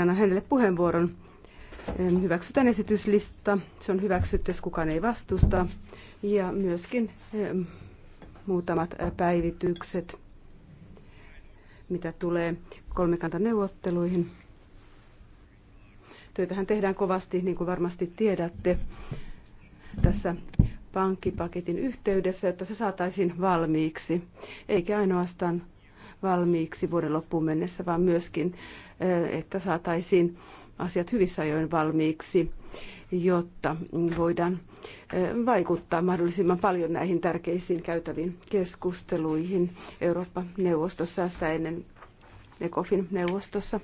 annan hänelle puheenvuoron. Hyväksytään esityslista. Se on hyväksytty, jos kukaan ei vastusta. Ja myöskin muutamat päivitykset, mitä tulee kolmikantaneuvotteluihin. Töitähän tehdään kovasti, niin kuin varmasti tiedätte, tässä pankkipaketin yhteydessä, jotta se saataisiin valmiiksi, eikä ainoastaan valmiiksi vuoden loppuun mennessä, vaan myöskin, että saataisiin asiat hyvissä ajoin valmiiksi, jotta voidaan vaikuttaa mahdollisimman paljon näihin tärkeisiin käytäviin keskusteluihin Eurooppa-neuvostossa sitä ennen ECOFIN neuvostossa,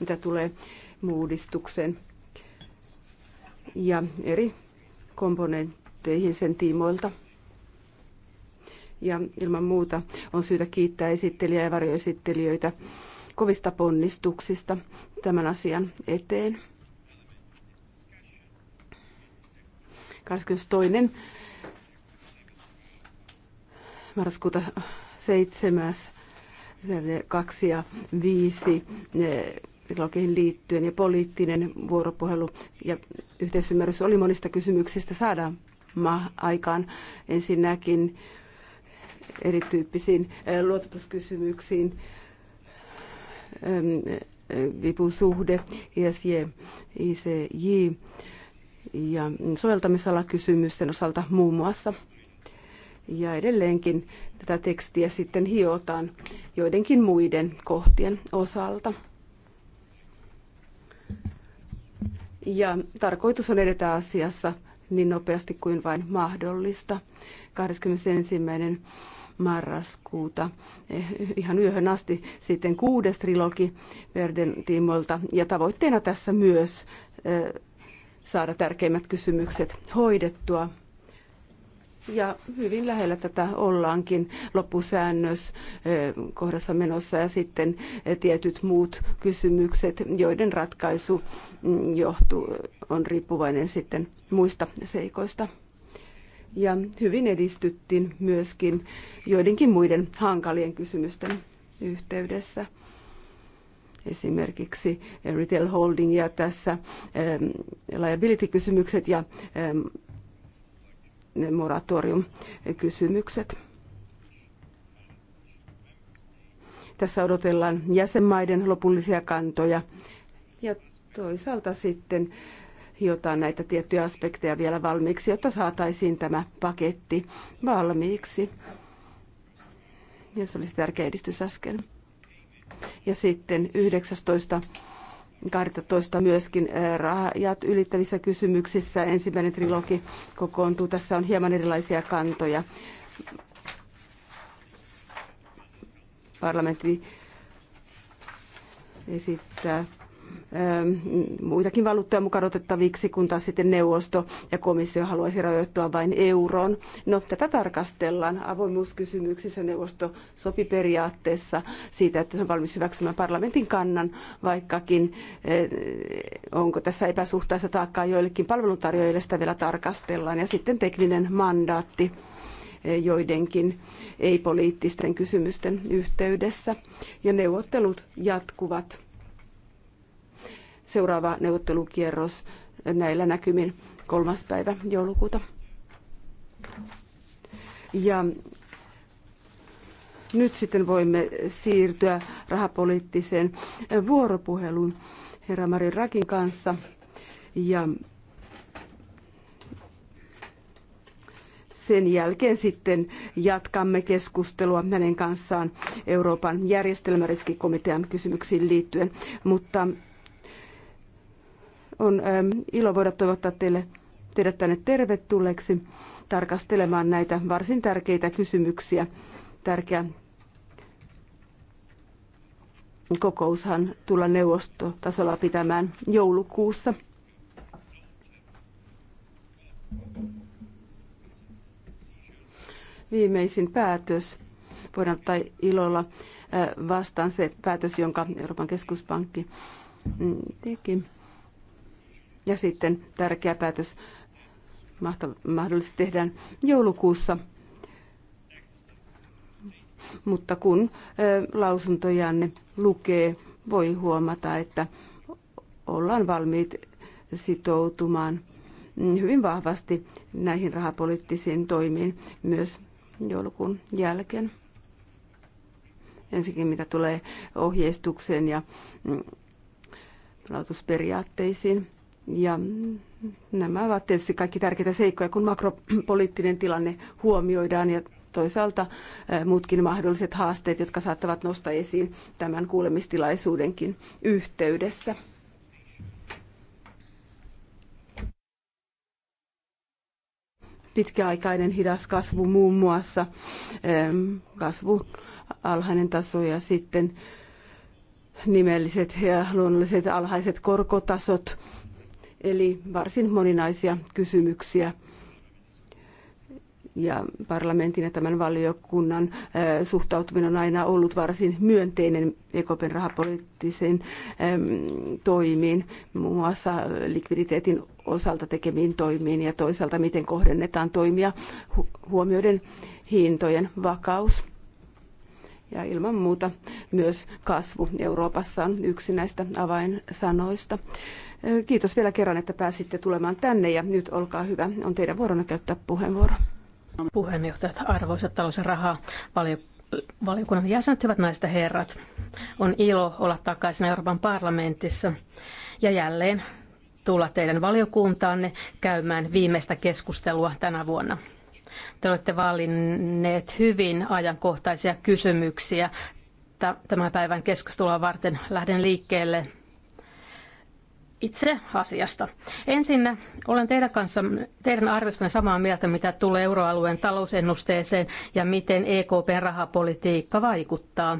mitä tulee muudistukseen ja eri komponentteihin sen tiimoilta – ja ilman muuta on syytä kiittää esittelijä ja varjoesittelijöitä kovista ponnistuksista tämän asian eteen. 22. marraskuuta 7. 2 ja 5 trilogeihin liittyen ja poliittinen vuoropuhelu ja yhteisymmärrys oli monista kysymyksistä saadaan aikaan. Ensinnäkin erityyppisiin luototuskysymyksiin, vipusuhde, ISJ, ICJ ja soveltamisalakysymysten osalta muun muassa. Ja edelleenkin tätä tekstiä sitten hiotaan joidenkin muiden kohtien osalta. Ja tarkoitus on edetä asiassa niin nopeasti kuin vain mahdollista. 21 marraskuuta eh, ihan yöhön asti sitten kuudes trilogi Verden tiimoilta. Ja tavoitteena tässä myös eh, saada tärkeimmät kysymykset hoidettua. Ja hyvin lähellä tätä ollaankin loppusäännös eh, kohdassa menossa ja sitten tietyt muut kysymykset, joiden ratkaisu mm, johtuu, on riippuvainen sitten muista seikoista ja hyvin edistyttiin myöskin joidenkin muiden hankalien kysymysten yhteydessä. Esimerkiksi retail holding ja tässä ähm, liability-kysymykset ja ähm, moratorium-kysymykset. Tässä odotellaan jäsenmaiden lopullisia kantoja ja toisaalta sitten hiotaan näitä tiettyjä aspekteja vielä valmiiksi, jotta saataisiin tämä paketti valmiiksi. Ja se olisi tärkeä edistysaskel. Ja sitten 19. 12 myöskin äh, rahajat ylittävissä kysymyksissä. Ensimmäinen trilogi kokoontuu. Tässä on hieman erilaisia kantoja. Parlamentti esittää muitakin valuuttoja mukaan otettaviksi, kun taas sitten neuvosto ja komissio haluaisi rajoittua vain euroon. No, tätä tarkastellaan avoimuuskysymyksissä. Neuvosto sopi periaatteessa siitä, että se on valmis hyväksymään parlamentin kannan, vaikkakin eh, onko tässä epäsuhtaista taakkaa joillekin palveluntarjoajille sitä vielä tarkastellaan. Ja sitten tekninen mandaatti eh, joidenkin ei-poliittisten kysymysten yhteydessä. Ja neuvottelut jatkuvat seuraava neuvottelukierros näillä näkymin kolmas päivä joulukuuta. Ja nyt sitten voimme siirtyä rahapoliittiseen vuoropuheluun herra Mari Rakin kanssa. Ja sen jälkeen sitten jatkamme keskustelua hänen kanssaan Euroopan järjestelmäriskikomitean kysymyksiin liittyen. Mutta on ähm, ilo voida toivottaa teille teidät tänne tervetulleeksi tarkastelemaan näitä varsin tärkeitä kysymyksiä. Tärkeä kokoushan tulla neuvostotasolla pitämään joulukuussa. Viimeisin päätös voidaan ottaa ilolla äh, vastaan se päätös, jonka Euroopan keskuspankki mm, teki ja sitten tärkeä päätös mahdollisesti tehdään joulukuussa. Mutta kun lausuntojanne lukee, voi huomata, että ollaan valmiit sitoutumaan hyvin vahvasti näihin rahapoliittisiin toimiin myös joulukuun jälkeen. Ensinnäkin mitä tulee ohjeistukseen ja mm, palautusperiaatteisiin. Ja nämä ovat tietysti kaikki tärkeitä seikkoja, kun makropoliittinen tilanne huomioidaan ja toisaalta muutkin mahdolliset haasteet, jotka saattavat nostaa esiin tämän kuulemistilaisuudenkin yhteydessä. Pitkäaikainen hidas kasvu muun muassa, kasvu alhainen taso ja sitten nimelliset ja luonnolliset alhaiset korkotasot Eli varsin moninaisia kysymyksiä. Ja parlamentin ja tämän valiokunnan suhtautuminen on aina ollut varsin myönteinen EKPn rahapoliittisiin toimiin, muun muassa likviditeetin osalta tekemiin toimiin ja toisaalta miten kohdennetaan toimia huomioiden hintojen vakaus. Ja ilman muuta myös kasvu Euroopassa on yksi näistä avainsanoista. Kiitos vielä kerran, että pääsitte tulemaan tänne ja nyt olkaa hyvä. On teidän vuoronne käyttää puheenvuoro. Puheenjohtajat, arvoisat talous- ja raha-valiokunnan jäsenet, hyvät naiset ja herrat. On ilo olla takaisin Euroopan parlamentissa ja jälleen tulla teidän valiokuntaanne käymään viimeistä keskustelua tänä vuonna. Te olette valinneet hyvin ajankohtaisia kysymyksiä tämän päivän keskustelua varten. Lähden liikkeelle itse asiasta. Ensinnä olen teidän, kanssa, teidän arvostanne samaa mieltä, mitä tulee euroalueen talousennusteeseen ja miten EKPn rahapolitiikka vaikuttaa.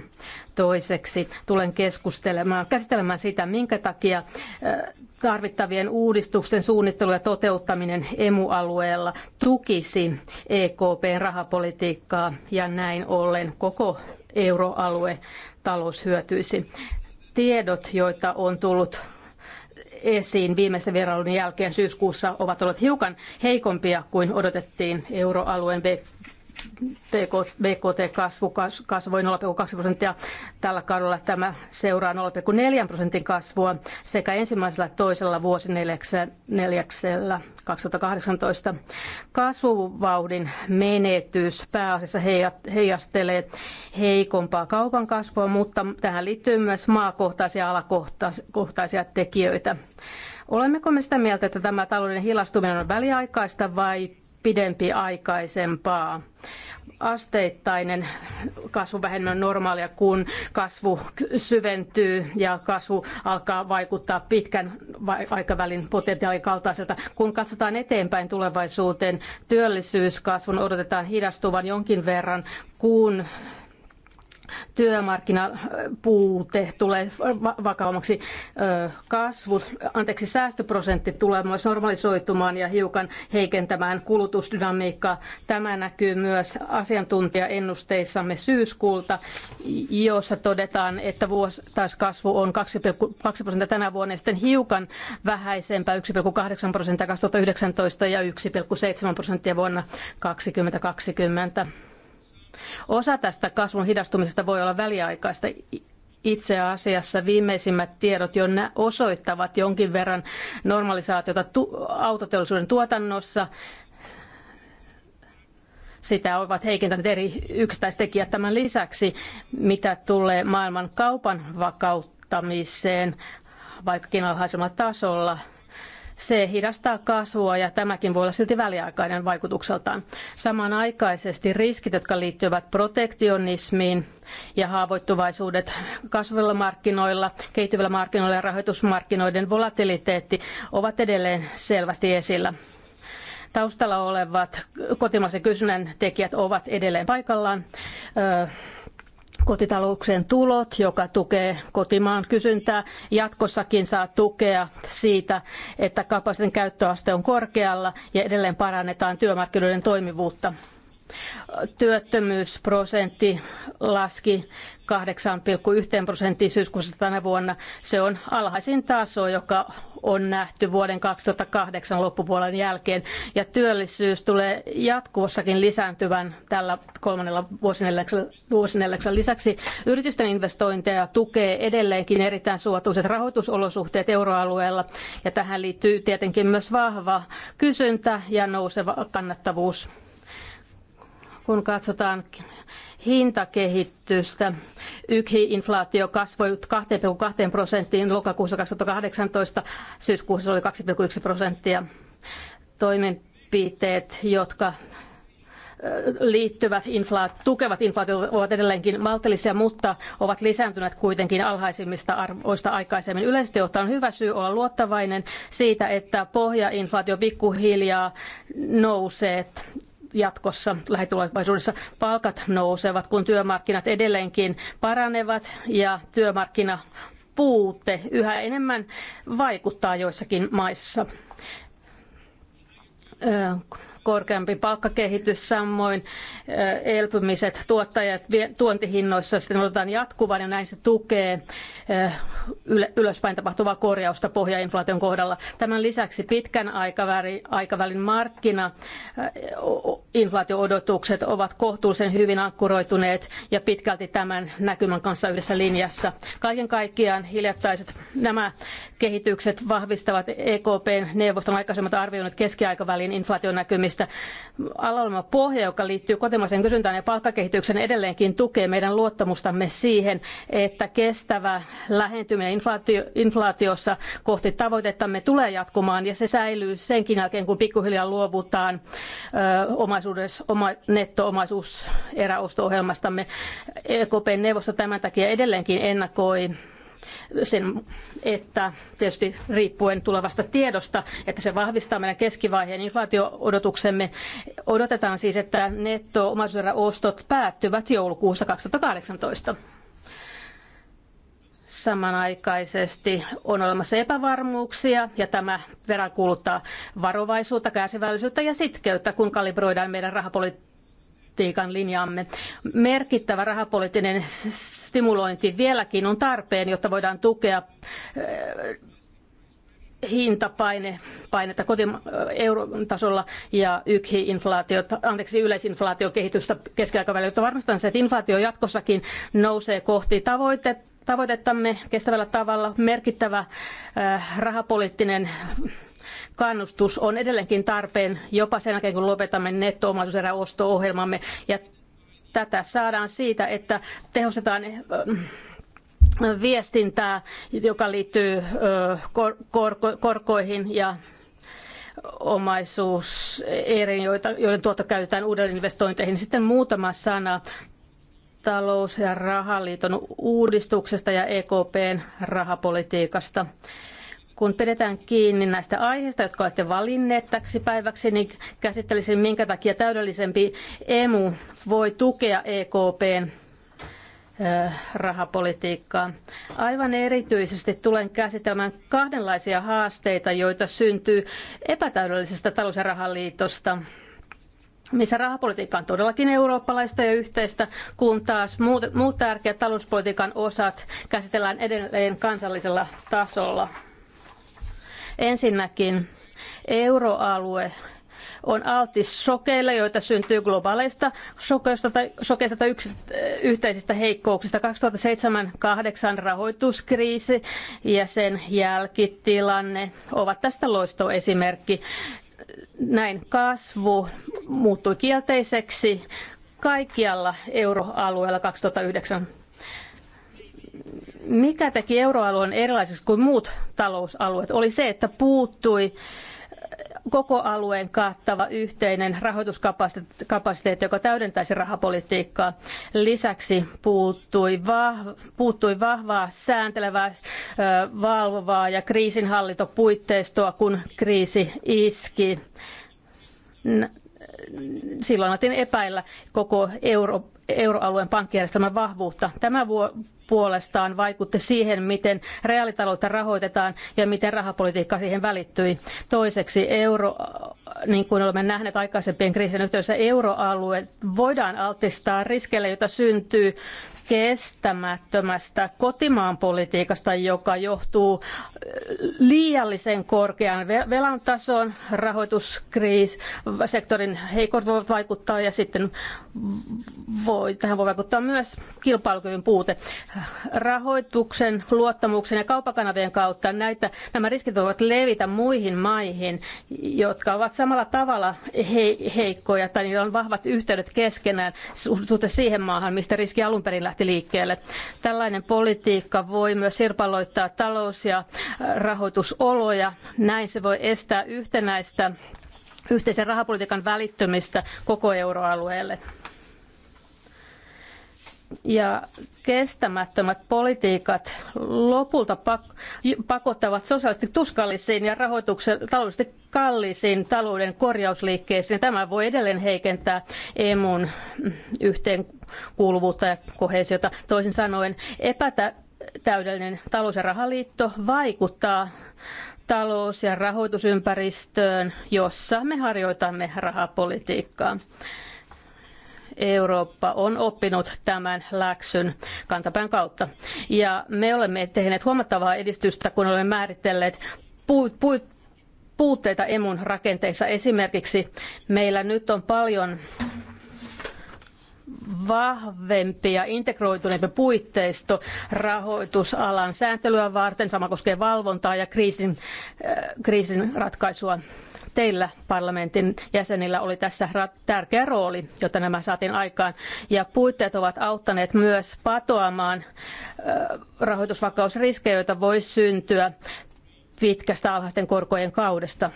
Toiseksi tulen keskustelemaan, käsittelemään sitä, minkä takia tarvittavien uudistusten suunnittelu ja toteuttaminen emu-alueella tukisi EKPn rahapolitiikkaa ja näin ollen koko euroalue talous hyötyisi. Tiedot, joita on tullut esiin viimeisen vierailun jälkeen syyskuussa ovat olleet hiukan heikompia kuin odotettiin. Euroalueen BKT-kasvu kasvoi 0,2 prosenttia tällä kaudella. Tämä seuraa 0,4 prosentin kasvua sekä ensimmäisellä ja toisella vuosineljäksellä 2018. Kasvuvauhdin menetys pääasiassa heijastelee heikompaa kaupan kasvua, mutta tähän liittyy myös maakohtaisia ja alakohtaisia tekijöitä. Olemmeko me sitä mieltä, että tämä talouden hilastuminen on väliaikaista vai pidempi aikaisempaa? asteittainen kasvu vähemmän normaalia, kun kasvu syventyy ja kasvu alkaa vaikuttaa pitkän aikavälin potentiaalin kaltaiselta. Kun katsotaan eteenpäin tulevaisuuteen, työllisyyskasvun odotetaan hidastuvan jonkin verran, kun työmarkkinapuute tulee vakavammaksi, kasvu, anteeksi, säästöprosentti tulee myös normalisoitumaan ja hiukan heikentämään kulutusdynamiikkaa. Tämä näkyy myös asiantuntijaennusteissamme syyskuulta, jossa todetaan, että vuosittaiskasvu on 2,2 prosenttia tänä vuonna ja sitten hiukan vähäisempää 1,8 prosenttia 2019 ja 1,7 prosenttia vuonna 2020. Osa tästä kasvun hidastumisesta voi olla väliaikaista. Itse asiassa viimeisimmät tiedot jo osoittavat jonkin verran normalisaatiota tu- autoteollisuuden tuotannossa. Sitä ovat heikentäneet eri yksittäistekijät tämän lisäksi, mitä tulee maailman kaupan vakauttamiseen, vaikkakin alhaisemmalla tasolla – se hidastaa kasvua ja tämäkin voi olla silti väliaikainen vaikutukseltaan. Samanaikaisesti riskit, jotka liittyvät protektionismiin ja haavoittuvaisuudet kasvavilla markkinoilla, kehittyvillä markkinoilla ja rahoitusmarkkinoiden volatiliteetti ovat edelleen selvästi esillä taustalla olevat kotimaisen kysynnän tekijät ovat edelleen paikallaan kotitalouksien tulot, joka tukee kotimaan kysyntää. Jatkossakin saa tukea siitä, että kapasiteetin käyttöaste on korkealla ja edelleen parannetaan työmarkkinoiden toimivuutta. Työttömyysprosentti laski 8,1 prosenttia syyskuussa tänä vuonna. Se on alhaisin taso, joka on nähty vuoden 2008 loppupuolen jälkeen. Ja työllisyys tulee jatkuvassakin lisääntyvän tällä kolmannella vuosineljäksellä. Lisäksi yritysten investointeja tukee edelleenkin erittäin suotuiset rahoitusolosuhteet euroalueella. Ja tähän liittyy tietenkin myös vahva kysyntä ja nouseva kannattavuus kun katsotaan hintakehitystä. Yksi inflaatio kasvoi 2,2 prosenttiin lokakuussa 2018, syyskuussa se oli 2,1 prosenttia. Toimenpiteet, jotka liittyvät infla- tukevat inflaatiota ovat edelleenkin maltillisia, mutta ovat lisääntyneet kuitenkin alhaisimmista arvoista aikaisemmin. Yleisesti ottaen on hyvä syy olla luottavainen siitä, että pohjainflaatio pikkuhiljaa nousee jatkossa lähitulevaisuudessa. Palkat nousevat, kun työmarkkinat edelleenkin paranevat ja työmarkkina puute yhä enemmän vaikuttaa joissakin maissa. Korkeampi palkkakehitys, samoin elpymiset tuottajat tuontihinnoissa sitten otetaan jatkuvan ja näin se tukee Eh, ylöspäin tapahtuvaa korjausta pohjainflaation kohdalla. Tämän lisäksi pitkän aikavälin markkina eh, inflaatio-odotukset ovat kohtuullisen hyvin ankkuroituneet ja pitkälti tämän näkymän kanssa yhdessä linjassa. Kaiken kaikkiaan hiljattaiset nämä kehitykset vahvistavat EKPn neuvoston aikaisemmat arvioinnit keskiaikavälin näkymistä. Alalma pohja, joka liittyy kotimaisen kysyntään ja palkkakehitykseen edelleenkin tukee meidän luottamustamme siihen, että kestävä lähentyminen inflaatio, inflaatiossa kohti tavoitettamme tulee jatkumaan ja se säilyy senkin jälkeen, kun pikkuhiljaa luovutaan ö, omaisuudessa, oma, netto-omaisuuseräosto-ohjelmastamme. EKPn neuvosto tämän takia edelleenkin ennakoi sen, että tietysti riippuen tulevasta tiedosta, että se vahvistaa meidän keskivaiheen inflaatio-odotuksemme. Odotetaan siis, että netto-omaisuuserä ostot päättyvät joulukuussa 2018. Samanaikaisesti on olemassa epävarmuuksia ja tämä peräänkuuluttaa varovaisuutta, kärsivällisyyttä ja sitkeyttä, kun kalibroidaan meidän rahapolitiikan linjaamme. Merkittävä rahapoliittinen stimulointi vieläkin on tarpeen, jotta voidaan tukea eh, hintapaine, painetta kotima- eh, euron tasolla ja yksi inflaatio, anteeksi, yleisinflaatiokehitystä keskiaikavälillä, jotta varmistetaan se, että inflaatio jatkossakin nousee kohti tavoitetta tavoitettamme kestävällä tavalla merkittävä äh, rahapoliittinen kannustus on edelleenkin tarpeen jopa sen jälkeen, kun lopetamme netto omaisuuserän osto-ohjelmamme. Ja tätä saadaan siitä, että tehostetaan äh, viestintää, joka liittyy äh, korkoihin ja omaisuuseriin, joiden tuotto käytetään uudelleen investointeihin. Sitten muutama sana talous- ja rahaliiton uudistuksesta ja EKPn rahapolitiikasta. Kun pidetään kiinni näistä aiheista, jotka olette valinneet täksi päiväksi, niin käsittelisin, minkä takia täydellisempi EMU voi tukea EKPn rahapolitiikkaa. Aivan erityisesti tulen käsittelemään kahdenlaisia haasteita, joita syntyy epätäydellisestä talous- ja rahaliitosta – missä rahapolitiikka on todellakin eurooppalaista ja yhteistä, kun taas muut, muut tärkeät talouspolitiikan osat käsitellään edelleen kansallisella tasolla. Ensinnäkin euroalue on altis sokeille, joita syntyy globaaleista sokeista tai, sokeista tai yks, yhteisistä heikkouksista. 2007-2008 rahoituskriisi ja sen jälkitilanne ovat tästä loistoesimerkki näin kasvu muuttui kielteiseksi kaikkialla euroalueella 2009. Mikä teki euroalueen erilaiseksi kuin muut talousalueet oli se, että puuttui koko alueen kattava yhteinen rahoituskapasiteetti, joka täydentäisi rahapolitiikkaa. Lisäksi puuttui, vahva, puuttui vahvaa sääntelevää, valvovaa ja kriisinhallintopuitteistoa, kun kriisi iski. Silloin otin epäillä koko euro, euroalueen pankkijärjestelmän vahvuutta. Tämä puolestaan vaikutti siihen, miten reaalitaloutta rahoitetaan ja miten rahapolitiikka siihen välittyi. Toiseksi euro, niin kuin olemme nähneet aikaisempien kriisien yhteydessä, euroalue voidaan altistaa riskeille, joita syntyy kestämättömästä kotimaan politiikasta, joka johtuu liiallisen korkean velan tason, rahoituskriis, sektorin heikot voivat vaikuttaa ja sitten voi, tähän voi vaikuttaa myös kilpailukyvyn puute rahoituksen, luottamuksen ja kaupakanavien kautta näitä, nämä riskit voivat levitä muihin maihin, jotka ovat samalla tavalla he, heikkoja tai niillä on vahvat yhteydet keskenään suhteessa siihen maahan, mistä riski alun perin lähti liikkeelle. Tällainen politiikka voi myös sirpaloittaa talous- ja rahoitusoloja. Näin se voi estää yhtenäistä yhteisen rahapolitiikan välittymistä koko euroalueelle ja kestämättömät politiikat lopulta pakottavat sosiaalisesti tuskallisiin ja rahoituksen taloudellisesti kalliisiin talouden korjausliikkeisiin. Tämä voi edelleen heikentää EMUn yhteenkuuluvuutta ja kohesiota. Toisin sanoen epätäydellinen talous- ja rahaliitto vaikuttaa talous- ja rahoitusympäristöön, jossa me harjoitamme rahapolitiikkaa. Eurooppa on oppinut tämän läksyn kantapään kautta. Ja me olemme tehneet huomattavaa edistystä, kun olemme määritelleet puut, puut, puutteita emun rakenteissa. Esimerkiksi meillä nyt on paljon vahvempi ja integroituneempi puitteisto rahoitusalan sääntelyä varten. Sama koskee valvontaa ja kriisin, äh, kriisin ratkaisua teillä parlamentin jäsenillä oli tässä tärkeä rooli, jotta nämä saatiin aikaan. Ja puitteet ovat auttaneet myös patoamaan rahoitusvakausriskejä, joita voi syntyä pitkästä alhaisten korkojen kaudesta.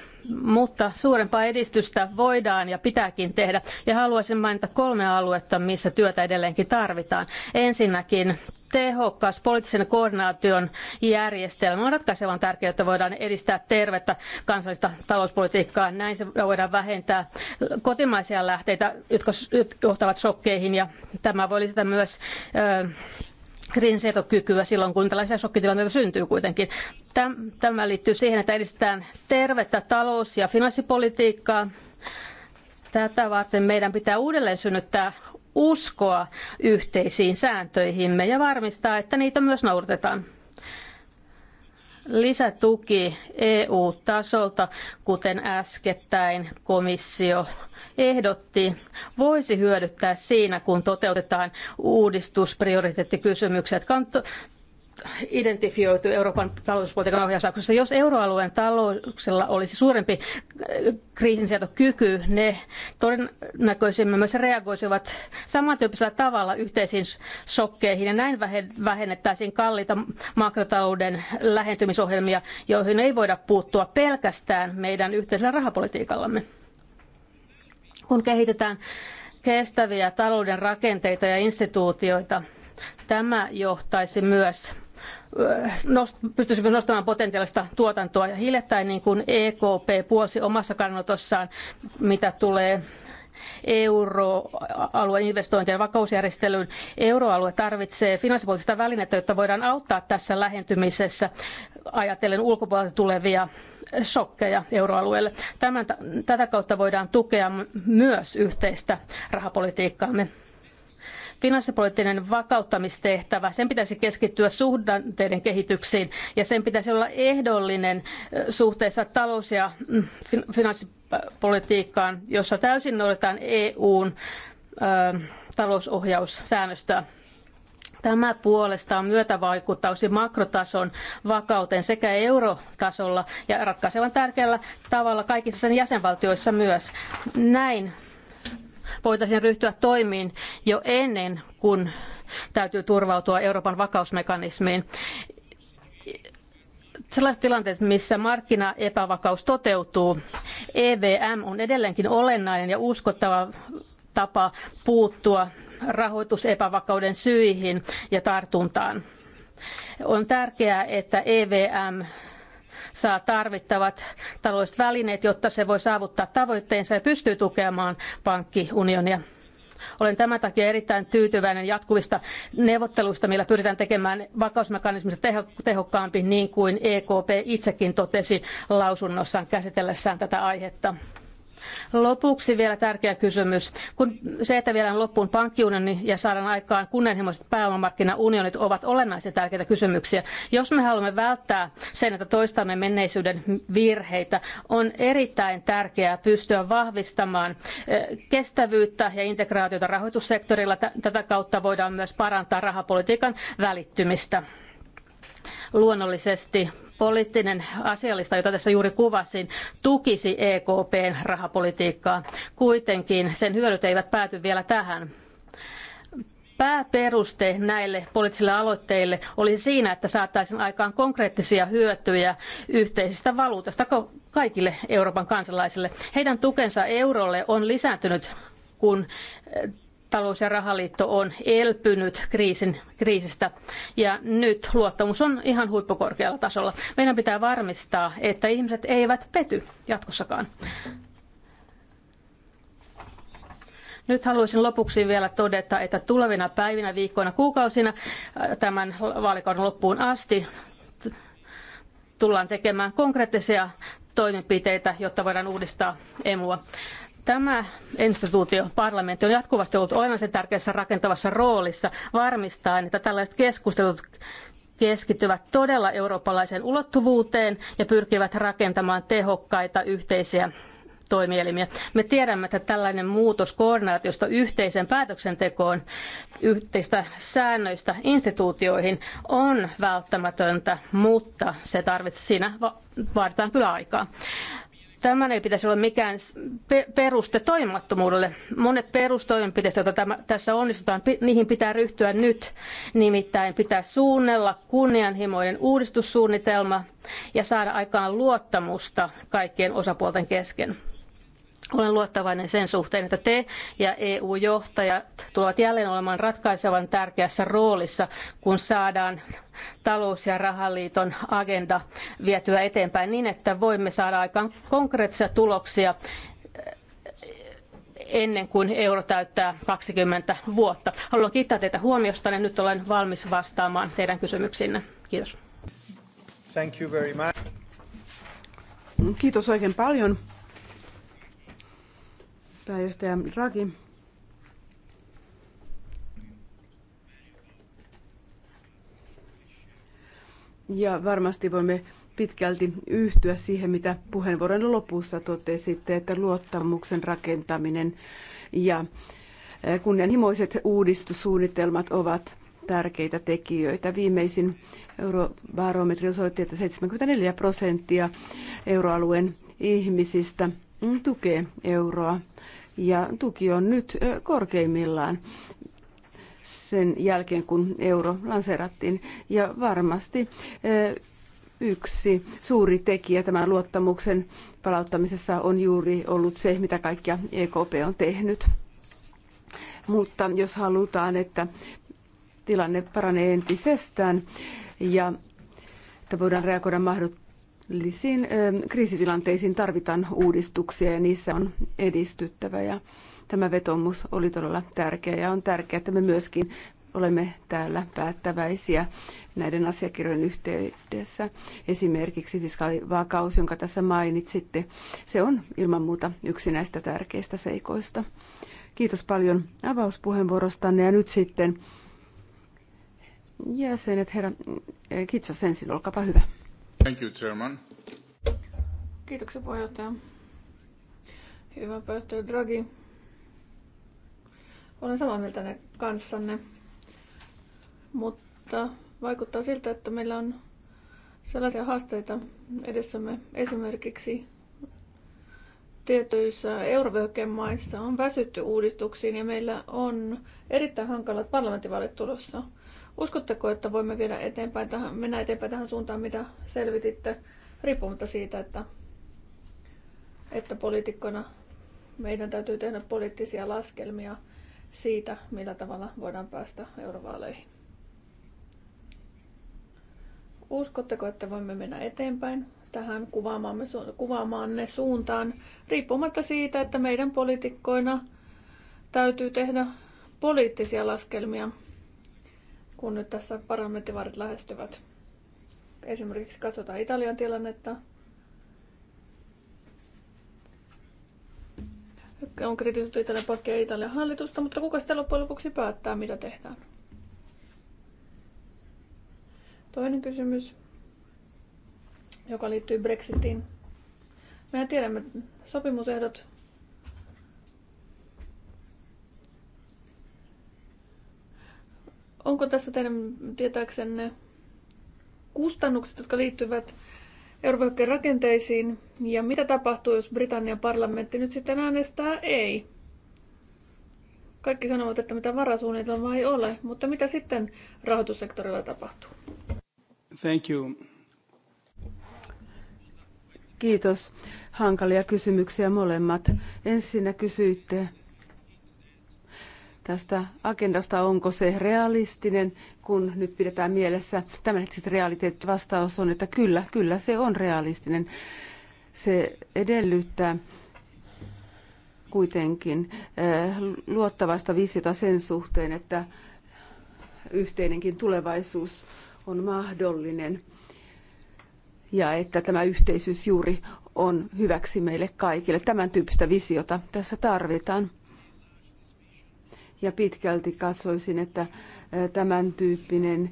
Mutta suurempaa edistystä voidaan ja pitääkin tehdä. Ja haluaisin mainita kolme aluetta, missä työtä edelleenkin tarvitaan. Ensinnäkin tehokas poliittisen koordinaation järjestelmä on ratkaisevan tärkeää, että voidaan edistää tervettä kansallista talouspolitiikkaa. Näin se voidaan vähentää kotimaisia lähteitä, jotka johtavat shokkeihin ja tämä voi lisätä myös kriisinsietokykyä silloin, kun tällaisia shokkitilanteita syntyy kuitenkin. Tämä liittyy siihen, että edistetään tervettä talous- ja finanssipolitiikkaa. Tätä varten meidän pitää uudelleen synnyttää uskoa yhteisiin sääntöihimme ja varmistaa, että niitä myös noudatetaan. Lisätuki EU-tasolta, kuten äskettäin komissio ehdotti, voisi hyödyttää siinä, kun toteutetaan uudistusprioriteettikysymykset identifioitu Euroopan talouspolitiikan ohjausjaksossa. Jos euroalueen talouksella olisi suurempi äh, kriisinsietokyky, ne todennäköisemmin myös reagoisivat samantyyppisellä tavalla yhteisiin shokkeihin ja näin vähennettäisiin kalliita makrotalouden lähentymisohjelmia, joihin ei voida puuttua pelkästään meidän yhteisellä rahapolitiikallamme. Kun kehitetään kestäviä talouden rakenteita ja instituutioita, tämä johtaisi myös nost, pystyisimme nostamaan potentiaalista tuotantoa. Ja hiljattain niin kuin EKP puolsi omassa kannanotossaan, mitä tulee euroalueen investointien vakausjärjestelyyn. Euroalue tarvitsee finanssipoliittista välinettä, jotta voidaan auttaa tässä lähentymisessä ajatellen ulkopuolelta tulevia shokkeja euroalueelle. Tämän, tätä kautta voidaan tukea myös yhteistä rahapolitiikkaamme. Finanssipoliittinen vakauttamistehtävä, sen pitäisi keskittyä suhdanteiden kehityksiin ja sen pitäisi olla ehdollinen suhteessa talous- ja mm, finanssipolitiikkaan, jossa täysin noudatetaan EUn ö, talousohjaussäännöstöä. Tämä puolestaan myötävaikuttaisi makrotason vakauteen sekä eurotasolla ja ratkaisevan tärkeällä tavalla kaikissa sen jäsenvaltioissa myös. Näin voitaisiin ryhtyä toimiin jo ennen kuin täytyy turvautua Euroopan vakausmekanismiin sellaiset tilanteet, missä markkinaepävakaus toteutuu, EVM on edelleenkin olennainen ja uskottava tapa puuttua rahoitusepävakauden syihin ja tartuntaan. On tärkeää, että EVM saa tarvittavat taloudelliset välineet, jotta se voi saavuttaa tavoitteensa ja pystyy tukemaan pankkiunionia. Olen tämän takia erittäin tyytyväinen jatkuvista neuvotteluista, millä pyritään tekemään vakausmekanismista tehokkaampi, niin kuin EKP itsekin totesi lausunnossaan käsitellessään tätä aihetta. Lopuksi vielä tärkeä kysymys. Kun se, että viedään loppuun pankkiunioni ja saadaan aikaan kunnianhimoiset pääomamarkkinaunionit ovat olennaisia tärkeitä kysymyksiä. Jos me haluamme välttää sen, että toistamme menneisyyden virheitä, on erittäin tärkeää pystyä vahvistamaan eh, kestävyyttä ja integraatiota rahoitussektorilla. Tätä kautta voidaan myös parantaa rahapolitiikan välittymistä luonnollisesti poliittinen asialista, jota tässä juuri kuvasin, tukisi EKPn rahapolitiikkaa. Kuitenkin sen hyödyt eivät pääty vielä tähän. Pääperuste näille poliittisille aloitteille oli siinä, että saataisiin aikaan konkreettisia hyötyjä yhteisestä valuutasta kaikille Euroopan kansalaisille. Heidän tukensa eurolle on lisääntynyt kun talous- ja rahaliitto on elpynyt kriisin, kriisistä ja nyt luottamus on ihan huippukorkealla tasolla. Meidän pitää varmistaa, että ihmiset eivät pety jatkossakaan. Nyt haluaisin lopuksi vielä todeta, että tulevina päivinä, viikkoina, kuukausina äh, tämän vaalikauden loppuun asti tullaan tekemään konkreettisia toimenpiteitä, jotta voidaan uudistaa emua. Tämä instituutio, parlamentti, on jatkuvasti ollut olennaisen tärkeässä rakentavassa roolissa varmistaen, että tällaiset keskustelut keskittyvät todella eurooppalaiseen ulottuvuuteen ja pyrkivät rakentamaan tehokkaita yhteisiä toimielimiä. Me tiedämme, että tällainen muutos koordinaatiosta yhteiseen päätöksentekoon, yhteistä säännöistä instituutioihin on välttämätöntä, mutta se tarvitsee, siinä vaaditaan kyllä aikaa. Tämän ei pitäisi olla mikään peruste toimimattomuudelle. Monet perustoimenpiteistä, joita tämä, tässä onnistutaan, niihin pitää ryhtyä nyt. Nimittäin pitää suunnella kunnianhimoinen uudistussuunnitelma ja saada aikaan luottamusta kaikkien osapuolten kesken. Olen luottavainen sen suhteen, että te ja EU-johtajat tulevat jälleen olemaan ratkaisevan tärkeässä roolissa, kun saadaan talous- ja rahaliiton agenda vietyä eteenpäin niin, että voimme saada aikaan konkreettisia tuloksia eh, ennen kuin euro täyttää 20 vuotta. Haluan kiittää teitä huomiosta ja nyt olen valmis vastaamaan teidän kysymyksiinne. Kiitos. Kiitos oikein paljon pääjohtaja Raki. Ja varmasti voimme pitkälti yhtyä siihen, mitä puheenvuoron lopussa totesitte, että luottamuksen rakentaminen ja eh, kunnianhimoiset uudistussuunnitelmat ovat tärkeitä tekijöitä. Viimeisin eurobarometri osoitti, että 74 prosenttia euroalueen ihmisistä – tukee euroa ja tuki on nyt korkeimmillaan sen jälkeen, kun euro lanseerattiin. Ja varmasti yksi suuri tekijä tämän luottamuksen palauttamisessa on juuri ollut se, mitä kaikkia EKP on tehnyt. Mutta jos halutaan, että tilanne paranee entisestään ja että voidaan reagoida mahdollisesti Tällaisiin kriisitilanteisiin tarvitaan uudistuksia ja niissä on edistyttävä ja tämä vetomus oli todella tärkeä ja on tärkeää, että me myöskin olemme täällä päättäväisiä näiden asiakirjojen yhteydessä. Esimerkiksi fiskaalivakaus, jonka tässä mainitsitte, se on ilman muuta yksi näistä tärkeistä seikoista. Kiitos paljon avauspuheenvuorostanne ja nyt sitten jäsenet, herra Kitsos ensin, olkaapa hyvä. Thank you, Chairman. Kiitoksia puheenjohtaja. Hyvä päättäjä Draghi. Olen samaa mieltä ne kanssanne, mutta vaikuttaa siltä, että meillä on sellaisia haasteita edessämme esimerkiksi tietyissä eurovyöhykkeen maissa on väsytty uudistuksiin ja meillä on erittäin hankalat parlamenttivaalit tulossa – Uskotteko, että voimme viedä eteenpäin tähän, mennä eteenpäin tähän suuntaan, mitä selvititte, riippumatta siitä, että, että poliitikkona meidän täytyy tehdä poliittisia laskelmia siitä, millä tavalla voidaan päästä eurovaaleihin? Uskotteko, että voimme mennä eteenpäin tähän kuvaamaamme, kuvaamaanne suuntaan, riippumatta siitä, että meidän poliitikkoina täytyy tehdä poliittisia laskelmia kun nyt tässä parlamenttivaarit lähestyvät. Esimerkiksi katsotaan Italian tilannetta. On kritisoitu Italian pankkia ja Italian hallitusta, mutta kuka sitten loppujen lopuksi päättää, mitä tehdään? Toinen kysymys, joka liittyy Brexitiin. Me tiedämme sopimusehdot, Onko tässä teidän tietääksenne kustannukset, jotka liittyvät Euroopan rakenteisiin, ja mitä tapahtuu, jos Britannian parlamentti nyt sitten äänestää ei? Kaikki sanovat, että mitä varasuunnitelmaa ei ole, mutta mitä sitten rahoitussektorilla tapahtuu? Thank you. Kiitos. Hankalia kysymyksiä molemmat. Ensinnä kysyitte, tästä agendasta, onko se realistinen, kun nyt pidetään mielessä tämänhetkiset realiteetti Vastaus on, että kyllä, kyllä se on realistinen. Se edellyttää kuitenkin eh, luottavaista visiota sen suhteen, että yhteinenkin tulevaisuus on mahdollinen ja että tämä yhteisyys juuri on hyväksi meille kaikille. Tämän tyyppistä visiota tässä tarvitaan ja pitkälti katsoisin, että tämän tyyppinen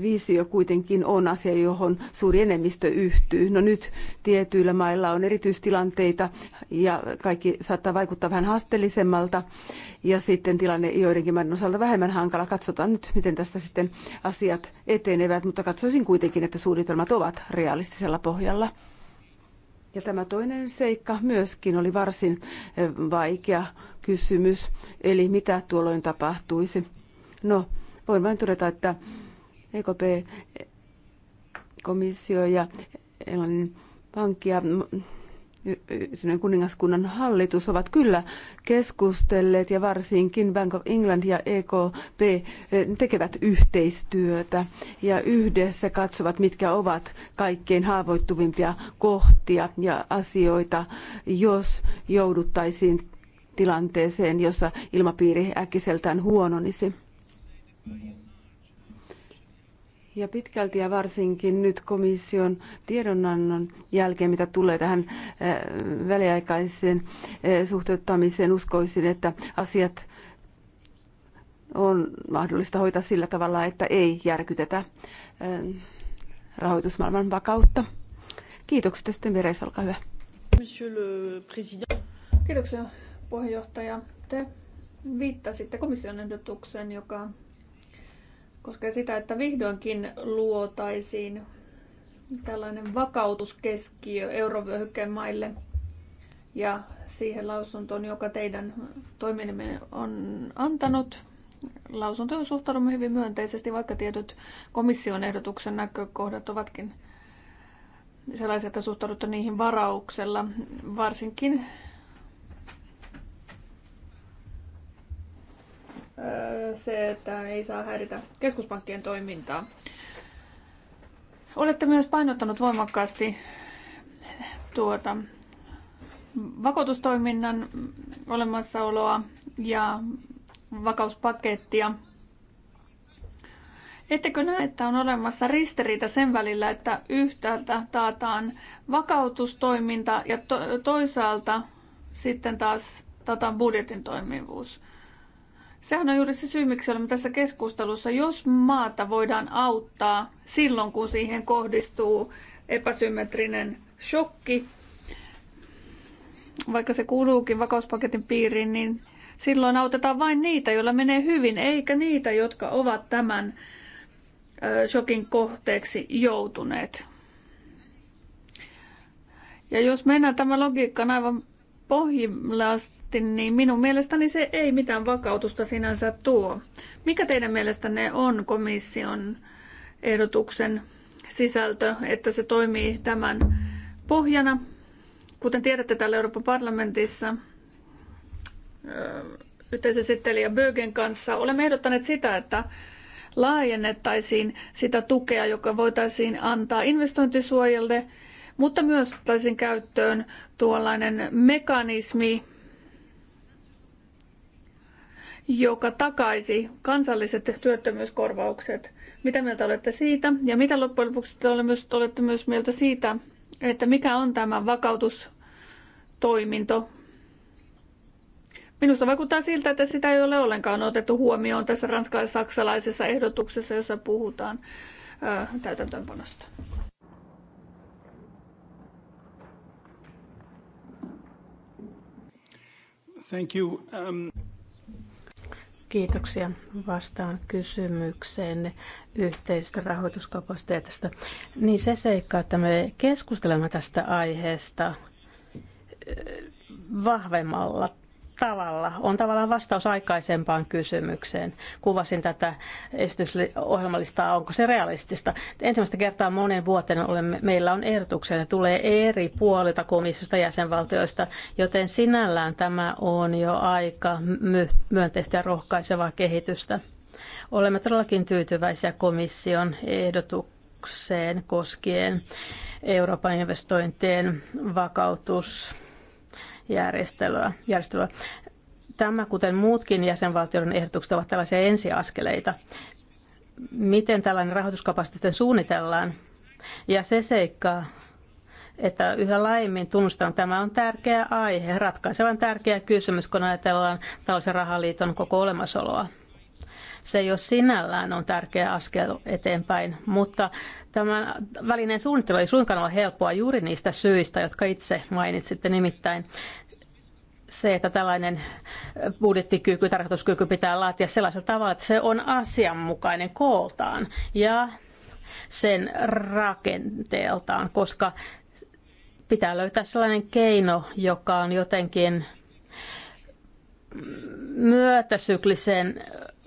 visio kuitenkin on asia, johon suuri enemmistö yhtyy. No nyt tietyillä mailla on erityistilanteita ja kaikki saattaa vaikuttaa vähän haasteellisemmalta ja sitten tilanne joidenkin maiden osalta vähemmän hankala. Katsotaan nyt, miten tästä sitten asiat etenevät, mutta katsoisin kuitenkin, että suunnitelmat ovat realistisella pohjalla. Ja tämä toinen seikka myöskin oli varsin eh, vaikea kysymys, eli mitä tuolloin tapahtuisi. No, voin vain todeta, että EKP, eh, komissio ja Englannin pankki ja kuningaskunnan hallitus ovat kyllä keskustelleet ja varsinkin Bank of England ja EKP e, tekevät yhteistyötä ja yhdessä katsovat, mitkä ovat kaikkein haavoittuvimpia kohtia ja asioita, jos jouduttaisiin tilanteeseen, jossa ilmapiiri äkkiseltään huononisi. Ja pitkälti ja varsinkin nyt komission tiedonannon jälkeen, mitä tulee tähän äh, väliaikaiseen äh, suhteuttamiseen, uskoisin, että asiat on mahdollista hoitaa sillä tavalla, että ei järkytetä äh, rahoitusmaailman vakautta. Kiitokset sitten Veres, olkaa hyvä. Monsieur le Président. Kiitoksia puheenjohtaja. Te viittasitte komission ehdotukseen, joka koskee sitä, että vihdoinkin luotaisiin tällainen vakautuskeskiö eurovyöhykkeen maille ja siihen lausuntoon, joka teidän toiminemme on antanut. Lausuntoon suhtaudumme hyvin myönteisesti, vaikka tietyt komission ehdotuksen näkökohdat ovatkin sellaisia, että suhtaudutte niihin varauksella, varsinkin se, että ei saa häiritä keskuspankkien toimintaa. Olette myös painottanut voimakkaasti tuota, vakuutustoiminnan olemassaoloa ja vakauspakettia. Ettekö näe, että on olemassa ristiriita sen välillä, että yhtäältä taataan vakautustoiminta ja to- toisaalta sitten taas taataan budjetin toimivuus? Sehän on juuri se syy, miksi olemme tässä keskustelussa. Jos maata voidaan auttaa silloin, kun siihen kohdistuu epäsymmetrinen shokki, vaikka se kuuluukin vakauspaketin piiriin, niin silloin autetaan vain niitä, joilla menee hyvin, eikä niitä, jotka ovat tämän shokin kohteeksi joutuneet. Ja jos mennään tämän logiikkaan aivan pohjimlasti, niin minun mielestäni se ei mitään vakautusta sinänsä tuo. Mikä teidän mielestänne on komission ehdotuksen sisältö, että se toimii tämän pohjana? Kuten tiedätte täällä Euroopan parlamentissa, yhteisesittelijä Bögen kanssa, olemme ehdottaneet sitä, että laajennettaisiin sitä tukea, joka voitaisiin antaa investointisuojalle mutta myös ottaisin käyttöön tuollainen mekanismi, joka takaisi kansalliset työttömyyskorvaukset. Mitä mieltä olette siitä? Ja mitä loppujen lopuksi te olette myös mieltä siitä, että mikä on tämä vakautustoiminto? Minusta vaikuttaa siltä, että sitä ei ole ollenkaan otettu huomioon tässä ranskalais-saksalaisessa ehdotuksessa, jossa puhutaan täytäntöönpanosta. Thank you. Um... Kiitoksia. Vastaan kysymykseen yhteisestä rahoituskapasiteetista. Niin se seikka, että me keskustelemme tästä aiheesta eh, vahvemmalla tavalla. On tavallaan vastaus aikaisempaan kysymykseen. Kuvasin tätä esitysohjelmalistaa, onko se realistista. Ensimmäistä kertaa monen vuoteen olemme, meillä on ehdotuksia, että tulee eri puolilta komissiosta jäsenvaltioista, joten sinällään tämä on jo aika myönteistä ja rohkaisevaa kehitystä. Olemme todellakin tyytyväisiä komission ehdotukseen koskien Euroopan investointien vakautus järjestelyä. järjestelyä. Tämä, kuten muutkin jäsenvaltioiden ehdotukset, ovat tällaisia ensiaskeleita. Miten tällainen rahoituskapasiteetti suunnitellaan? Ja se seikka, että yhä laajemmin tunnustan että tämä on tärkeä aihe, ratkaisevan tärkeä kysymys, kun ajatellaan tällaisen rahaliiton koko olemassaoloa. Se jo sinällään on tärkeä askel eteenpäin, mutta tämän välineen suunnittelu ei suinkaan ole helppoa juuri niistä syistä, jotka itse mainitsitte. Nimittäin se, että tällainen budjettikyky, tarkoituskyky pitää laatia sellaisella tavalla, että se on asianmukainen kooltaan ja sen rakenteeltaan, koska pitää löytää sellainen keino, joka on jotenkin myötäsyklisen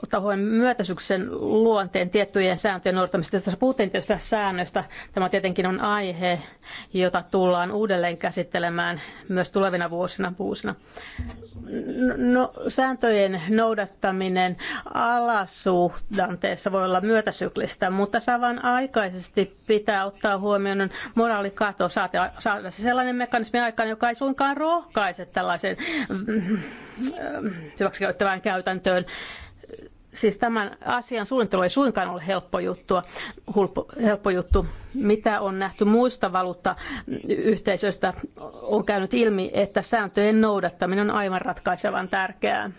tahojen myötäsyksen luonteen tiettyjen sääntöjen noudattamista. Tässä puhuttiin tietysti säännöistä. Tämä tietenkin on aihe, jota tullaan uudelleen käsittelemään myös tulevina vuosina vuosina. No, sääntöjen noudattaminen alasuhdanteessa voi olla myötäsyklistä, mutta aikaisesti pitää ottaa huomioon moraalikato, saada se sellainen mekanismi aikaan, joka ei suinkaan rohkaise tällaisen mm, mm, hyväksikäyttävään käytäntöön siis tämän asian suunnittelu ei suinkaan ole helppo juttu, hulppo, helppo juttu. Mitä on nähty muista valuuttayhteisöistä, on käynyt ilmi, että sääntöjen noudattaminen on aivan ratkaisevan tärkeää.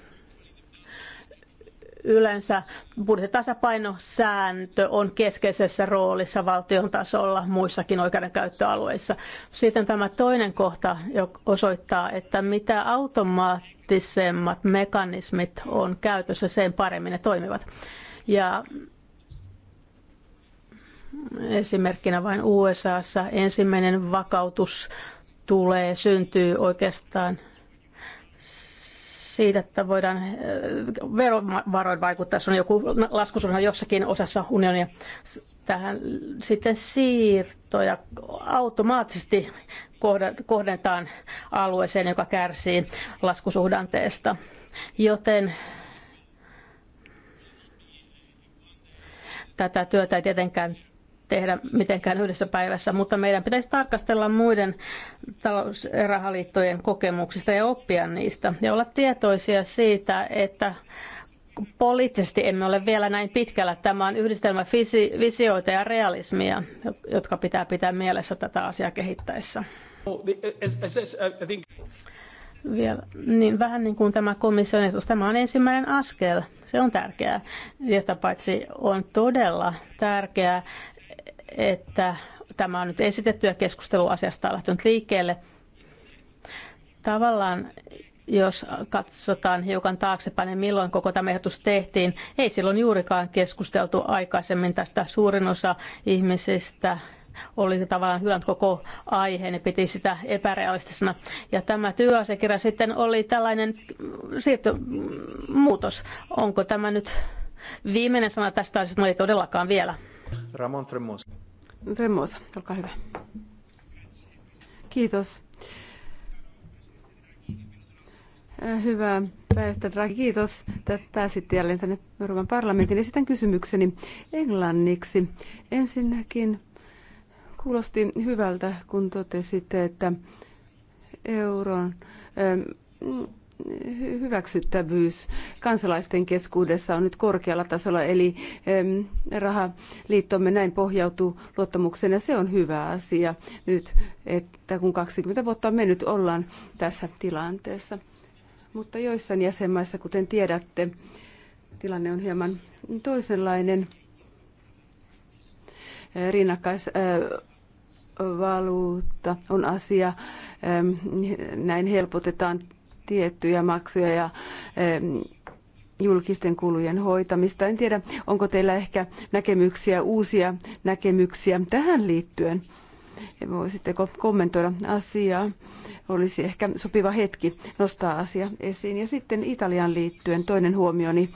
Yleensä budjettitasapaino-sääntö on keskeisessä roolissa valtion tasolla muissakin oikeudenkäyttöalueissa. Sitten tämä toinen kohta joka osoittaa, että mitä automaatti poliittisemmat mekanismit on käytössä, sen paremmin ne toimivat. Ja esimerkkinä vain USAssa ensimmäinen vakautus tulee, syntyy oikeastaan siitä, että voidaan äh, verovaroin vaikuttaa, Se on joku laskusuhde jossakin osassa unionia. Tähän sitten siirtoja automaattisesti kohdentaan alueeseen, joka kärsii laskusuhdanteesta. Joten tätä työtä ei tietenkään tehdä mitenkään yhdessä päivässä, mutta meidän pitäisi tarkastella muiden talous- ja rahaliittojen kokemuksista ja oppia niistä ja olla tietoisia siitä, että poliittisesti emme ole vielä näin pitkällä. Tämä on yhdistelmä visioita ja realismia, jotka pitää pitää mielessä tätä asiaa kehittäessä. Vielä, niin vähän niin kuin tämä komission etus. Tämä on ensimmäinen askel. Se on tärkeää. Ja sitä paitsi on todella tärkeää, että tämä on nyt esitetty ja keskustelu asiasta on lähtenyt liikkeelle. Tavallaan jos katsotaan hiukan taaksepäin, niin milloin koko tämä ehdotus tehtiin, ei silloin juurikaan keskusteltu aikaisemmin tästä. Suurin osa ihmisistä olisi tavallaan hylännyt koko aiheen ja piti sitä epärealistisena. Ja tämä työasiakirja sitten oli tällainen siirto, muutos. Onko tämä nyt viimeinen sana tästä asiasta? No ei todellakaan vielä. Ramon Tremosa. Remosa, olkaa hyvä. Kiitos. Äh, Hyvää päivää, Draghi. Kiitos, että pääsitte jälleen tänne Euroopan parlamentin. Esitän kysymykseni englanniksi. Ensinnäkin kuulosti hyvältä, kun totesitte, että euron ähm, hyväksyttävyys kansalaisten keskuudessa on nyt korkealla tasolla, eli rahaliittomme näin pohjautuu luottamukseen ja se on hyvä asia nyt, että kun 20 vuotta on mennyt, ollaan tässä tilanteessa. Mutta joissain jäsenmaissa, kuten tiedätte, tilanne on hieman toisenlainen. Rinnakkais valuutta on asia. Näin helpotetaan tiettyjä maksuja ja julkisten kulujen hoitamista. En tiedä, onko teillä ehkä näkemyksiä, uusia näkemyksiä tähän liittyen. Voisitteko kommentoida asiaa? Olisi ehkä sopiva hetki nostaa asia esiin. Ja sitten Italian liittyen toinen huomioni.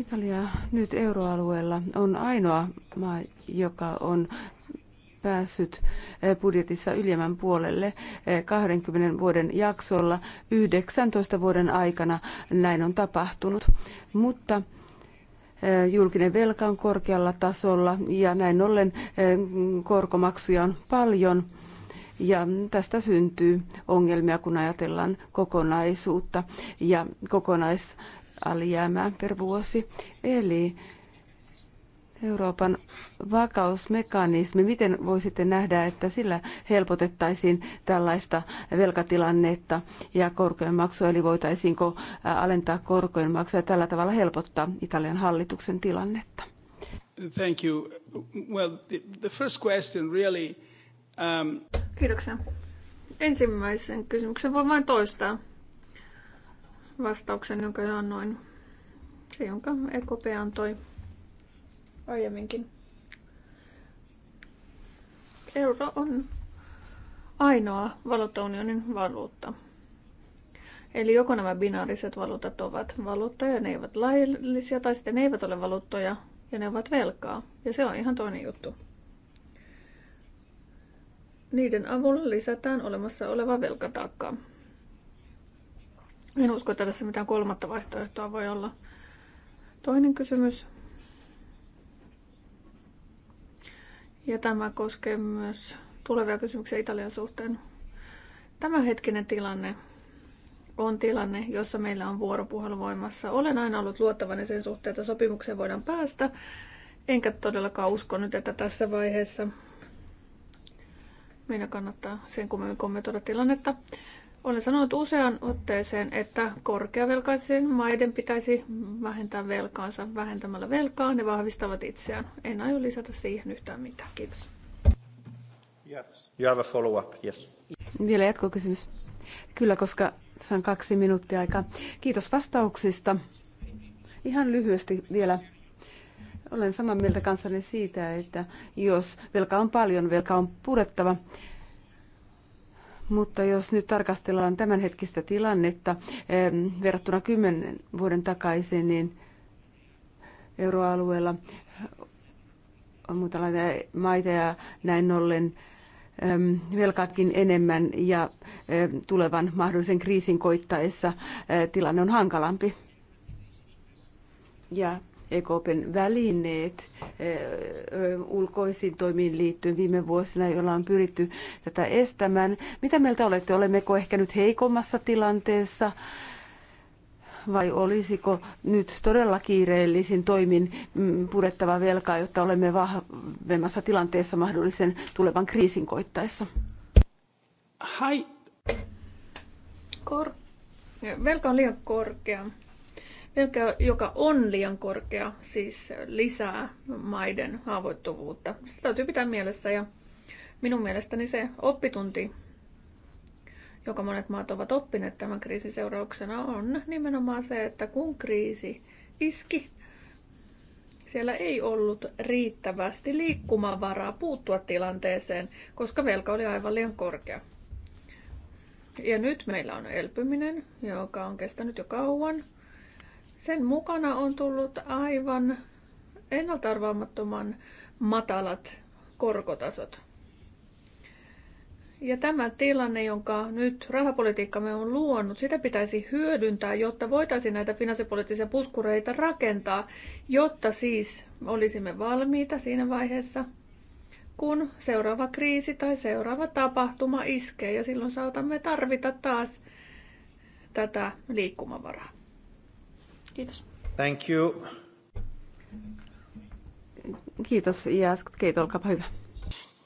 Italia nyt euroalueella on ainoa maa, joka on päässyt eh, budjetissa ylimmän puolelle 20 eh, vuoden jaksolla. 19 vuoden aikana näin on tapahtunut, mutta eh, julkinen velka on korkealla tasolla ja näin ollen korkomaksuja on paljon. Ja tästä syntyy ongelmia, kun ajatellaan kokonaisuutta ja kokonaisalijäämää per vuosi. Eli Euroopan vakausmekanismi, miten voisitte nähdä, että sillä helpotettaisiin tällaista velkatilannetta ja korkojen maksua, eli voitaisiinko alentaa korkojen maksua ja tällä tavalla helpottaa Italian hallituksen tilannetta? Thank you. Well, the, first question really... Um... Kiitoksia. Ensimmäisen kysymyksen voin vain toistaa vastauksen, jonka jo annoin. Se, jonka EKP antoi aiemminkin. Euro on ainoa valuuttaunionin valuutta. Eli joko nämä binaariset valuutat ovat valuuttoja, ne eivät laillisia, tai sitten ne eivät ole valuuttoja ja ne ovat velkaa. Ja se on ihan toinen juttu. Niiden avulla lisätään olemassa oleva velkataakka. En usko, että tässä mitään kolmatta vaihtoehtoa voi olla. Toinen kysymys Ja tämä koskee myös tulevia kysymyksiä Italian suhteen. Tämänhetkinen tilanne on tilanne, jossa meillä on vuoropuhelu voimassa. Olen aina ollut luottavainen sen suhteen, että sopimukseen voidaan päästä. Enkä todellakaan usko nyt, että tässä vaiheessa meidän kannattaa sen kummemmin kommentoida tilannetta. Olen sanonut usean otteeseen, että korkeavelkaisen maiden pitäisi vähentää velkaansa. Vähentämällä velkaa ne vahvistavat itseään. En aio lisätä siihen yhtään mitään. Kiitos. Yes. You have a follow-up, yes. Vielä jatkokysymys. Kyllä, koska saan kaksi minuuttia aikaa. Kiitos vastauksista. Ihan lyhyesti vielä olen samaa mieltä kanssani siitä, että jos velka on paljon, velka on purettava. Mutta jos nyt tarkastellaan tämänhetkistä tilannetta verrattuna kymmenen vuoden takaisin, niin euroalueella on muuta maita ja näin ollen velkaakin enemmän ja tulevan mahdollisen kriisin koittaessa eh, tilanne on hankalampi. Ja EKPn välineet eh, ulkoisiin toimiin liittyen viime vuosina, joilla on pyritty tätä estämään. Mitä mieltä olette? Olemmeko ehkä nyt heikommassa tilanteessa? vai olisiko nyt todella kiireellisin toimin mm, purettava velkaa, jotta olemme vahvemmassa tilanteessa mahdollisen tulevan kriisin koittaessa? Hai. Kor- Velka on liian korkea joka, joka on liian korkea, siis lisää maiden haavoittuvuutta. Sitä täytyy pitää mielessä ja minun mielestäni se oppitunti, joka monet maat ovat oppineet tämän kriisin seurauksena, on nimenomaan se, että kun kriisi iski, siellä ei ollut riittävästi liikkumavaraa puuttua tilanteeseen, koska velka oli aivan liian korkea. Ja nyt meillä on elpyminen, joka on kestänyt jo kauan. Sen mukana on tullut aivan ennaltaarvaamattoman matalat korkotasot. Ja tämä tilanne, jonka nyt rahapolitiikkamme on luonut, sitä pitäisi hyödyntää, jotta voitaisiin näitä finanssipoliittisia puskureita rakentaa, jotta siis olisimme valmiita siinä vaiheessa, kun seuraava kriisi tai seuraava tapahtuma iskee ja silloin saatamme tarvita taas tätä liikkumavaraa. Kiitos. Thank you. Kiitos Jask. Keito, olkaapa hyvä.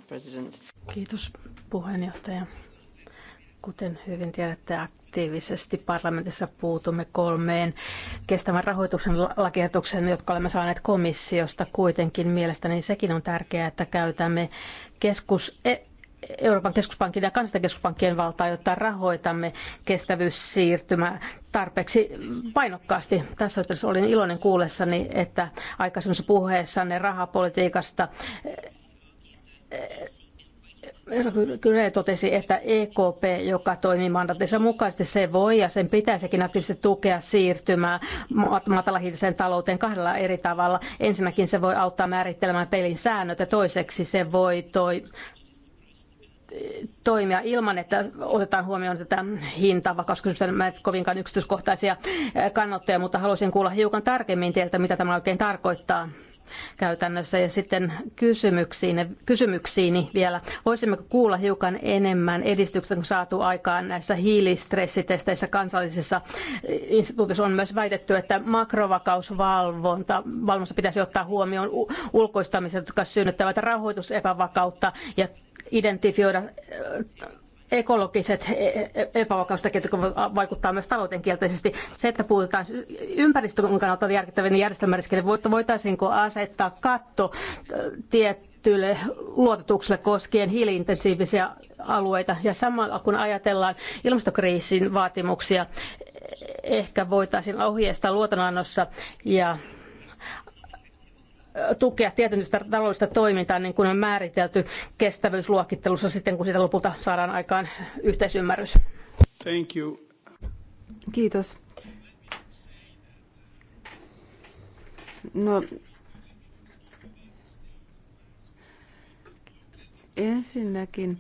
President. Kiitos puheenjohtaja. Kuten hyvin tiedätte, aktiivisesti parlamentissa puutumme kolmeen kestävän rahoituksen lakiehdotukseen, jotka olemme saaneet komissiosta. Kuitenkin mielestäni sekin on tärkeää, että käytämme keskus e- Euroopan keskuspankin ja kansallisten keskuspankkien valtaa, jotta rahoitamme kestävyyssiirtymää tarpeeksi painokkaasti. Tässä yhteydessä olin iloinen kuullessani, että aikaisemmassa puheessanne rahapolitiikasta eh, Kyllä totesi, että EKP, joka toimii mandatissa mukaisesti, se voi ja sen pitäisikin aktiivisesti tukea siirtymää matalahiiliseen talouteen kahdella eri tavalla. Ensinnäkin se voi auttaa määrittelemään pelin säännöt ja toiseksi se voi toi, toimia ilman, että otetaan huomioon tätä hintaa, vakauskysymystä. Mä en kovinkaan yksityiskohtaisia kannattajia, mutta haluaisin kuulla hiukan tarkemmin teiltä, mitä tämä oikein tarkoittaa käytännössä. Ja sitten kysymyksiin, kysymyksiini vielä. Voisimmeko kuulla hiukan enemmän edistyksen saatu aikaan näissä hiilistressitesteissä kansallisissa instituutissa on myös väitetty, että makrovakausvalvonta valvonta pitäisi ottaa huomioon ulkoistamiset, jotka synnyttävät rahoitusepävakautta ja identifioida ekologiset e, e, epävakaustekijät, jotka vaikuttaa myös talouteen kielteisesti. Se, että puhutaan ympäristön kannalta järkyttävien järjestelmäriskeille, voitaisiinko asettaa katto tiettyille luototuksille koskien hiiliintensiivisiä alueita. Ja samalla kun ajatellaan ilmastokriisin vaatimuksia, e, ehkä voitaisiin ohjeistaa luotonannossa ja tukea tietynlaista taloudellista toimintaa, niin kuin on määritelty kestävyysluokittelussa sitten, kun siitä lopulta saadaan aikaan yhteisymmärrys. Thank you. Kiitos. No, ensinnäkin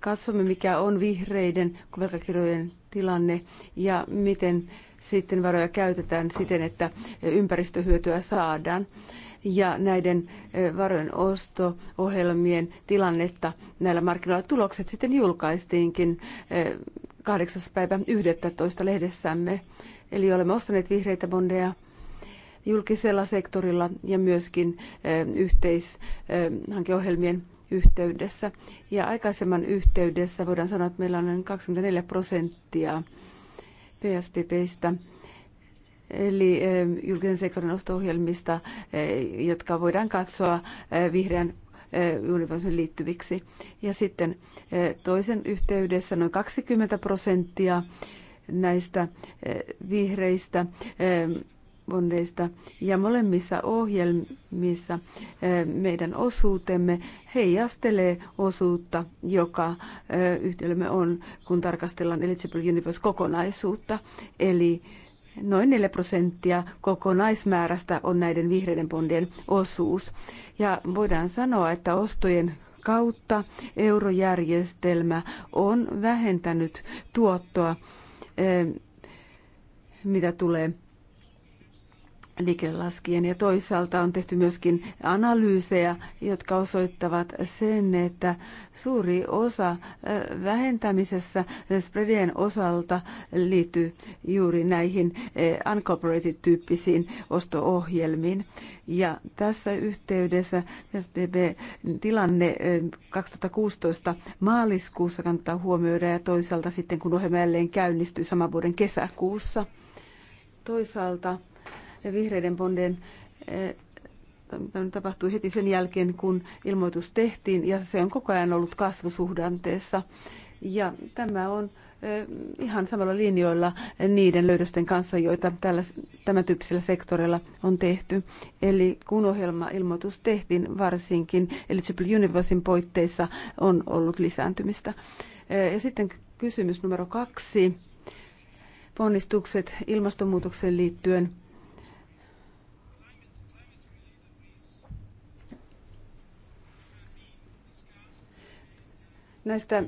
katsomme, mikä on vihreiden velkakirjojen tilanne ja miten sitten varoja käytetään siten, että ympäristöhyötyä saadaan ja näiden varojen osto-ohjelmien tilannetta näillä markkinoilla. Tulokset sitten julkaistiinkin 8. päivä 11. lehdessämme. Eli olemme ostaneet vihreitä bondeja julkisella sektorilla ja myöskin yhteishankeohjelmien yhteydessä. Ja aikaisemman yhteydessä voidaan sanoa, että meillä on noin 24 prosenttia PSPPistä eli eh, julkisen sektorin osto-ohjelmista, eh, jotka voidaan katsoa eh, vihreän universumin liittyviksi. Ja sitten toisen yhteydessä noin 20 prosenttia näistä vihreistä bondeista ja molemmissa ohjelmissa meidän osuutemme heijastelee osuutta, joka yhtiömme on, kun tarkastellaan Eligible Universe kokonaisuutta. Eli Noin 4 prosenttia kokonaismäärästä on näiden vihreiden bondien osuus. Ja voidaan sanoa, että ostojen kautta eurojärjestelmä on vähentänyt tuottoa, eh, mitä tulee liikelaskien ja toisaalta on tehty myöskin analyysejä, jotka osoittavat sen, että suuri osa vähentämisessä spreadien osalta liittyy juuri näihin uncorporated-tyyppisiin osto-ohjelmiin. Ja tässä yhteydessä SBB-tilanne 2016 maaliskuussa kannattaa huomioida ja toisaalta sitten kun ohjelma jälleen käynnistyy saman vuoden kesäkuussa. Toisaalta vihreiden bondien eh, tapahtui heti sen jälkeen, kun ilmoitus tehtiin, ja se on koko ajan ollut kasvusuhdanteessa. Ja tämä on eh, ihan samalla linjoilla niiden löydösten kanssa, joita tällä, tämän tyyppisellä sektorilla on tehty. Eli kun ohjelmailmoitus tehtiin varsinkin eli Triple universin poitteissa on ollut lisääntymistä. Eh, ja sitten kysymys numero kaksi. Ponnistukset ilmastonmuutokseen liittyen – Näistä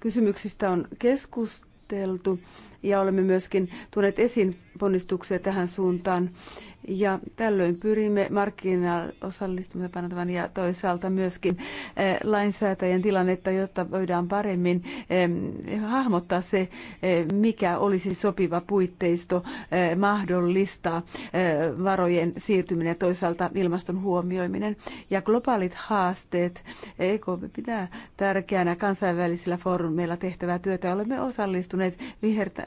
kysymyksistä on keskusteltu ja olemme myöskin tuoneet esiin ponnistuksia tähän suuntaan. Ja tällöin pyrimme markkinaosallistumisen ja toisaalta myöskin eh, lainsäätäjän tilannetta, jotta voidaan paremmin eh, hahmottaa se, eh, mikä olisi sopiva puitteisto mahdollistaa varojen siirtyminen ja toisaalta ilmaston huomioiminen. Ja globaalit haasteet, EKP e pitää tärkeänä kansainvälisillä foorumeilla tehtävää työtä. Olemme osallistuneet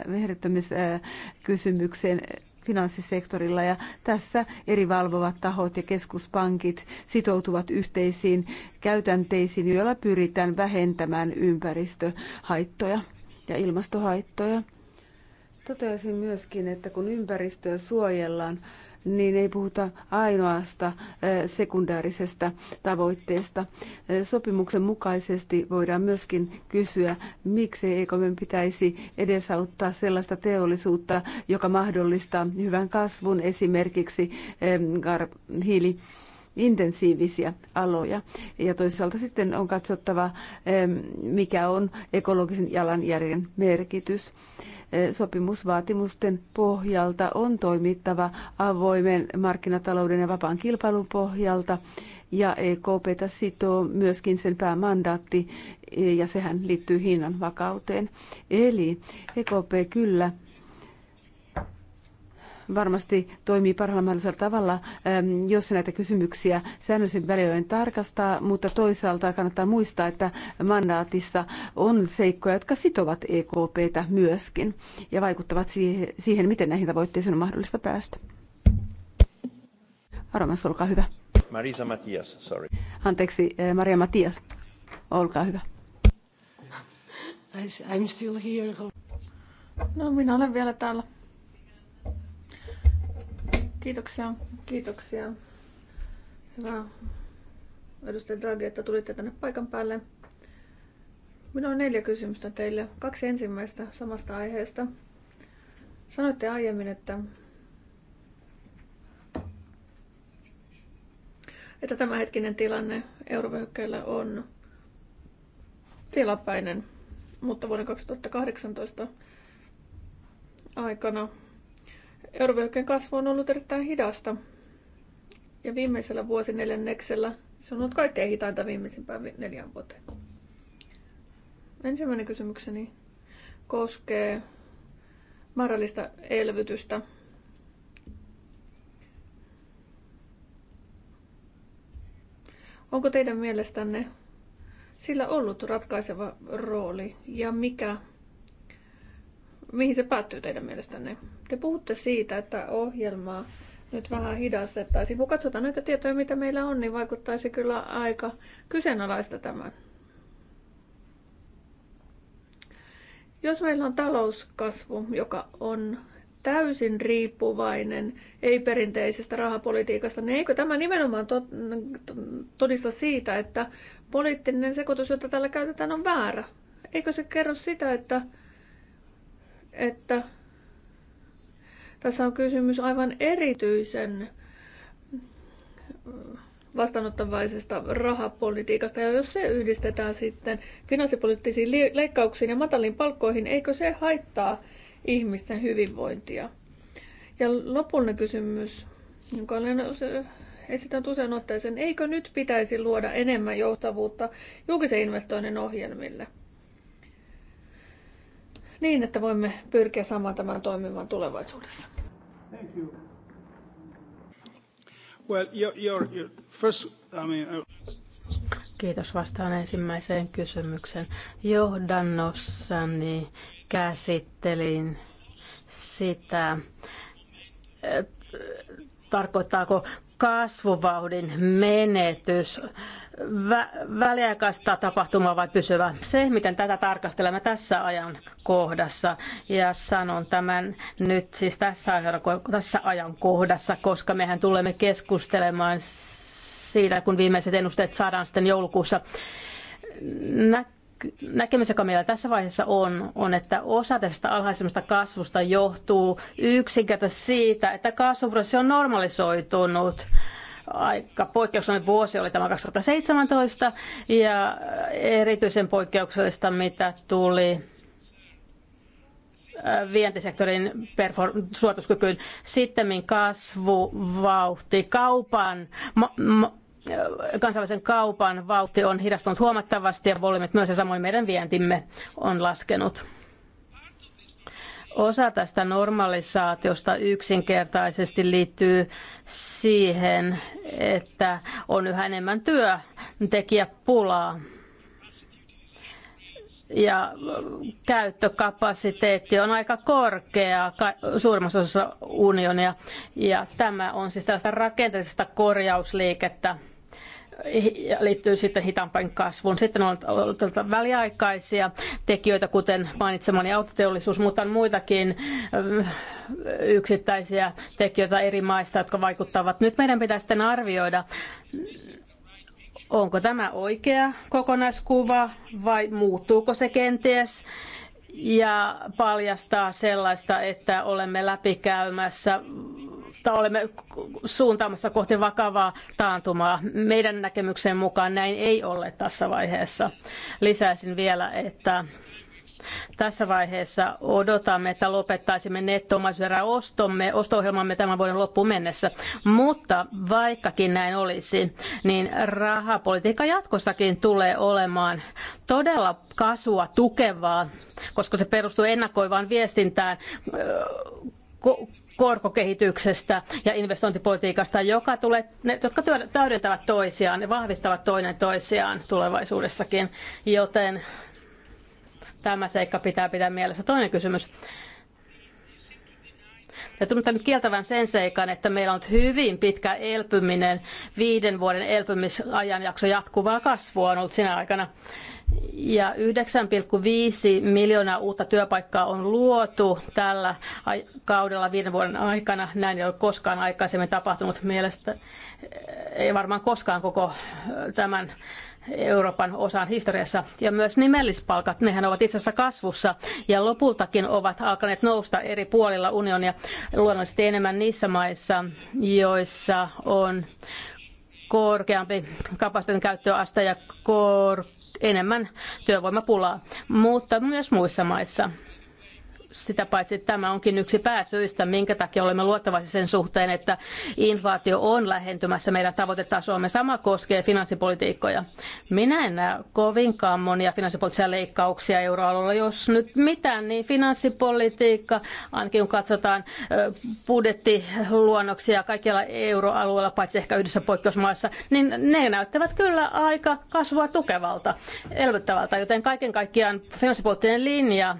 vihertämiskysymykseen finanssisektorilla ja tässä eri valvovat tahot ja keskuspankit sitoutuvat yhteisiin käytänteisiin, joilla pyritään vähentämään ympäristöhaittoja ja ilmastohaittoja. Toteaisin myöskin, että kun ympäristöä suojellaan, niin ei puhuta ainoasta sekundäärisestä tavoitteesta. Sopimuksen mukaisesti voidaan myöskin kysyä, miksi EKMen pitäisi edesauttaa sellaista teollisuutta, joka mahdollistaa hyvän kasvun, esimerkiksi hiili intensiivisiä aloja. Ja toisaalta sitten on katsottava, mikä on ekologisen jalanjärjen merkitys sopimusvaatimusten pohjalta on toimittava avoimen markkinatalouden ja vapaan kilpailun pohjalta. Ja EKP sitoo myöskin sen päämandaatti, ja sehän liittyy hinnan vakauteen. Eli EKP kyllä varmasti toimii parhaalla mahdollisella tavalla, jos näitä kysymyksiä säännöllisen väliajoin tarkastaa, mutta toisaalta kannattaa muistaa, että mandaatissa on seikkoja, jotka sitovat EKPtä myöskin ja vaikuttavat siihen, miten näihin tavoitteisiin on mahdollista päästä. Aromas, olkaa hyvä. Marisa Matias, sorry. Anteeksi, eh, Maria Matias, olkaa hyvä. I'm still here. No, minä olen vielä täällä. Kiitoksia, kiitoksia. Hyvä edustaja Draghi, että tulitte tänne paikan päälle. Minulla on neljä kysymystä teille. Kaksi ensimmäistä samasta aiheesta. Sanoitte aiemmin, että, että tämänhetkinen tilanne eurovyöhykkeellä on tilapäinen, mutta vuoden 2018 aikana Eurovyöhykkeen kasvu on ollut erittäin hidasta. Ja viimeisellä vuosineljänneksellä se on ollut kaikkein hitainta viimeisimpään neljän vuoteen. Ensimmäinen kysymykseni koskee määrällistä elvytystä. Onko teidän mielestänne sillä ollut ratkaiseva rooli ja mikä mihin se päättyy teidän mielestänne? Te puhutte siitä, että ohjelmaa nyt vähän hidastettaisiin. Kun katsotaan näitä tietoja, mitä meillä on, niin vaikuttaisi kyllä aika kyseenalaista tämän. Jos meillä on talouskasvu, joka on täysin riippuvainen ei-perinteisestä rahapolitiikasta, niin eikö tämä nimenomaan todista siitä, että poliittinen sekoitus, jota täällä käytetään, on väärä? Eikö se kerro sitä, että että tässä on kysymys aivan erityisen vastaanottavaisesta rahapolitiikasta. Ja jos se yhdistetään sitten finanssipoliittisiin leikkauksiin ja mataliin palkkoihin, eikö se haittaa ihmisten hyvinvointia? Ja lopullinen kysymys, jonka olen esitän usein otteeseen, eikö nyt pitäisi luoda enemmän joustavuutta julkisen investoinnin ohjelmille? niin, että voimme pyrkiä saamaan tämän toimimaan tulevaisuudessa. Uh, Kiitos. Vastaan ensimmäiseen kysymykseen. Johdannossani käsittelin sitä, äh, tarkoittaako kasvuvauhdin menetys vä- väliaikaista tapahtumaa vai pysyvää. Se, miten tätä tarkastelemme tässä ajan kohdassa, ja sanon tämän nyt siis tässä, tässä ajan kohdassa, koska mehän tulemme keskustelemaan siitä, kun viimeiset ennusteet saadaan sitten joulukuussa. Nä- näkemys, joka meillä tässä vaiheessa on, on, että osa tästä alhaisemmasta kasvusta johtuu yksinkertaisesti siitä, että kasvuprosessi on normalisoitunut aika poikkeuksellinen vuosi oli tämä 2017 ja erityisen poikkeuksellista, mitä tuli äh, vientisektorin perform- suorituskykyyn. Sittemmin kasvuvauhti kaupan, ma- ma- äh, kansainvälisen kaupan vauhti on hidastunut huomattavasti ja volyymit myös ja samoin meidän vientimme on laskenut. Osa tästä normalisaatiosta yksinkertaisesti liittyy siihen, että on yhä enemmän työntekijäpulaa ja käyttökapasiteetti on aika korkea suurimmassa osassa unionia. Ja tämä on siis tällaista rakenteellista korjausliikettä liittyy sitten hitaampaan kasvuun. Sitten on väliaikaisia tekijöitä, kuten mainitsemani autoteollisuus, mutta on muitakin yksittäisiä tekijöitä eri maista, jotka vaikuttavat. Nyt meidän pitää sitten arvioida, onko tämä oikea kokonaiskuva vai muuttuuko se kenties ja paljastaa sellaista, että olemme läpikäymässä että olemme suuntaamassa kohti vakavaa taantumaa. Meidän näkemyksen mukaan näin ei ole tässä vaiheessa. Lisäisin vielä, että tässä vaiheessa odotamme, että lopettaisimme nettomaisuuden ostomme, osto-ohjelmamme tämän vuoden loppuun mennessä. Mutta vaikkakin näin olisi, niin rahapolitiikka jatkossakin tulee olemaan todella kasvua tukevaa, koska se perustuu ennakoivaan viestintään korkokehityksestä ja investointipolitiikasta, joka tulee, ne, jotka täydentävät toisiaan ja vahvistavat toinen toisiaan tulevaisuudessakin, joten tämä seikka pitää pitää mielessä. Toinen kysymys. Ja tunnutan nyt kieltävän sen seikan, että meillä on hyvin pitkä elpyminen, viiden vuoden elpymisajanjakso jatkuvaa kasvua on ollut sinä aikana ja 9,5 miljoonaa uutta työpaikkaa on luotu tällä kaudella viiden vuoden aikana. Näin ei ole koskaan aikaisemmin tapahtunut mielestä, ei varmaan koskaan koko tämän Euroopan osan historiassa. Ja myös nimellispalkat, nehän ovat itse asiassa kasvussa ja lopultakin ovat alkaneet nousta eri puolilla unionia luonnollisesti enemmän niissä maissa, joissa on korkeampi kapasiteetin käyttöaste ja korkeampi enemmän työvoimapulaa, mutta myös muissa maissa sitä paitsi tämä onkin yksi pääsyistä, minkä takia olemme luottavaisia sen suhteen, että inflaatio on lähentymässä meidän tavoitetasoamme. Sama koskee finanssipolitiikkoja. Minä en näe kovinkaan monia finanssipoliittisia leikkauksia euroalueella. Jos nyt mitään, niin finanssipolitiikka, ainakin kun katsotaan budjettiluonnoksia kaikkialla euroalueella, paitsi ehkä yhdessä poikkeusmaassa, niin ne näyttävät kyllä aika kasvua tukevalta, elvyttävältä, joten kaiken kaikkiaan finanssipoliittinen linja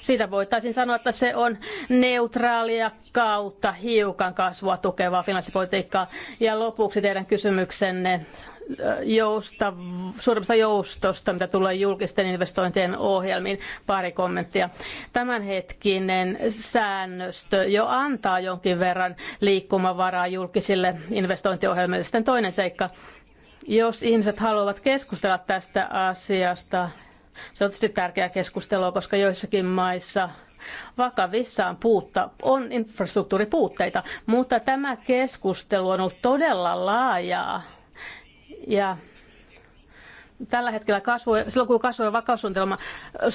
siitä voitaisiin sanoa, että se on neutraalia kautta hiukan kasvua tukevaa finanssipolitiikkaa. Ja lopuksi teidän kysymyksenne äh, jousta, suuremmasta joustosta, mitä tulee julkisten investointien ohjelmiin. Pari kommenttia. Tämänhetkinen säännöstö jo antaa jonkin verran liikkumavaraa julkisille investointiohjelmille. Sitten toinen seikka. Jos ihmiset haluavat keskustella tästä asiasta, se on tietysti tärkeää keskustelua, koska joissakin maissa vakavissaan puutta, on infrastruktuuripuutteita, mutta tämä keskustelu on ollut todella laajaa. Ja tällä hetkellä kasvu, silloin kun kasvu- ja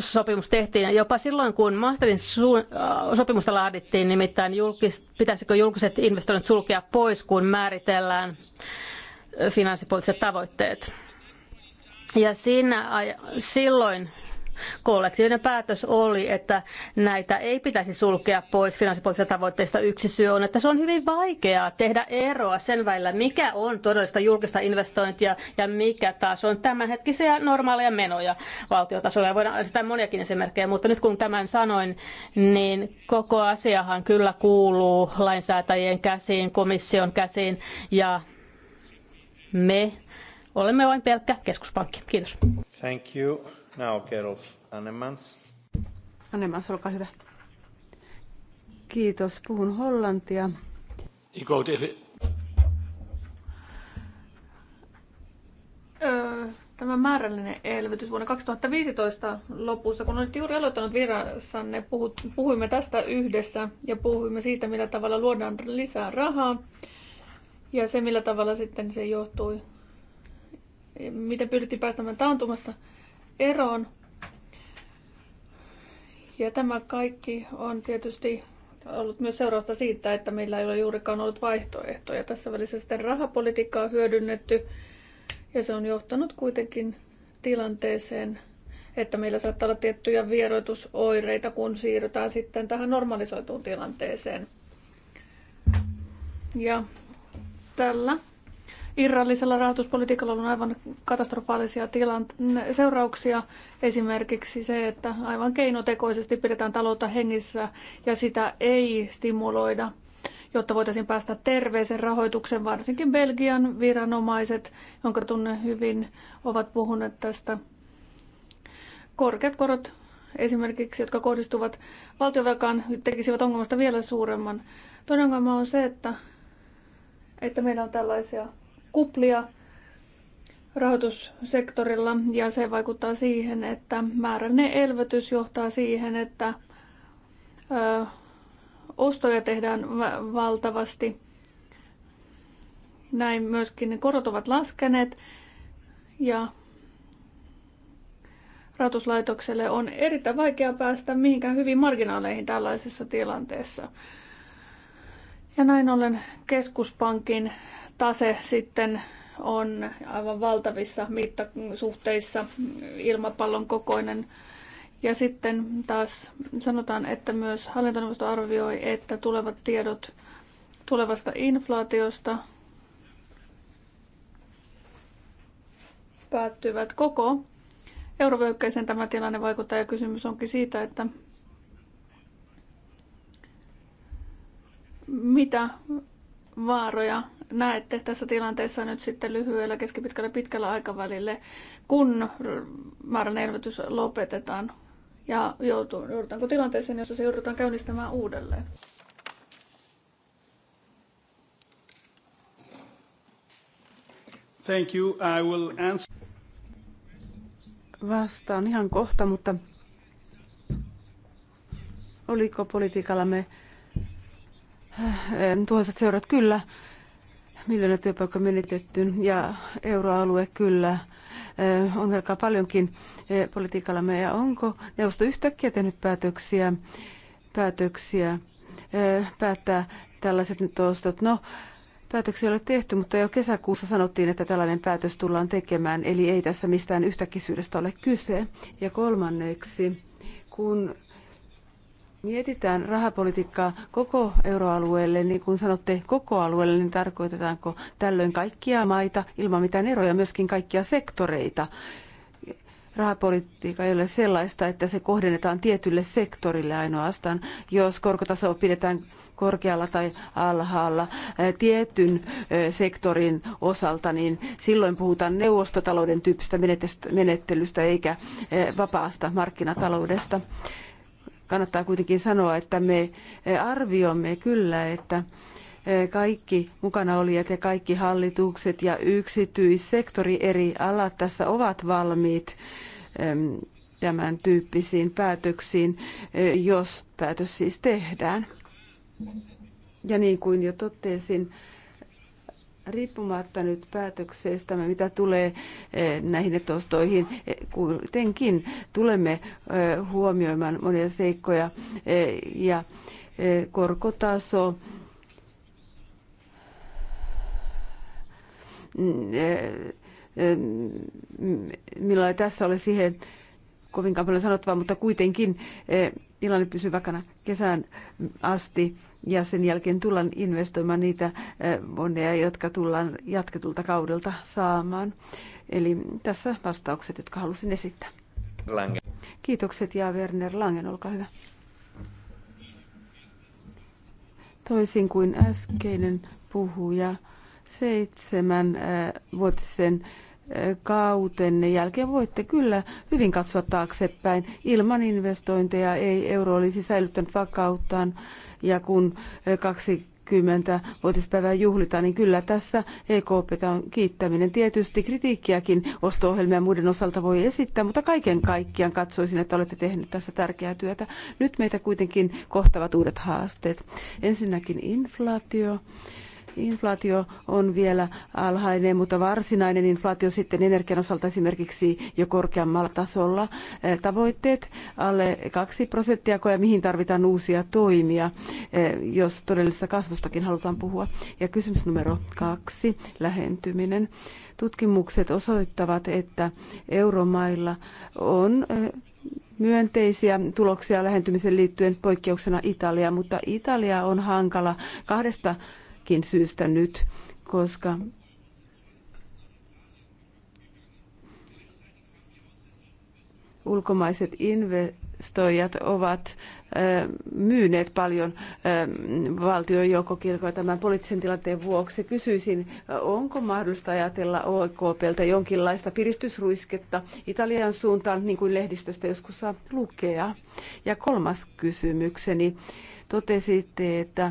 sopimus tehtiin, ja jopa silloin kun Maastrichtin äh, sopimusta laadittiin, nimittäin julkis, pitäisikö julkiset investoinnit sulkea pois, kun määritellään finanssipoliittiset tavoitteet. Ja siinä, silloin kollektiivinen päätös oli, että näitä ei pitäisi sulkea pois finanssipoliittisista tavoitteista. Yksi syy on, että se on hyvin vaikeaa tehdä eroa sen välillä, mikä on todellista julkista investointia ja mikä taas on tämänhetkisiä normaaleja menoja valtiotasolla. Ja voidaan sitä moniakin esimerkkejä, mutta nyt kun tämän sanoin, niin koko asiahan kyllä kuuluu lainsäätäjien käsiin, komission käsiin ja me Olemme vain pelkkä keskuspankki. Kiitos. Thank you. Now Gerolf Annemans. Annemans, olkaa hyvä. Kiitos. Puhun hollantia. Tämä määrällinen elvytys vuonna 2015 lopussa, kun olet juuri aloittanut virassanne, puhuimme tästä yhdessä ja puhuimme siitä, millä tavalla luodaan lisää rahaa ja se, millä tavalla sitten se johtui miten pyrittiin päästämään taantumasta eroon. Ja tämä kaikki on tietysti ollut myös seurausta siitä, että meillä ei ole juurikaan ollut vaihtoehtoja. Tässä välissä sitten rahapolitiikkaa on hyödynnetty ja se on johtanut kuitenkin tilanteeseen, että meillä saattaa olla tiettyjä vieroitusoireita, kun siirrytään sitten tähän normalisoituun tilanteeseen. Ja tällä irrallisella rahoituspolitiikalla on aivan katastrofaalisia tilant- seurauksia. Esimerkiksi se, että aivan keinotekoisesti pidetään taloutta hengissä ja sitä ei stimuloida, jotta voitaisiin päästä terveeseen rahoitukseen. Varsinkin Belgian viranomaiset, jonka tunne hyvin, ovat puhuneet tästä. Korkeat korot esimerkiksi, jotka kohdistuvat valtiovelkaan, tekisivät ongelmasta vielä suuremman. Toinen ongelma on se, että, että meillä on tällaisia kuplia rahoitussektorilla ja se vaikuttaa siihen, että määrällinen elvytys johtaa siihen, että ö, ostoja tehdään valtavasti. Näin myöskin ne korot ovat laskeneet ja rahoituslaitokselle on erittäin vaikea päästä mihinkään hyvin marginaaleihin tällaisessa tilanteessa. Ja näin ollen keskuspankin tase sitten on aivan valtavissa mittasuhteissa ilmapallon kokoinen. Ja sitten taas sanotaan, että myös hallintoneuvosto arvioi, että tulevat tiedot tulevasta inflaatiosta päättyvät koko eurovyöhykkeeseen tämä tilanne vaikuttaa ja kysymys onkin siitä, että mitä vaaroja näette tässä tilanteessa nyt sitten lyhyellä, keskipitkällä ja pitkällä aikavälillä, kun määrän elvytys lopetetaan ja joutuu, joudutaanko tilanteeseen, jossa se joudutaan käynnistämään uudelleen? Thank you. I will answer. Vastaan ihan kohta, mutta oliko politiikallamme Äh, tuhansat seurat kyllä, miljoona työpaikka menetetty ja euroalue kyllä äh, on melkein paljonkin äh, politiikallamme. Ja onko neuvosto yhtäkkiä tehnyt päätöksiä, päätöksiä päättää tällaiset nyt ostot? No, päätöksiä ei ole tehty, mutta jo kesäkuussa sanottiin, että tällainen päätös tullaan tekemään, eli ei tässä mistään yhtäkkisyydestä ole kyse. Ja kolmanneksi, kun mietitään rahapolitiikkaa koko euroalueelle, niin kun sanotte koko alueelle, niin tarkoitetaanko tällöin kaikkia maita ilman mitään eroja, myöskin kaikkia sektoreita? Rahapolitiikka ei ole sellaista, että se kohdennetaan tietylle sektorille ainoastaan, jos korkotaso pidetään korkealla tai alhaalla eh, tietyn eh, sektorin osalta, niin silloin puhutaan neuvostotalouden tyyppistä menettelystä eikä eh, vapaasta markkinataloudesta kannattaa kuitenkin sanoa, että me eh, arvioimme kyllä, että eh, kaikki mukana olijat ja kaikki hallitukset ja yksityissektori eri alat tässä ovat valmiit tämän tyyppisiin päätöksiin, eh, jos päätös siis tehdään. Ja niin kuin jo totesin, riippumatta nyt päätöksestämme, mitä tulee eh, näihin etostoihin, eh, kuitenkin tulemme eh, huomioimaan monia seikkoja ja korkotaso, mm, mm, millä ei tässä ole siihen kovinkaan paljon sanottavaa, mutta kuitenkin tilanne pysyy vakana kesään asti ja sen jälkeen tullaan investoimaan niitä moneja, jotka tullaan jatketulta kaudelta saamaan. Eli tässä vastaukset, jotka halusin esittää. Lange. Kiitokset ja Werner Langen, olkaa hyvä. Toisin kuin äskeinen puhuja, seitsemän vuotisen äh, kautenne jälkeen voitte kyllä hyvin katsoa taaksepäin. Ilman investointeja ei euro olisi säilyttänyt vakauttaan ja kun 20 vuotispäivää juhlitaan, niin kyllä tässä EKP on kiittäminen. Tietysti kritiikkiäkin osto ja muiden osalta voi esittää, mutta kaiken kaikkiaan katsoisin, että olette tehnyt tässä tärkeää työtä. Nyt meitä kuitenkin kohtavat uudet haasteet. Ensinnäkin inflaatio inflaatio on vielä alhainen, mutta varsinainen inflaatio sitten energian osalta esimerkiksi jo korkeammalla tasolla. Eh, tavoitteet alle 2 prosenttia, ja mihin tarvitaan uusia toimia, eh, jos todellisesta kasvustakin halutaan puhua. Ja kysymys numero kaksi, lähentyminen. Tutkimukset osoittavat, että euromailla on eh, myönteisiä tuloksia lähentymisen liittyen poikkeuksena Italia, mutta Italia on hankala kahdesta jostakin syystä nyt, koska ulkomaiset investoijat ovat myyneet paljon valtion joukkokirkoja tämän poliittisen tilanteen vuoksi. Kysyisin, onko mahdollista ajatella OKPltä jonkinlaista piristysruisketta Italian suuntaan, niin kuin lehdistöstä joskus saa lukea? Ja kolmas kysymykseni. Totesitte, että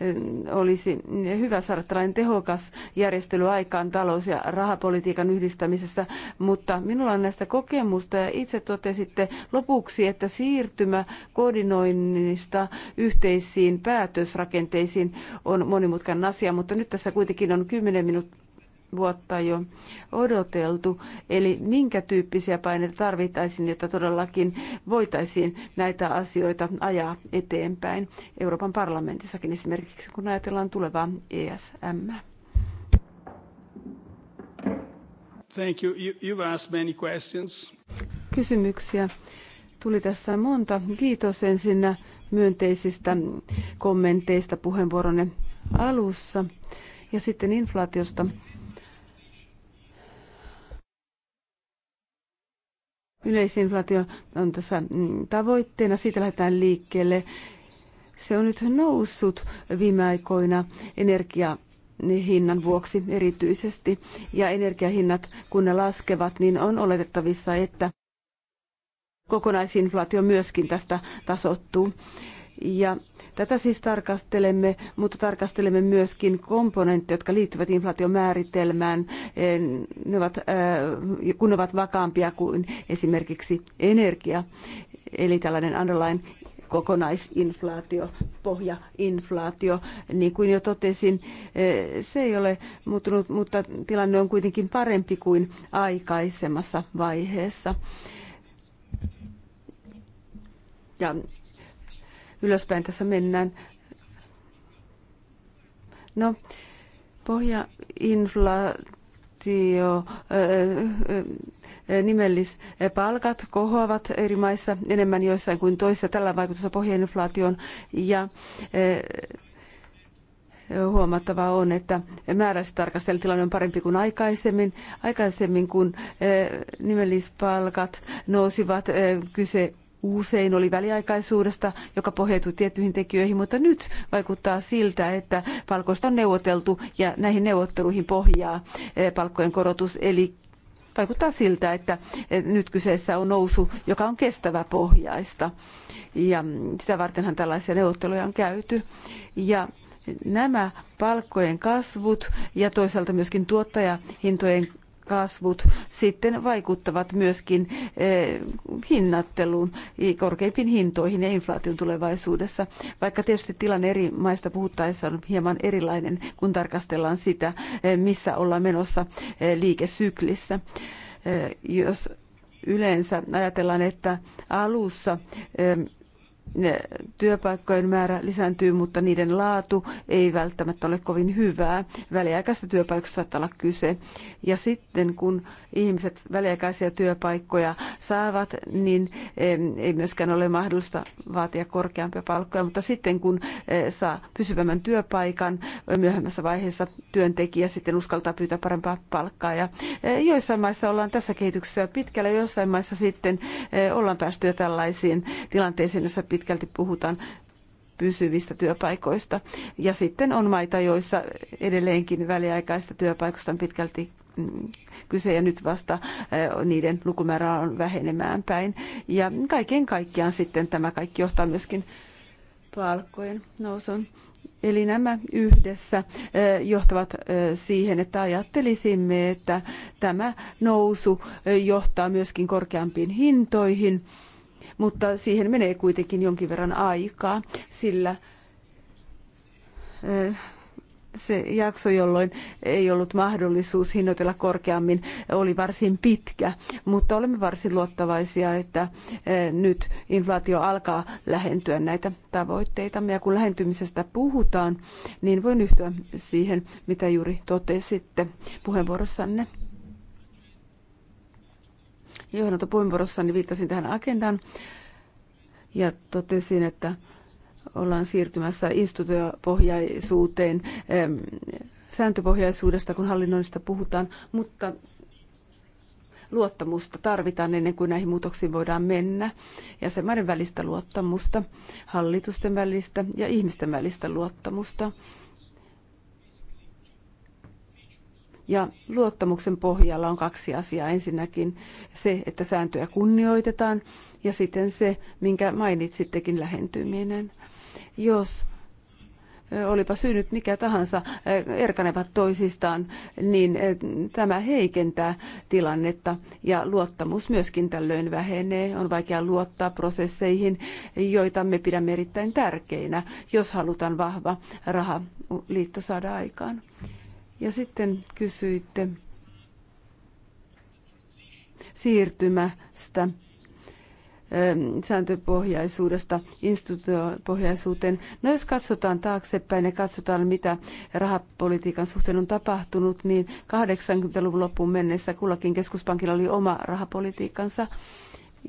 eh, olisi hyvä saada tällainen tehokas järjestely aikaan talous- ja rahapolitiikan yhdistämisessä, mutta minulla on näistä kokemusta ja itse totesitte lopuksi, että siirtymä koordinoinnista yhteisiin päätösrakenteisiin on monimutkainen asia, mutta nyt tässä kuitenkin on 10 minuuttia vuotta jo odoteltu. Eli minkä tyyppisiä paineita tarvittaisiin, jotta todellakin voitaisiin näitä asioita ajaa eteenpäin Euroopan parlamentissakin esimerkiksi, kun ajatellaan tulevaa ESM. Thank you. You've asked many questions. Kysymyksiä tuli tässä monta. Kiitos ensin myönteisistä kommenteista puheenvuoronne alussa. Ja sitten inflaatiosta Yleisinflaatio on tässä mm, tavoitteena, siitä lähdetään liikkeelle. Se on nyt noussut viime aikoina energia hinnan vuoksi erityisesti. Ja energiahinnat, kun ne laskevat, niin on oletettavissa, että kokonaisinflaatio myöskin tästä tasottuu. Ja Tätä siis tarkastelemme, mutta tarkastelemme myöskin komponentteja, jotka liittyvät inflaation määritelmään, eh, ne ovat, eh, kun ne ovat vakaampia kuin esimerkiksi energia, eli tällainen underline kokonaisinflaatio, pohjainflaatio. Niin kuin jo totesin, eh, se ei ole muuttunut, mutta tilanne on kuitenkin parempi kuin aikaisemmassa vaiheessa. Ja ylöspäin tässä mennään. No, pohjainflaatio, äh, äh, nimellispalkat kohoavat eri maissa enemmän joissain kuin toissa Tällä vaikutusta pohjainflaation ja äh, huomattavaa on, että määräisesti tarkastella tilanne on parempi kuin aikaisemmin. Aikaisemmin, kun nimellispalkat nousivat, kyse usein oli väliaikaisuudesta, joka pohjautui tiettyihin tekijöihin, mutta nyt vaikuttaa siltä, että palkoista on neuvoteltu ja näihin neuvotteluihin pohjaa eh, palkkojen korotus. Eli vaikuttaa siltä, että eh, nyt kyseessä on nousu, joka on kestävä pohjaista. Ja sitä vartenhan tällaisia neuvotteluja on käyty. Ja nämä palkkojen kasvut ja toisaalta myöskin tuottajahintojen kasvut sitten vaikuttavat myöskin eh, hinnatteluun, korkeimpiin hintoihin ja inflaation tulevaisuudessa. Vaikka tietysti tilanne eri maista puhuttaessa on hieman erilainen, kun tarkastellaan sitä, eh, missä ollaan menossa eh, liikesyklissä. Jos yleensä ajatellaan, että alussa työpaikkojen määrä lisääntyy, mutta niiden laatu ei välttämättä ole kovin hyvää. Väliaikaista työpaikoista saattaa olla kyse. Ja sitten kun ihmiset väliaikaisia työpaikkoja saavat, niin ei myöskään ole mahdollista vaatia korkeampia palkkoja, mutta sitten kun e, saa pysyvämmän työpaikan, myöhemmässä vaiheessa työntekijä sitten uskaltaa pyytää parempaa palkkaa. Ja e, joissain maissa ollaan tässä kehityksessä pitkällä, joissain maissa sitten e, ollaan päästy jo tällaisiin tilanteisiin, joissa pitää pitkälti puhutaan pysyvistä työpaikoista. Ja sitten on maita, joissa edelleenkin väliaikaista työpaikoista on pitkälti mm, kyse ja nyt vasta eh, niiden lukumäärä on vähenemään päin. Ja kaiken kaikkiaan sitten tämä kaikki johtaa myöskin palkkojen nousun. Eli nämä yhdessä eh, johtavat eh, siihen, että ajattelisimme, että tämä nousu johtaa myöskin korkeampiin hintoihin – mutta siihen menee kuitenkin jonkin verran aikaa, sillä eh, se jakso, jolloin ei ollut mahdollisuus hinnoitella korkeammin, oli varsin pitkä, mutta olemme varsin luottavaisia, että eh, nyt inflaatio alkaa lähentyä näitä tavoitteitamme. Ja kun lähentymisestä puhutaan, niin voin yhtyä siihen, mitä juuri totesitte puheenvuorossanne niin viittasin tähän agendaan ja totesin, että ollaan siirtymässä instituutiopohjaisuuteen sääntöpohjaisuudesta, kun hallinnoinnista puhutaan, mutta luottamusta tarvitaan ennen kuin näihin muutoksiin voidaan mennä. Jäsenmaiden välistä luottamusta, hallitusten välistä ja ihmisten välistä luottamusta. Ja luottamuksen pohjalla on kaksi asiaa. Ensinnäkin se, että sääntöjä kunnioitetaan ja sitten se, minkä mainitsittekin, lähentyminen. Jos olipa syynyt mikä tahansa, erkanevat toisistaan, niin tämä heikentää tilannetta ja luottamus myöskin tällöin vähenee. On vaikea luottaa prosesseihin, joita me pidämme erittäin tärkeinä, jos halutaan vahva rahaliitto saada aikaan. Ja sitten kysyitte siirtymästä ähm, sääntöpohjaisuudesta instituutiopohjaisuuteen. No jos katsotaan taaksepäin ja katsotaan, mitä rahapolitiikan suhteen on tapahtunut, niin 80-luvun loppuun mennessä kullakin keskuspankilla oli oma rahapolitiikkansa.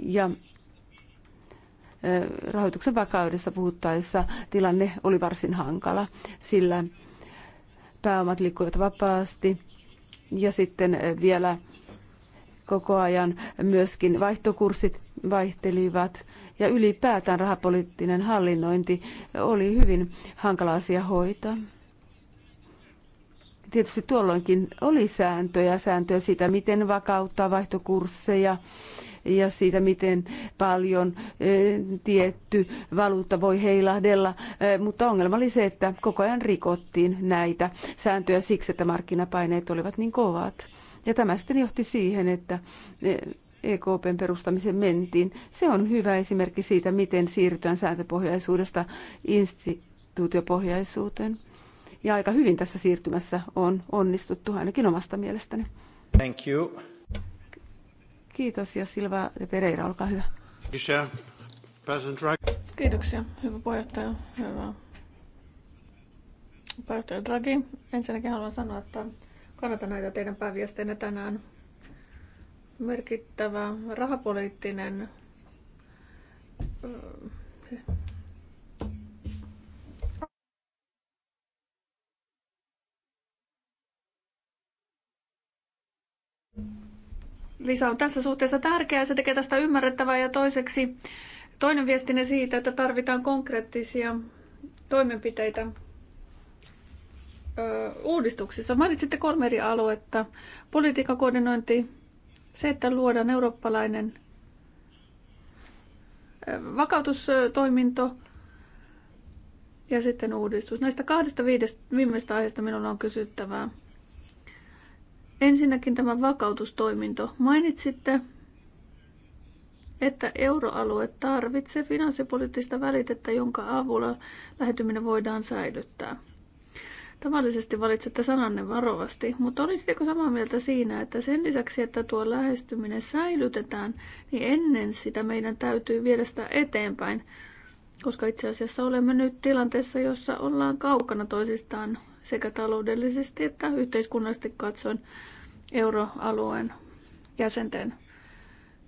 Ja äh, rahoituksen vakaudessa puhuttaessa tilanne oli varsin hankala, sillä pääomat liikkuvat vapaasti ja sitten eh, vielä koko ajan myöskin vaihtokurssit vaihtelivat ja ylipäätään rahapoliittinen hallinnointi oli hyvin hankala asia hoitaa. Tietysti tuolloinkin oli sääntöjä, sääntöjä siitä, miten vakauttaa vaihtokursseja ja siitä, miten paljon eh, tietty valuutta voi heilahdella. Eh, mutta ongelma oli se, että koko ajan rikottiin näitä sääntöjä siksi, että markkinapaineet olivat niin kovat. Ja tämä sitten johti siihen, että EKPn eh, e perustamisen mentiin. Se on hyvä esimerkki siitä, miten siirrytään sääntöpohjaisuudesta instituutiopohjaisuuteen. Ja aika hyvin tässä siirtymässä on onnistuttu, ainakin omasta mielestäni. Thank you. Kiitos ja Silva de Pereira, olkaa hyvä. Kiitoksia, hyvä puheenjohtaja. Hyvä. Puheenjohtaja Draghi, ensinnäkin haluan sanoa, että kannatan näitä teidän pääviesteinä tänään. Merkittävä rahapoliittinen Lisa on tässä suhteessa tärkeää, se tekee tästä ymmärrettävää ja toiseksi toinen viestinen siitä, että tarvitaan konkreettisia toimenpiteitä ö, uudistuksissa. Mainitsitte kolme eri aluetta. Politiikan koordinointi, se, että luodaan eurooppalainen vakautustoiminto ja sitten uudistus. Näistä kahdesta viidestä, viimeistä aiheesta minulla on kysyttävää. Ensinnäkin tämä vakautustoiminto. Mainitsitte, että euroalue tarvitsee finanssipoliittista välitettä, jonka avulla lähetyminen voidaan säilyttää. Tavallisesti valitsette sananne varovasti, mutta olisitteko samaa mieltä siinä, että sen lisäksi, että tuo lähestyminen säilytetään, niin ennen sitä meidän täytyy viedä sitä eteenpäin, koska itse asiassa olemme nyt tilanteessa, jossa ollaan kaukana toisistaan sekä taloudellisesti että yhteiskunnallisesti katsoen euroalueen jäsenten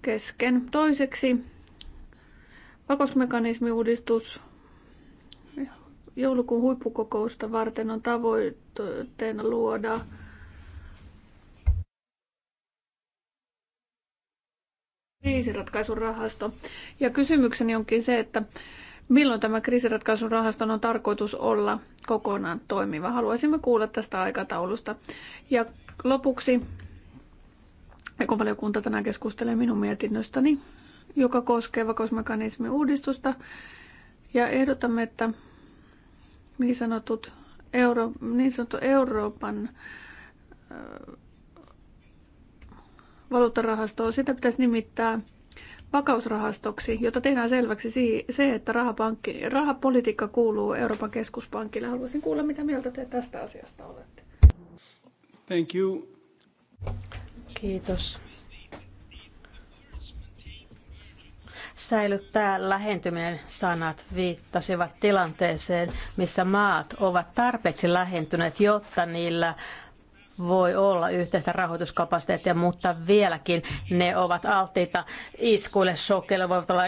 kesken. Toiseksi vakausmekanismiuudistus joulukuun huippukokousta varten on tavoitteena luoda kriisiratkaisurahasto. Ja kysymykseni onkin se, että milloin tämä kriisiratkaisun rahaston on tarkoitus olla kokonaan toimiva. Haluaisimme kuulla tästä aikataulusta. Ja lopuksi valiokunta tänään keskustelee minun mietinnöstäni, joka koskee vakausmekanismin uudistusta. Ja ehdotamme, että niin, sanotut Euro, niin sanottu Euroopan valuuttarahastoa, sitä pitäisi nimittää vakausrahastoksi, jotta tehdään selväksi se, että rahapankki, rahapolitiikka kuuluu Euroopan keskuspankille. Haluaisin kuulla, mitä mieltä te tästä asiasta olette. Thank you. Kiitos. Säilyttää lähentyminen sanat viittasivat tilanteeseen, missä maat ovat tarpeeksi lähentyneet, jotta niillä voi olla yhteistä rahoituskapasiteettia, mutta vieläkin ne ovat alttiita iskuille, sokeille, voivat olla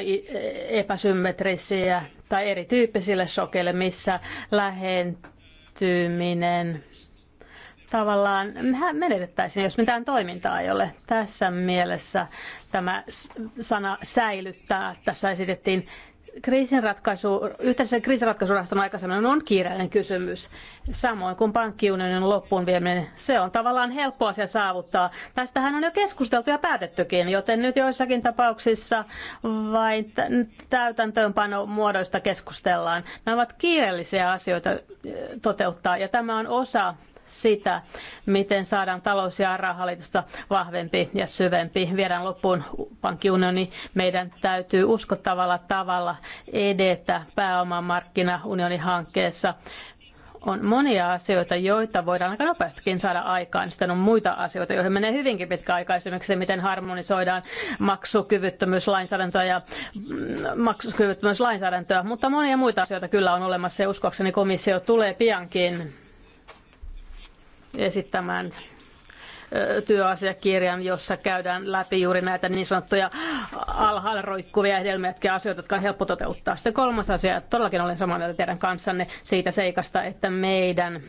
epäsymmetrisiä tai erityyppisille sokeille, missä lähentyminen tavallaan menetettäisiin, jos mitään toimintaa ei ole. Tässä mielessä tämä sana säilyttää, tässä esitettiin kriisinratkaisu, yhteisen kriisinratkaisurahaston aikaisemmin on kiireellinen kysymys. Samoin kuin pankkiunionin loppuun vieminen, se on tavallaan helppo asia saavuttaa. Tästähän on jo keskusteltu ja päätettykin, joten nyt joissakin tapauksissa vain täytäntöönpano muodoista keskustellaan. Nämä ovat kiireellisiä asioita eh, toteuttaa ja tämä on osa sitä, miten saadaan talous- ja rahaliitosta vahvempi ja syvempi. Viedään loppuun pankkiunioni. Meidän täytyy uskottavalla tavalla edetä pääomamarkkinaunionin hankkeessa on monia asioita, joita voidaan aika nopeastikin saada aikaan. Sitten on muita asioita, joihin menee hyvinkin pitkä aika. Esimerkiksi se, miten harmonisoidaan maksukyvyttömyyslainsäädäntöä ja mm, maksukyvyttömyyslainsäädäntöä. Mutta monia muita asioita kyllä on olemassa ja uskoakseni komissio tulee piankin esittämään työasiakirjan, jossa käydään läpi juuri näitä niin sanottuja alhaalla roikkuvia jotka asioita, jotka on helppo toteuttaa. Sitten kolmas asia, todellakin olen samaa mieltä teidän kanssanne siitä seikasta, että meidän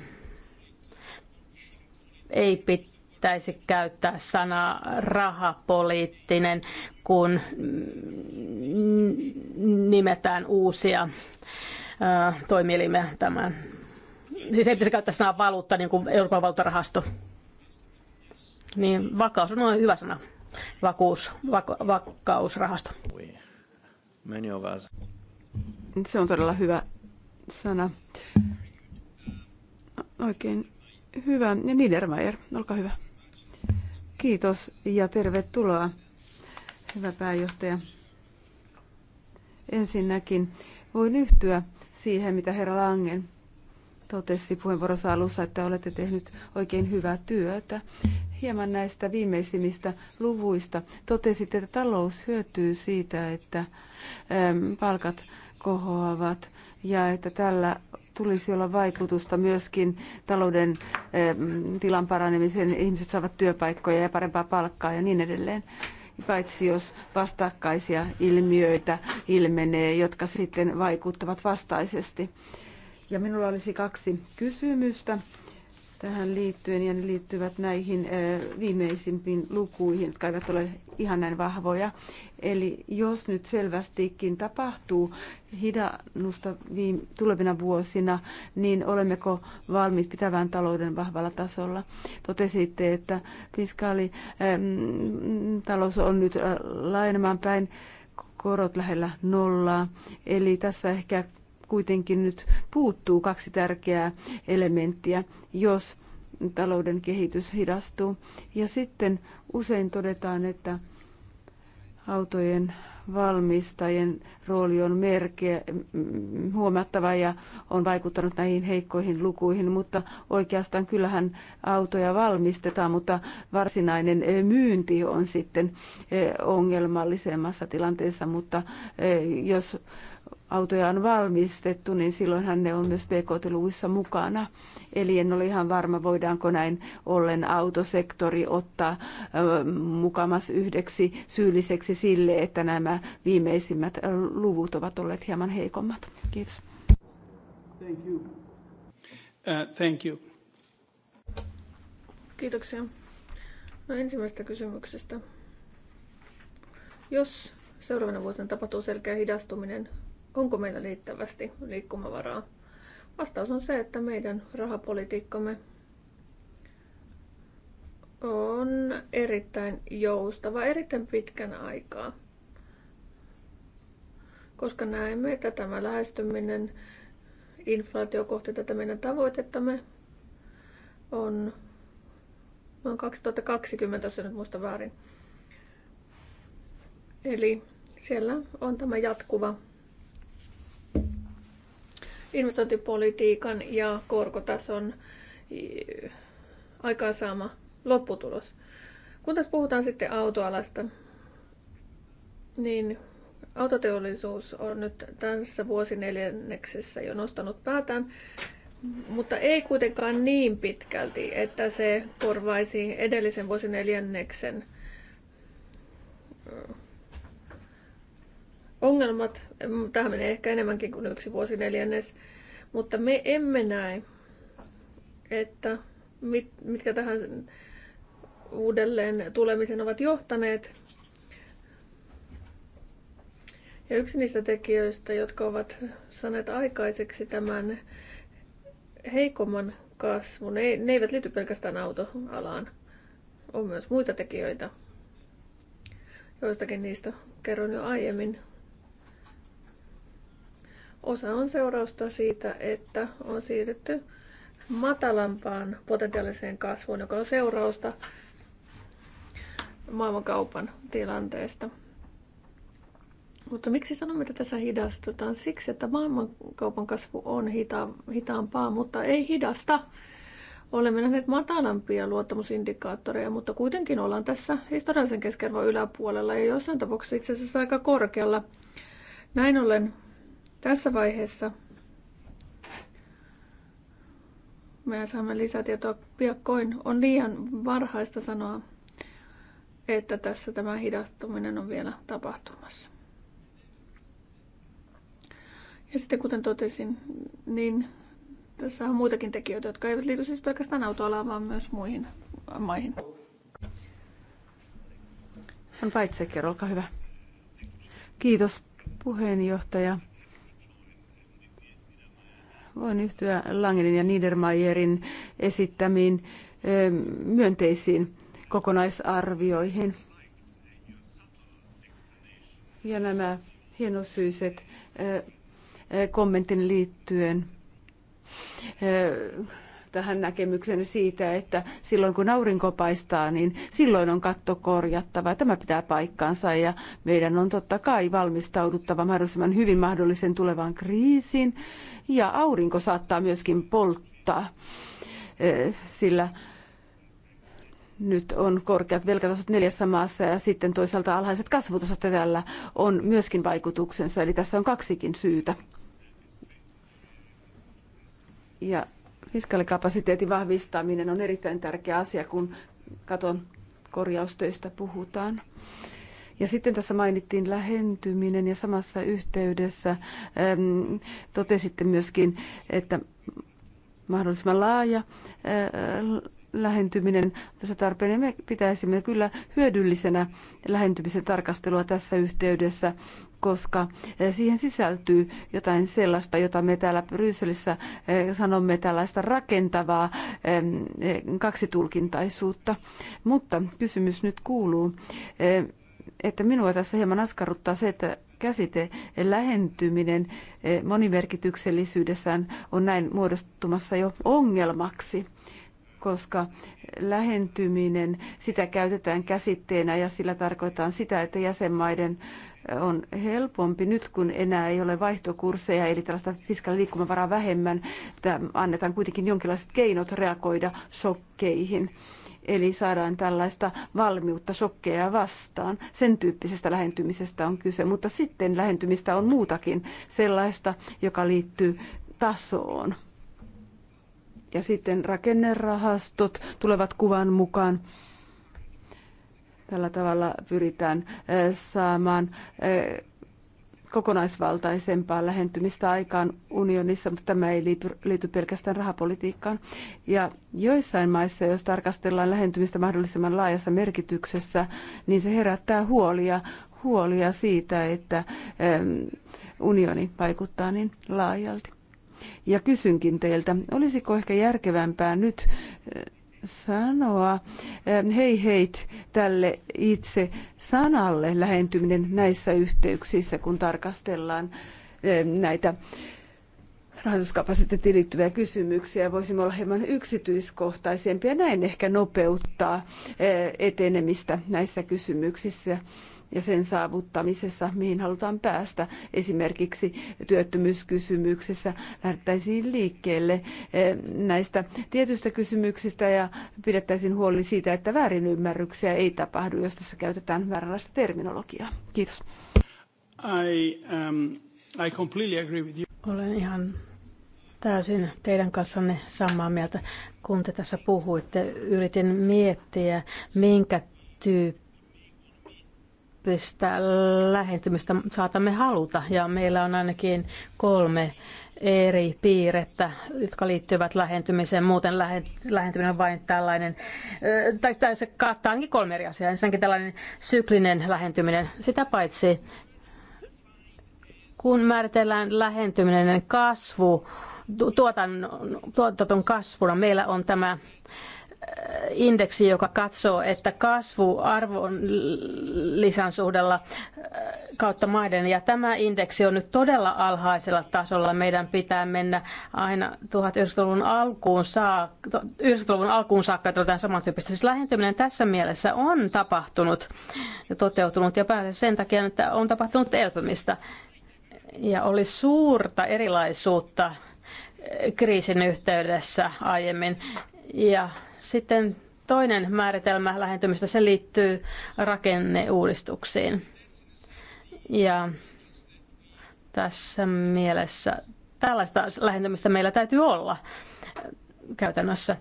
ei pitäisi käyttää sanaa rahapoliittinen, kun nimetään uusia toimielimiä tämän siis ei pitäisi käyttää sanaa valuutta, niin kuin Euroopan valuuttarahasto. Niin vakaus on noin hyvä sana. Vakuus, vak- vakkausrahasto. Se on todella hyvä sana. Oikein hyvä. Ja Niedermayer, olkaa hyvä. Kiitos ja tervetuloa, hyvä pääjohtaja. Ensinnäkin voin yhtyä siihen, mitä herra Langen totesi puheenvuorossa alussa, että olette tehnyt oikein hyvää työtä. Hieman näistä viimeisimmistä luvuista totesitte, että talous hyötyy siitä, että palkat kohoavat ja että tällä tulisi olla vaikutusta myöskin talouden tilan paranemiseen. Ihmiset saavat työpaikkoja ja parempaa palkkaa ja niin edelleen paitsi jos vastakkaisia ilmiöitä ilmenee, jotka sitten vaikuttavat vastaisesti ja minulla olisi kaksi kysymystä tähän liittyen, ja ne liittyvät näihin eh, viimeisimpiin lukuihin, jotka eivät ole ihan näin vahvoja. Eli jos nyt selvästikin tapahtuu hidannusta viime, tulevina vuosina, niin olemmeko valmiit pitävään talouden vahvalla tasolla? Totesitte, että fiskaalitalous on nyt eh, lainemaan päin korot lähellä nollaa. Eli tässä ehkä kuitenkin nyt puuttuu kaksi tärkeää elementtiä, jos talouden kehitys hidastuu. Ja sitten usein todetaan, että autojen valmistajien rooli on merkeä, huomattava ja on vaikuttanut näihin heikkoihin lukuihin, mutta oikeastaan kyllähän autoja valmistetaan, mutta varsinainen eh, myynti on sitten eh, ongelmallisemmassa tilanteessa, mutta eh, jos autoja on valmistettu, niin silloinhan ne on myös PKT-luvuissa mukana. Eli en ole ihan varma, voidaanko näin ollen autosektori ottaa mukamas yhdeksi syylliseksi sille, että nämä viimeisimmät luvut ovat olleet hieman heikommat. Kiitos. Thank you. Uh, thank you. Kiitoksia. No ensimmäisestä kysymyksestä. Jos seuraavana vuosina tapahtuu selkeä hidastuminen Onko meillä riittävästi liikkumavaraa? Vastaus on se, että meidän rahapolitiikkamme on erittäin joustava, erittäin pitkän aikaa. Koska näemme, että tämä lähestyminen inflaatio kohti tätä meidän tavoitettamme on noin 2020, jos en nyt muista väärin. Eli siellä on tämä jatkuva investointipolitiikan ja korkotason aikaansaama lopputulos. Kun tässä puhutaan sitten autoalasta, niin autoteollisuus on nyt tässä vuosineljänneksessä jo nostanut päätään, mutta ei kuitenkaan niin pitkälti, että se korvaisi edellisen vuosineljänneksen ongelmat, tähän menee ehkä enemmänkin kuin yksi vuosi neljännes, mutta me emme näe, että mit, mitkä tähän uudelleen tulemisen ovat johtaneet. Ja yksi niistä tekijöistä, jotka ovat saaneet aikaiseksi tämän heikomman kasvun, ne, ne eivät liity pelkästään autoalaan, on myös muita tekijöitä. Joistakin niistä kerron jo aiemmin. Osa on seurausta siitä, että on siirrytty matalampaan potentiaaliseen kasvuun, joka on seurausta maailmankaupan tilanteesta. Mutta miksi sanomme, että tässä hidastutaan? Siksi, että maailmankaupan kasvu on hita, hitaampaa, mutta ei hidasta. Olemme nähneet matalampia luottamusindikaattoreja, mutta kuitenkin ollaan tässä historiallisen keskiarvon yläpuolella ja jossain tapauksessa itse asiassa aika korkealla. Näin ollen tässä vaiheessa me saamme lisätietoa piakkoin. On liian varhaista sanoa, että tässä tämä hidastuminen on vielä tapahtumassa. Ja sitten kuten totesin, niin tässä on muitakin tekijöitä, jotka eivät liity siis pelkästään autoalaan, vaan myös muihin maihin. On kerro, olkaa hyvä. Kiitos puheenjohtaja. Voin yhtyä Langenin ja Niedermayerin esittämiin myönteisiin kokonaisarvioihin. Ja nämä hienosyiset kommentin liittyen tähän näkemykseen siitä, että silloin kun aurinko paistaa, niin silloin on katto korjattava. Tämä pitää paikkaansa ja meidän on totta kai valmistauduttava mahdollisimman hyvin mahdollisen tulevaan kriisiin. Ja aurinko saattaa myöskin polttaa, e, sillä nyt on korkeat velkatasot neljässä maassa ja sitten toisaalta alhaiset kasvutasot tällä on myöskin vaikutuksensa. Eli tässä on kaksikin syytä. Ja Fiskaalikapasiteetin vahvistaminen on erittäin tärkeä asia, kun katon korjaustöistä puhutaan. Ja sitten tässä mainittiin lähentyminen ja samassa yhteydessä äm, totesitte myöskin, että mahdollisimman laaja äh, lähentyminen tässä tarpeen, me pitäisimme kyllä hyödyllisenä lähentymisen tarkastelua tässä yhteydessä, koska eh, siihen sisältyy jotain sellaista, jota me täällä Brysselissä eh, sanomme tällaista rakentavaa eh, kaksitulkintaisuutta. Mutta kysymys nyt kuuluu, että minua tässä hieman askarruttaa se, että käsite lähentyminen monimerkityksellisyydessään on näin muodostumassa jo ongelmaksi koska lähentyminen, sitä käytetään käsitteenä ja sillä tarkoitaan sitä, että jäsenmaiden on helpompi nyt, kun enää ei ole vaihtokursseja, eli tällaista liikkumavaraa vähemmän, että annetaan kuitenkin jonkinlaiset keinot reagoida shokkeihin. Eli saadaan tällaista valmiutta shokkeja vastaan. Sen tyyppisestä lähentymisestä on kyse, mutta sitten lähentymistä on muutakin sellaista, joka liittyy tasoon ja sitten rakennerahastot tulevat kuvan mukaan. Tällä tavalla pyritään eh, saamaan eh, kokonaisvaltaisempaa lähentymistä aikaan unionissa, mutta tämä ei liity, liity pelkästään rahapolitiikkaan. Ja joissain maissa, jos tarkastellaan lähentymistä mahdollisimman laajassa merkityksessä, niin se herättää huolia, huolia siitä, että unioni vaikuttaa niin laajalti. Ja kysynkin teiltä, olisiko ehkä järkevämpää nyt eh, sanoa eh, hei heit tälle itse sanalle lähentyminen näissä yhteyksissä, kun tarkastellaan eh, näitä rahoituskapasiteettiin liittyviä kysymyksiä. Voisimme olla hieman yksityiskohtaisempia. Näin ehkä nopeuttaa etenemistä näissä kysymyksissä ja sen saavuttamisessa, mihin halutaan päästä. Esimerkiksi työttömyyskysymyksessä lähdettäisiin liikkeelle eh, näistä tietyistä kysymyksistä ja pidettäisiin huoli siitä, että väärinymmärryksiä ei tapahdu, jos tässä käytetään vääränlaista terminologiaa. Kiitos. I, um, I completely agree with you. Olen ihan täysin teidän kanssanne samaa mieltä, kun te tässä puhuitte. Yritin miettiä, minkä tyyppi tyyppistä lähentymistä saatamme haluta. Ja meillä on ainakin kolme eri piirrettä, jotka liittyvät lähentymiseen. Muuten lähentyminen on vain tällainen, tai se kattaa ainakin kolme eri asiaa. Ensinnäkin tällainen syklinen lähentyminen. Sitä paitsi, kun määritellään lähentyminen, kasvu, tuotannon, tuotannon kasvuna, meillä on tämä indeksi, joka katsoo, että kasvu arvon lisän suhdella äh, kautta maiden. Ja tämä indeksi on nyt todella alhaisella tasolla. Meidän pitää mennä aina 1900-luvun alkuun, saakka, 1900-luvun alkuun saakka, että otetaan samantyyppistä. Siis lähentyminen tässä mielessä on tapahtunut ja toteutunut ja päälle sen takia, että on tapahtunut elpymistä. Ja oli suurta erilaisuutta äh, kriisin yhteydessä aiemmin. Ja sitten toinen määritelmä lähentymistä, se liittyy rakenneuudistuksiin. Ja tässä mielessä tällaista lähentymistä meillä täytyy olla käytännössä.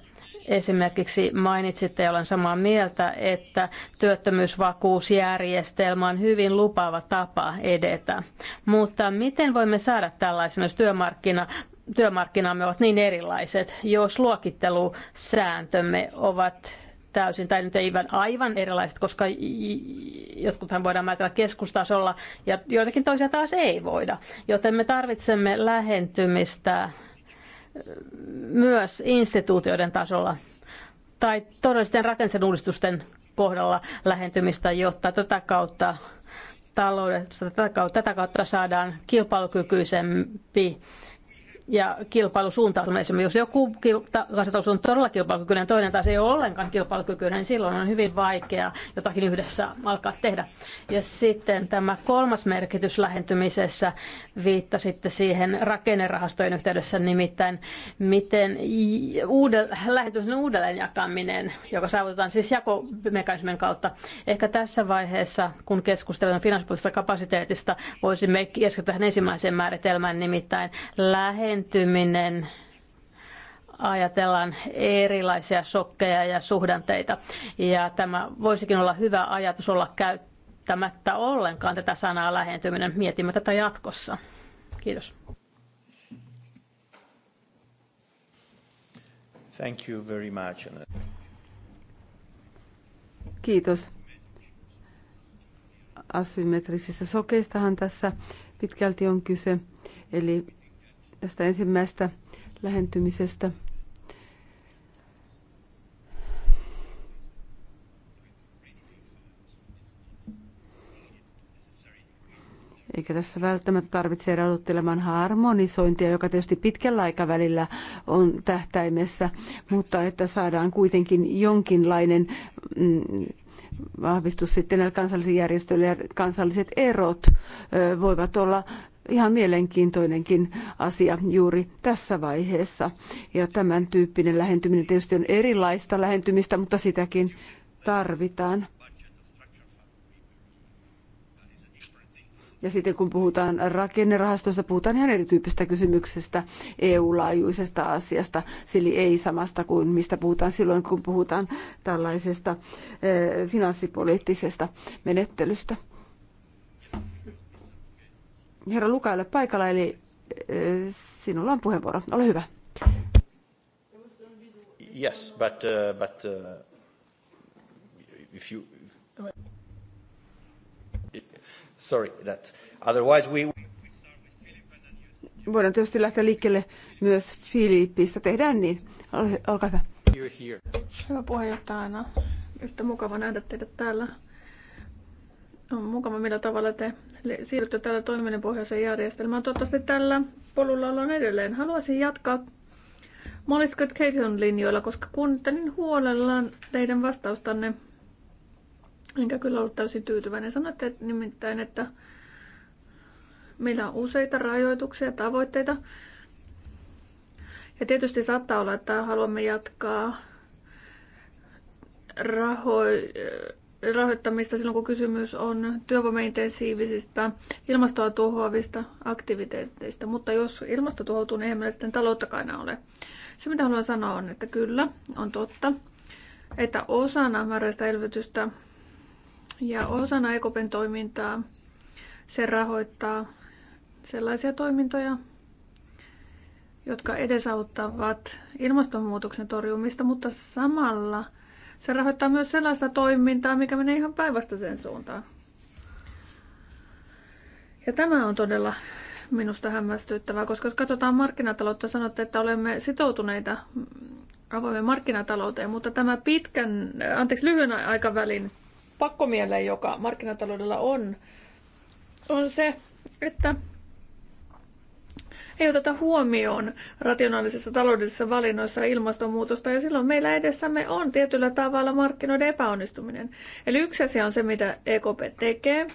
Esimerkiksi mainitsitte ja olen samaa mieltä, että työttömyysvakuusjärjestelmä on hyvin lupaava tapa edetä. Mutta miten voimme saada tällaisen, jos työmarkkina työmarkkinamme ovat niin erilaiset, jos luokittelusääntömme ovat täysin, tai nyt eivät aivan erilaiset, koska jotkuthan voidaan määritellä keskustasolla ja joitakin toisia taas ei voida. Joten me tarvitsemme lähentymistä äh, myös instituutioiden tasolla tai todellisten rakenteiden uudistusten kohdalla lähentymistä, jotta tätä kautta taloudesta, tätä kautta, tätä kautta saadaan kilpailukykyisempi ja kilpailu suuntautuneisemme. Jos joku kasvatus on todella kilpailukykyinen, toinen taas ei ole ollenkaan kilpailukykyinen, niin silloin on hyvin vaikea jotakin yhdessä alkaa tehdä. Ja sitten tämä kolmas merkitys lähentymisessä viittasitte siihen rakennerahastojen yhteydessä, nimittäin miten uudel, lähentymisen uudelleenjakaminen, joka saavutetaan siis jakomekanismin kautta. Ehkä tässä vaiheessa, kun keskustellaan finanssipuolisesta kapasiteetista, voisimme keskittyä ensimmäiseen määritelmään, nimittäin lähentymisen lähentyminen ajatellaan erilaisia sokkeja ja suhdanteita. Ja tämä voisikin olla hyvä ajatus olla käyttämättä ollenkaan tätä sanaa lähentyminen. Mietimme tätä jatkossa. Kiitos. Thank you very much. Kiitos. Asymmetrisistä sokeistahan tässä pitkälti on kyse, eli tästä ensimmäistä lähentymisestä. Eikä tässä välttämättä tarvitse jäädä odottelemaan harmonisointia, joka tietysti pitkällä aikavälillä on tähtäimessä, mutta että saadaan kuitenkin jonkinlainen mm, vahvistus sitten näille kansallisille järjestöille ja kansalliset erot voivat olla ihan mielenkiintoinenkin asia juuri tässä vaiheessa. Ja tämän tyyppinen lähentyminen tietysti on erilaista lähentymistä, mutta sitäkin tarvitaan. Ja sitten kun puhutaan rakennerahastoista, puhutaan ihan erityyppistä kysymyksestä, EU-laajuisesta asiasta, sillä ei samasta kuin mistä puhutaan silloin, kun puhutaan tällaisesta eh, finanssipoliittisesta menettelystä herra Luka ei ole paikalla, eli eh, sinulla on puheenvuoro. Ole hyvä. Yes, but, uh, but uh, if you... Sorry, that's... Otherwise we... Voidaan tietysti lähteä liikkeelle myös Filippistä. Tehdään niin. Olkaa hyvä. Hyvä puheenjohtaja aina. Yhtä mukava nähdä teidät täällä on mukava, millä tavalla te siirrytte tällä toiminnan pohjaisen järjestelmään. Toivottavasti tällä polulla ollaan edelleen. Haluaisin jatkaa Scott Cation linjoilla, koska kuuntelin huolellaan teidän vastaustanne, enkä kyllä ollut täysin tyytyväinen. Sanoitte että nimittäin, että meillä on useita rajoituksia ja tavoitteita. Ja tietysti saattaa olla, että haluamme jatkaa rahoja rahoittamista silloin, kun kysymys on työvoimaintensiivisistä, ilmastoa tuhoavista aktiviteetteista. Mutta jos ilmasto tuhoutuu, niin ei meillä sitten talouttakaan ole. Se, mitä haluan sanoa, on, että kyllä, on totta, että osana määräistä elvytystä ja osana EKPn toimintaa se rahoittaa sellaisia toimintoja, jotka edesauttavat ilmastonmuutoksen torjumista, mutta samalla – se rahoittaa myös sellaista toimintaa, mikä menee ihan päinvastaiseen suuntaan. Ja tämä on todella minusta hämmästyttävää, koska jos katsotaan markkinataloutta, sanotte, että olemme sitoutuneita avoimen markkinatalouteen, mutta tämä pitkän, anteeksi, lyhyen aikavälin pakkomielle, joka markkinataloudella on, on se, että ei oteta huomioon rationaalisissa taloudellisissa valinnoissa ilmastonmuutosta ja silloin meillä edessämme on tietyllä tavalla markkinoiden epäonnistuminen. Eli yksi asia on se, mitä EKP tekee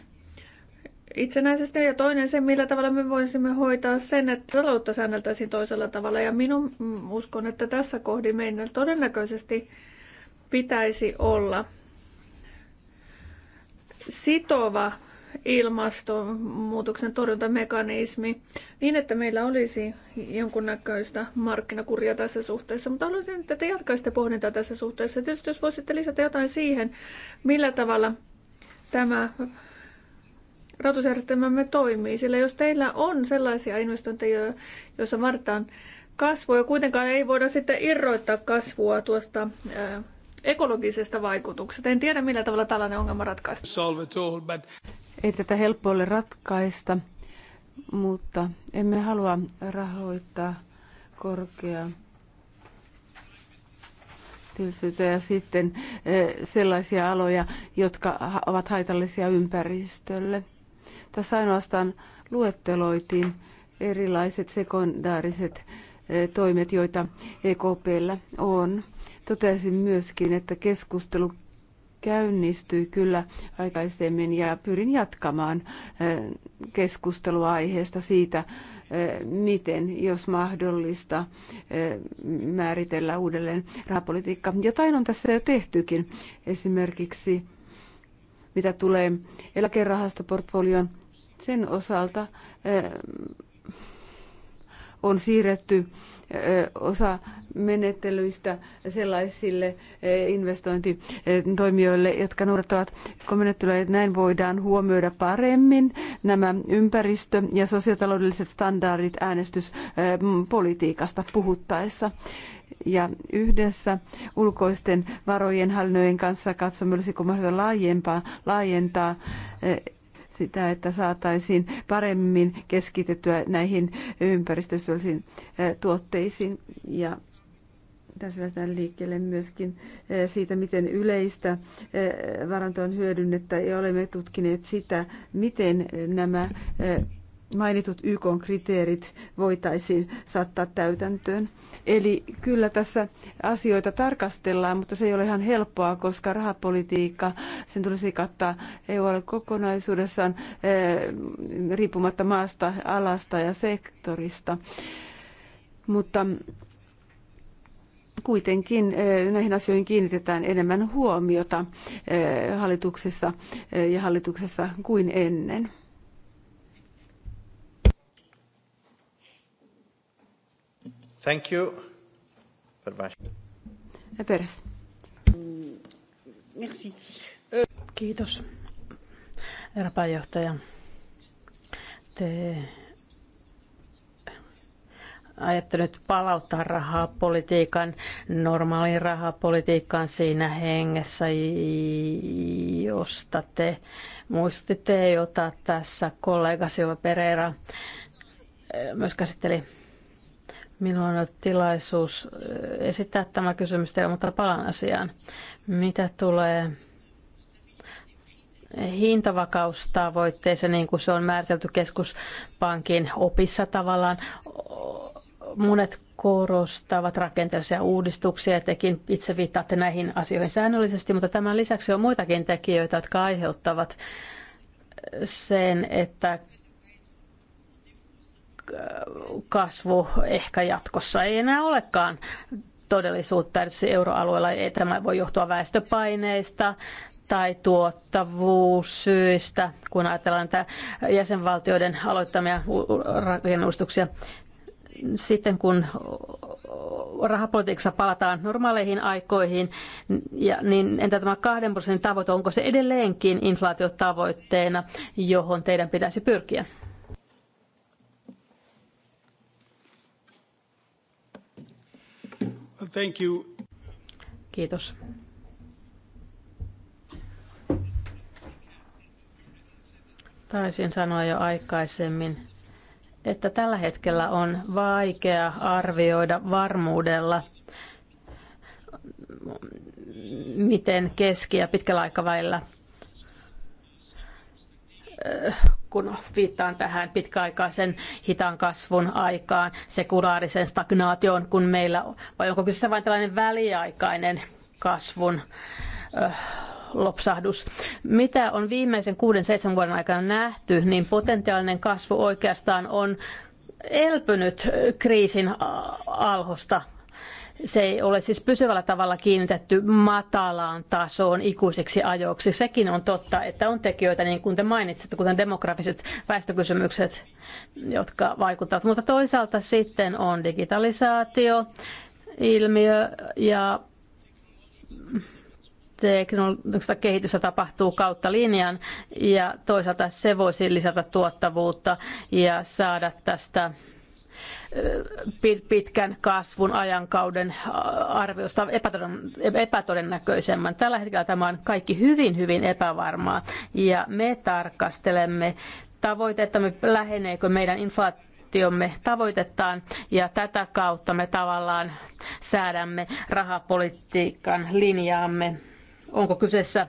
itsenäisesti ja toinen se, millä tavalla me voisimme hoitaa sen, että taloutta säänneltäisiin toisella tavalla. Ja minun uskon, että tässä kohdin meidän todennäköisesti pitäisi olla sitova ilmastonmuutoksen torjuntamekanismi niin, että meillä olisi jonkunnäköistä markkinakuria tässä suhteessa. Mutta haluaisin, että te jatkaisitte pohdintaa tässä suhteessa. Tietysti jos voisitte lisätä jotain siihen, millä tavalla tämä rahoitusjärjestelmämme toimii. Sillä jos teillä on sellaisia investointeja, joissa vartaan kasvua ja kuitenkaan ei voida sitten irroittaa kasvua tuosta ekologisesta vaikutuksesta. En tiedä, millä tavalla tällainen ongelma ratkaistaan. Ei tätä helppo ole ratkaista, mutta emme halua rahoittaa korkeaa tylsyyttä ja sitten eh, sellaisia aloja, jotka ovat haitallisia ympäristölle. Tässä ainoastaan luetteloitiin erilaiset sekundaariset eh, toimet, joita EKPllä on. Totesin myöskin, että keskustelu käynnistyi kyllä aikaisemmin ja pyrin jatkamaan eh, keskustelua aiheesta siitä, eh, miten, jos mahdollista, eh, määritellä uudelleen rahapolitiikka. Jotain on tässä jo tehtykin. Esimerkiksi mitä tulee eläkerahastoportfolion sen osalta on siirretty osa menettelyistä sellaisille investointitoimijoille, jotka noudattavat että Näin voidaan huomioida paremmin nämä ympäristö- ja sosiotaloudelliset standardit äänestyspolitiikasta puhuttaessa ja yhdessä ulkoisten varojen hallinnojen kanssa katsomme, olisiko mahdollista laajempaa, laajentaa sitä, että saataisiin paremmin keskitettyä näihin ympäristöystävällisiin tuotteisiin ja tässä lähdetään liikkeelle myöskin siitä, miten yleistä varantoa on hyödynnettä ja olemme tutkineet sitä, miten nämä mainitut YK-kriteerit voitaisiin saattaa täytäntöön. Eli kyllä tässä asioita tarkastellaan, mutta se ei ole ihan helppoa, koska rahapolitiikka, sen tulisi kattaa EU kokonaisuudessaan eh, riippumatta maasta, alasta ja sektorista. Mutta kuitenkin eh, näihin asioihin kiinnitetään enemmän huomiota eh, hallituksessa ja hallituksessa kuin ennen. Thank you. Peres. Merci. Kiitos, herra pääjohtaja. Te ajatte nyt palauttaa rahaa politiikan, normaaliin rahapolitiikkaan siinä hengessä, josta te muistutitte, jota tässä kollega Silva Pereira myös käsitteli Minulla on nyt tilaisuus esittää tämä kysymys teille, mutta palaan asiaan. Mitä tulee hintavakaustavoitteeseen, niin kuin se on määritelty keskuspankin opissa tavallaan, monet korostavat rakenteellisia uudistuksia, ja tekin itse viittaatte näihin asioihin säännöllisesti, mutta tämän lisäksi on muitakin tekijöitä, jotka aiheuttavat sen, että kasvu ehkä jatkossa ei enää olekaan todellisuutta, erityisesti euroalueella ei tämä voi johtua väestöpaineista tai tuottavuussyistä, kun ajatellaan näitä jäsenvaltioiden aloittamia rakennustuksia. Sitten kun rahapolitiikassa palataan normaaleihin aikoihin, ja, niin entä tämä kahden prosentin tavoite, onko se edelleenkin inflaatiotavoitteena, johon teidän pitäisi pyrkiä? Thank you. Kiitos. Taisin sanoa jo aikaisemmin, että tällä hetkellä on vaikea arvioida varmuudella, miten keski- ja pitkällä aikavälillä Äh, kun viittaan tähän pitkäaikaisen hitaan kasvun aikaan, sekulaariseen stagnaatioon, kun meillä, vai onko kyseessä vain tällainen väliaikainen kasvun äh, lopsahdus. Mitä on viimeisen kuuden seitsemän vuoden aikana nähty, niin potentiaalinen kasvu oikeastaan on elpynyt äh, kriisin alhosta se ei ole siis pysyvällä tavalla kiinnitetty matalaan tasoon ikuisiksi ajoiksi. Sekin on totta, että on tekijöitä, niin kuin te mainitsitte, kuten demografiset väestökysymykset, jotka vaikuttavat. Mutta toisaalta sitten on digitalisaatio, ilmiö ja teknologista kehitystä tapahtuu kautta linjan ja toisaalta se voisi lisätä tuottavuutta ja saada tästä pitkän kasvun ajankauden arviosta epätodennäköisemmän. Tällä hetkellä tämä on kaikki hyvin, hyvin epävarmaa ja me tarkastelemme tavoitettamme, läheneekö meidän inflaatio tavoitettaan ja tätä kautta me tavallaan säädämme rahapolitiikan linjaamme. Onko kyseessä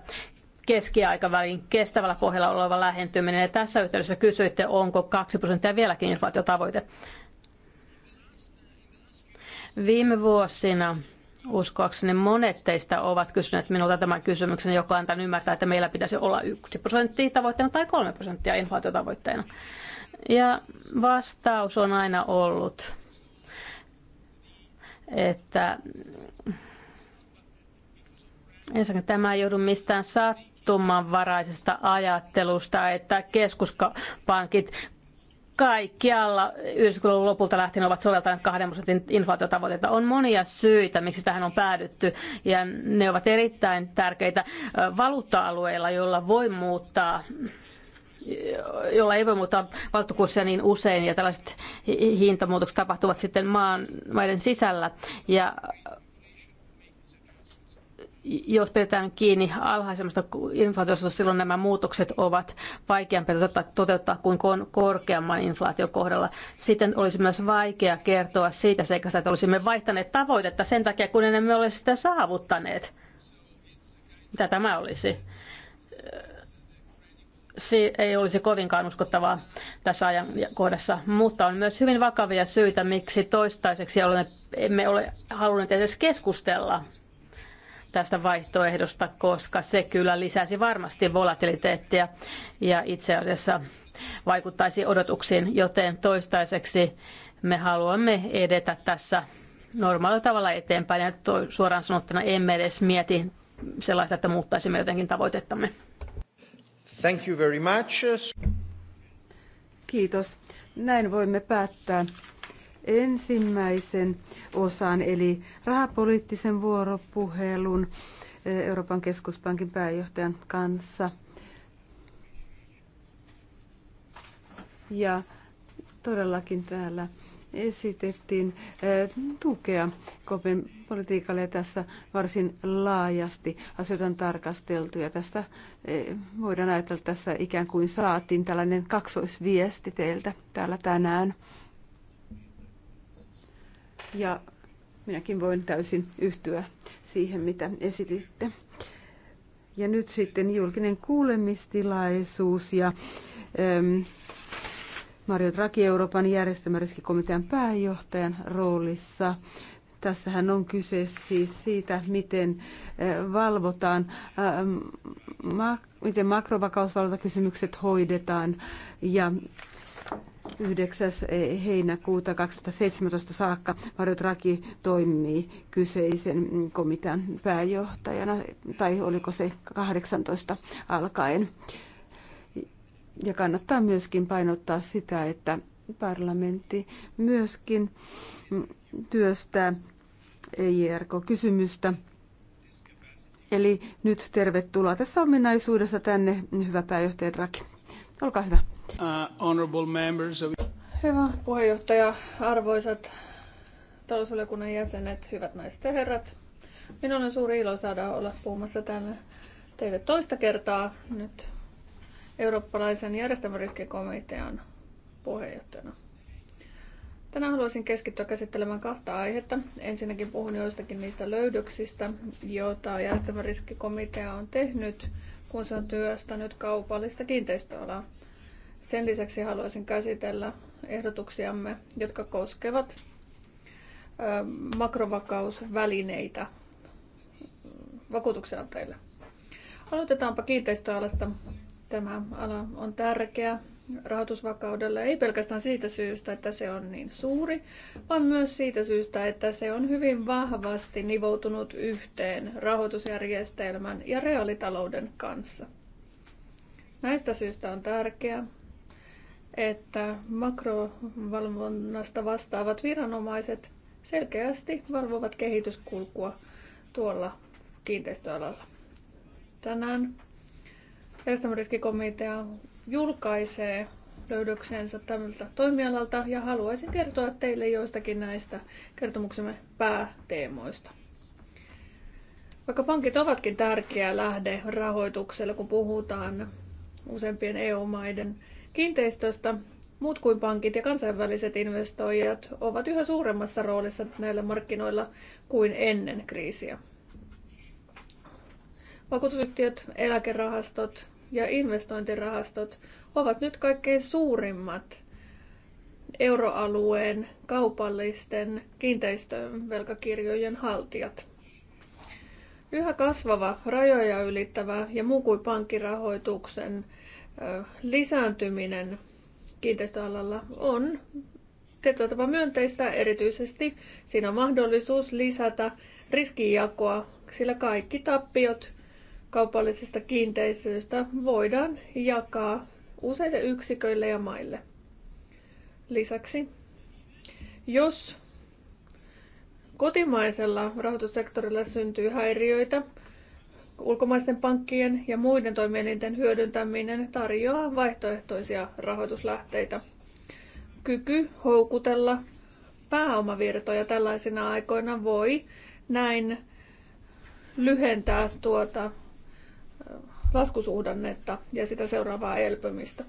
keskiaikavälin kestävällä pohjalla oleva lähentyminen. Ja tässä yhteydessä kysyitte, onko 2 prosenttia vieläkin inflaatiotavoite. Viime vuosina uskoakseni monet teistä ovat kysyneet minulta tämän kysymyksen, joka antaa ymmärtää, että meillä pitäisi olla 1 prosenttia tavoitteena tai 3 prosenttia inflaatiotavoitteena. Ja vastaus on aina ollut, että ensinnäkin tämä ei joudu mistään sattumanvaraisesta ajattelusta, että keskuspankit kaikkialla 90-luvun lopulta lähtien ovat soveltaneet 2 prosentin inflaatiotavoitetta. On monia syitä, miksi tähän on päädytty, ja ne ovat erittäin tärkeitä valuutta-alueilla, joilla voi muuttaa jolla ei voi muuttaa valtokurssia niin usein, ja tällaiset hintamuutokset tapahtuvat sitten maan, maiden sisällä. Ja jos pidetään kiinni alhaisemmasta inflaatiosta, silloin nämä muutokset ovat toteuttaa, toteuttaa kuin korkeamman inflaation kohdalla. Sitten olisi myös vaikea kertoa siitä seikasta, että olisimme vaihtaneet tavoitetta sen takia, kun emme ole sitä saavuttaneet. Mitä tämä olisi? se ei olisi kovinkaan uskottavaa tässä ajan kohdassa, mutta on myös hyvin vakavia syitä, miksi toistaiseksi emme ole halunneet edes keskustella tästä vaihtoehdosta, koska se kyllä lisäisi varmasti volatiliteettia ja itse asiassa vaikuttaisi odotuksiin, joten toistaiseksi me haluamme edetä tässä normaalilla tavalla eteenpäin ja to, suoraan sanottuna emme edes mieti sellaista, että muuttaisimme jotenkin tavoitettamme. Thank you very much. Kiitos. Näin voimme päättää ensimmäisen osan, eli rahapoliittisen vuoropuhelun eh, Euroopan keskuspankin pääjohtajan kanssa. Ja todellakin täällä esitettiin eh, tukea Kopen politiikalle ja tässä varsin laajasti asioita on tarkasteltu ja tästä eh, voidaan ajatella, että tässä ikään kuin saatiin tällainen kaksoisviesti teiltä täällä tänään. Ja minäkin voin täysin yhtyä siihen, mitä esititte. Ja nyt sitten julkinen kuulemistilaisuus ja ähm, Mario Draghi Euroopan järjestelmäriskikomitean pääjohtajan roolissa. Tässähän on kyse siis siitä, miten äh, valvotaan, ähm, miten makrovakausvalvontakysymykset hoidetaan ja 9. E, heinäkuuta 2017 saakka Mario Draghi toimii kyseisen komitean pääjohtajana, tai oliko se 18 alkaen. Ja kannattaa myöskin painottaa sitä, että parlamentti myöskin työstää EIRK-kysymystä. Eli nyt tervetuloa tässä ominaisuudessa tänne, hyvä pääjohtaja Draghi. Olkaa hyvä. Uh, of... Hyvä puheenjohtaja, arvoisat talousvaliokunnan jäsenet, hyvät naiset ja herrat. Minulla on suuri ilo saada olla puhumassa tänne teille toista kertaa nyt eurooppalaisen järjestelmäriskikomitean puheenjohtajana. Tänään haluaisin keskittyä käsittelemään kahta aihetta. Ensinnäkin puhun joistakin niistä löydöksistä, joita järjestelmäriskikomitea on tehnyt, kun se on työstänyt kaupallista kiinteistöalaa. Sen lisäksi haluaisin käsitellä ehdotuksiamme, jotka koskevat makrovakausvälineitä vakuutuksenantajille. Aloitetaanpa kiinteistöalasta. Tämä ala on tärkeä rahoitusvakaudelle, ei pelkästään siitä syystä, että se on niin suuri, vaan myös siitä syystä, että se on hyvin vahvasti nivoutunut yhteen rahoitusjärjestelmän ja reaalitalouden kanssa. Näistä syistä on tärkeää, että makrovalvonnasta vastaavat viranomaiset selkeästi valvovat kehityskulkua tuolla kiinteistöalalla. Tänään järjestelmäriskikomitea julkaisee löydöksensä tämmöltä toimialalta ja haluaisin kertoa teille joistakin näistä kertomuksemme pääteemoista. Vaikka pankit ovatkin tärkeä lähde rahoitukselle, kun puhutaan useimpien EU-maiden Kiinteistöstä muut kuin pankit ja kansainväliset investoijat ovat yhä suuremmassa roolissa näillä markkinoilla kuin ennen kriisiä. Vakuutusyhtiöt, eläkerahastot ja investointirahastot ovat nyt kaikkein suurimmat euroalueen kaupallisten kiinteistövelkakirjojen haltijat. Yhä kasvava, rajoja ylittävä ja muu kuin pankkirahoituksen lisääntyminen kiinteistöalalla on tietyllä tavalla myönteistä. Erityisesti siinä on mahdollisuus lisätä riskijakoa, sillä kaikki tappiot kaupallisista kiinteistöistä voidaan jakaa useille yksiköille ja maille. Lisäksi, jos kotimaisella rahoitussektorilla syntyy häiriöitä, ulkomaisten pankkien ja muiden toimielinten hyödyntäminen tarjoaa vaihtoehtoisia rahoituslähteitä. Kyky houkutella pääomavirtoja tällaisina aikoina voi näin lyhentää tuota laskusuhdannetta ja sitä seuraavaa elpymistä.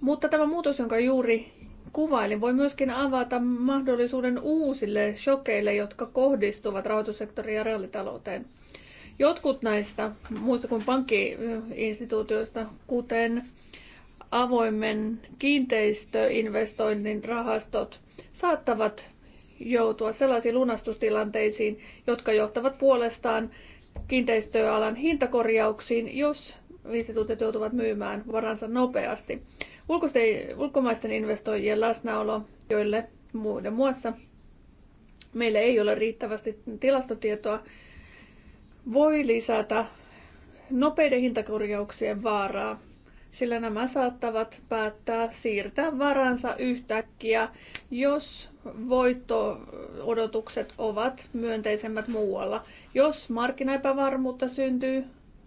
Mutta tämä muutos, jonka juuri kuvailin, voi myöskin avata mahdollisuuden uusille shokeille, jotka kohdistuvat rahoitussektoriin ja reaalitalouteen. Jotkut näistä muista kuin pankkiinstituutioista, kuten avoimen kiinteistöinvestoinnin rahastot, saattavat joutua sellaisiin lunastustilanteisiin, jotka johtavat puolestaan kiinteistöalan hintakorjauksiin, jos instituutiot joutuvat myymään varansa nopeasti. Ulkomaisten investoijien läsnäolo, joille muiden muassa meillä ei ole riittävästi tilastotietoa, voi lisätä nopeiden hintakorjauksien vaaraa, sillä nämä saattavat päättää siirtää varansa yhtäkkiä, jos voitto-odotukset ovat myönteisemmät muualla. Jos markkinaepävarmuutta syntyy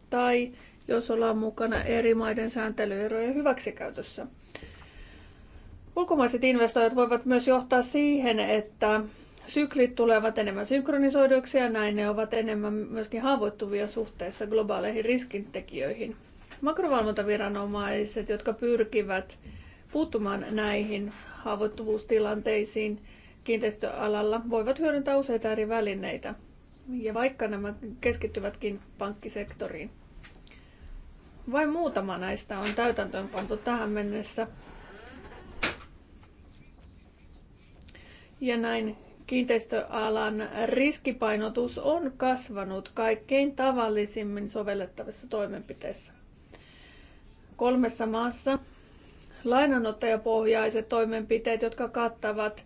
tai jos ollaan mukana eri maiden sääntelyerojen hyväksikäytössä. Ulkomaiset investoijat voivat myös johtaa siihen, että syklit tulevat enemmän synkronisoiduiksi ja näin ne ovat enemmän myöskin haavoittuvia suhteessa globaaleihin riskintekijöihin. Makrovalvontaviranomaiset, jotka pyrkivät puuttumaan näihin haavoittuvuustilanteisiin kiinteistöalalla, voivat hyödyntää useita eri välineitä, ja vaikka nämä keskittyvätkin pankkisektoriin. Vain muutama näistä on täytäntöön pantu tähän mennessä. Ja näin kiinteistöalan riskipainotus on kasvanut kaikkein tavallisimmin sovellettavissa toimenpiteissä. Kolmessa maassa lainanottajapohjaiset toimenpiteet, jotka kattavat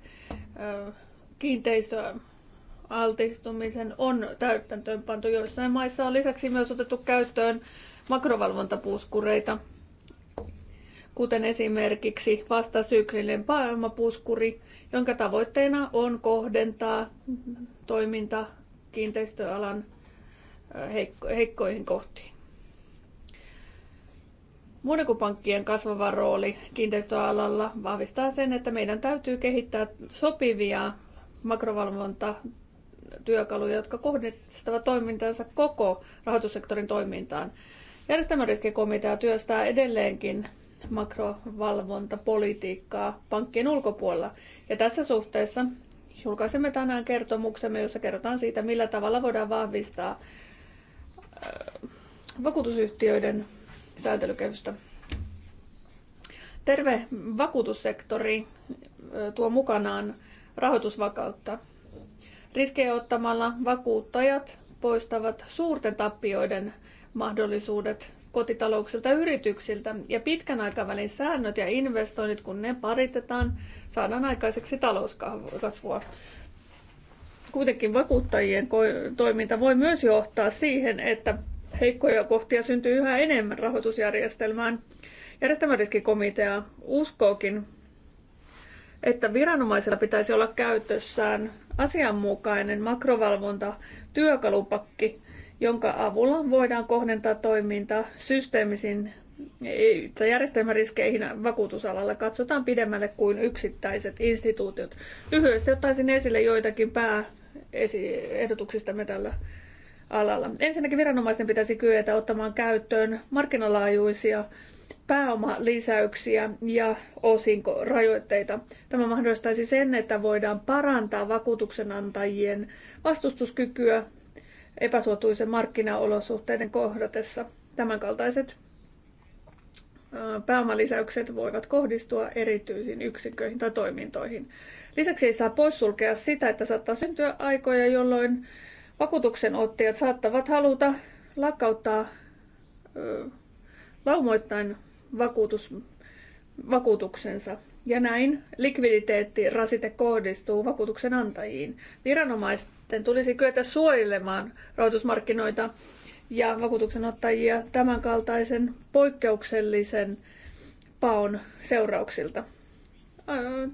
kiinteistöaltistumisen, on täytäntöönpantu. Joissain maissa on lisäksi myös otettu käyttöön makrovalvontapuuskureita – kuten esimerkiksi vastasyklinen pääomapuskuri, jonka tavoitteena on kohdentaa toiminta kiinteistöalan heikkoihin kohtiin. Muodokupankkien kasvava rooli kiinteistöalalla vahvistaa sen, että meidän täytyy kehittää sopivia makrovalvontatyökaluja, jotka kohdistavat toimintansa koko rahoitussektorin toimintaan. Järjestelmäriskikomitea työstää edelleenkin makrovalvontapolitiikkaa pankkien ulkopuolella. Ja tässä suhteessa julkaisemme tänään kertomuksemme, jossa kerrotaan siitä, millä tavalla voidaan vahvistaa äh, vakuutusyhtiöiden sääntelykehystä. Terve vakuutussektori äh, tuo mukanaan rahoitusvakautta. Riskejä ottamalla vakuuttajat poistavat suurten tappioiden mahdollisuudet kotitalouksilta ja yrityksiltä. Ja pitkän aikavälin säännöt ja investoinnit, kun ne paritetaan, saadaan aikaiseksi talouskasvua. Kuitenkin vakuuttajien toiminta voi myös johtaa siihen, että heikkoja kohtia syntyy yhä enemmän rahoitusjärjestelmään. Järjestelmäriskikomitea uskookin, että viranomaisilla pitäisi olla käytössään asianmukainen makrovalvonta työkalupakki jonka avulla voidaan kohdentaa toiminta systeemisiin tai järjestelmäriskeihin vakuutusalalla katsotaan pidemmälle kuin yksittäiset instituutiot. Lyhyesti ottaisin esille joitakin pääehdotuksistamme tällä alalla. Ensinnäkin viranomaisten pitäisi kyetä ottamaan käyttöön markkinalaajuisia pääomalisäyksiä ja osinkorajoitteita. Tämä mahdollistaisi sen, että voidaan parantaa vakuutuksenantajien vastustuskykyä epäsuotuisen markkinaolosuhteiden kohdatessa. Tämänkaltaiset pääomalisäykset voivat kohdistua erityisiin yksiköihin tai toimintoihin. Lisäksi ei saa poissulkea sitä, että saattaa syntyä aikoja, jolloin vakuutuksen ottajat saattavat haluta lakkauttaa laumoittain vakuutus, vakuutuksensa. Ja näin likviditeettirasite kohdistuu vakuutuksen antajiin. Viranomaiset sitten tulisi kyetä suojelemaan rahoitusmarkkinoita ja vakuutuksenottajia tämänkaltaisen poikkeuksellisen paon seurauksilta.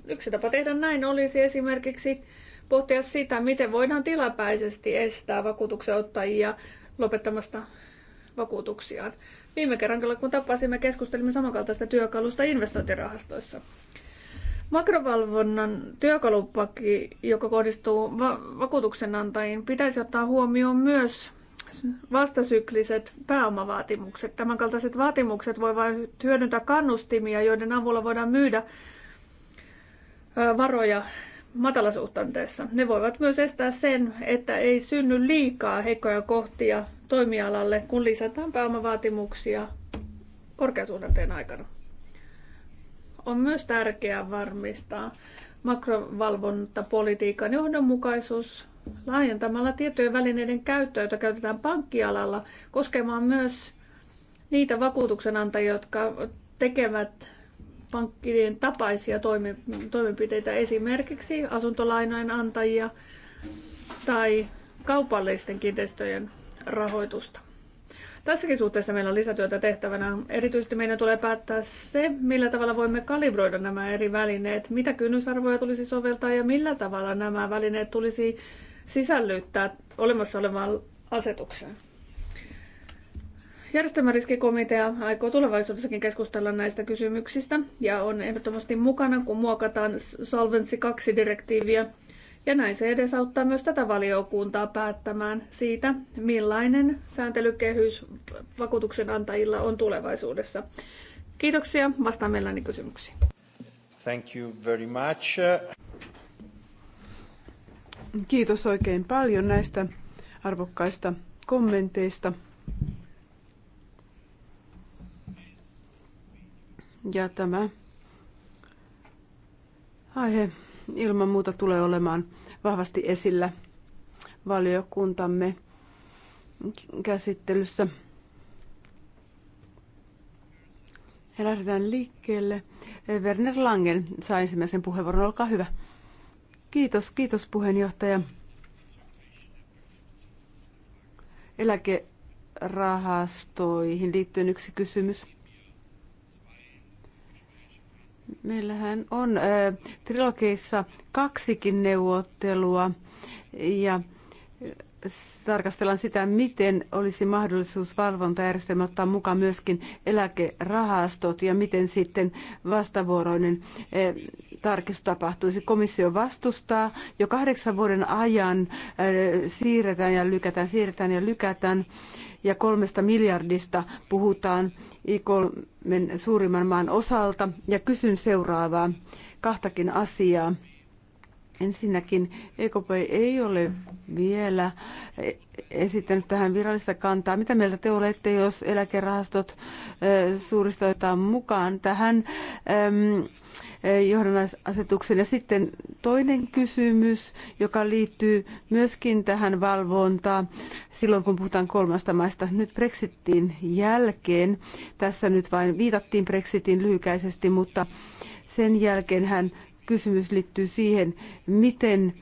Yksi tapa tehdä näin olisi esimerkiksi pohtia sitä, miten voidaan tilapäisesti estää vakuutuksenottajia lopettamasta vakuutuksiaan. Viime kerran, kun tapasimme, keskustelimme samankaltaista työkalusta investointirahastoissa. Makrovalvonnan työkalupakki, joka kohdistuu va- vakuutuksenantajiin, pitäisi ottaa huomioon myös vastasykliset pääomavaatimukset. Tämänkaltaiset vaatimukset voivat hyödyntää kannustimia, joiden avulla voidaan myydä varoja matalasuhtanteessa. Ne voivat myös estää sen, että ei synny liikaa heikkoja kohtia toimialalle, kun lisätään pääomavaatimuksia korkeasuhdanteen aikana on myös tärkeää varmistaa makrovalvontapolitiikan johdonmukaisuus laajentamalla tietojen välineiden käyttöä, jota käytetään pankkialalla, koskemaan myös niitä vakuutuksenantajia, jotka tekevät pankkien tapaisia toimenpiteitä, esimerkiksi asuntolainojen antajia tai kaupallisten kiinteistöjen rahoitusta. Tässäkin suhteessa meillä on lisätyötä tehtävänä. Erityisesti meidän tulee päättää se, millä tavalla voimme kalibroida nämä eri välineet, mitä kynnysarvoja tulisi soveltaa ja millä tavalla nämä välineet tulisi sisällyttää olemassa olevaan asetukseen. Järjestelmäriskikomitea aikoo tulevaisuudessakin keskustella näistä kysymyksistä ja on ehdottomasti mukana, kun muokataan Solvency 2-direktiiviä ja näin se edesauttaa myös tätä valiokuntaa päättämään siitä, millainen sääntelykehys vakuutuksen antajilla on tulevaisuudessa. Kiitoksia, vastaan mielelläni kysymyksiin. Thank you very much. Kiitos oikein paljon näistä arvokkaista kommenteista. Ja tämä aihe ilman muuta tulee olemaan vahvasti esillä valiokuntamme käsittelyssä. Ja lähdetään liikkeelle. Werner Langen saa ensimmäisen puheenvuoron. Olkaa hyvä. Kiitos, kiitos puheenjohtaja. Eläkerahastoihin liittyen yksi kysymys. Meillähän on äh, trilogiissa kaksikin neuvottelua ja tarkastellaan sitä, miten olisi mahdollisuus valvontajärjestelmä ottaa mukaan myöskin eläkerahastot ja miten sitten vastavuoroinen tarkistus tapahtuisi. Komissio vastustaa jo kahdeksan vuoden ajan siirretään ja lykätään, siirretään ja lykätään ja kolmesta miljardista puhutaan i kolmen suurimman maan osalta. Ja kysyn seuraavaa kahtakin asiaa. Ensinnäkin EKP ei ole vielä esittänyt tähän virallista kantaa. Mitä mieltä te olette, jos eläkerahastot suurista otetaan mukaan tähän? Ähm, Eh, johdannaisasetuksen. Ja sitten toinen kysymys, joka liittyy myöskin tähän valvontaan, silloin kun puhutaan kolmasta maista, nyt Brexitin jälkeen, tässä nyt vain viitattiin Brexitin lyhykäisesti, mutta sen jälkeen hän kysymys liittyy siihen, miten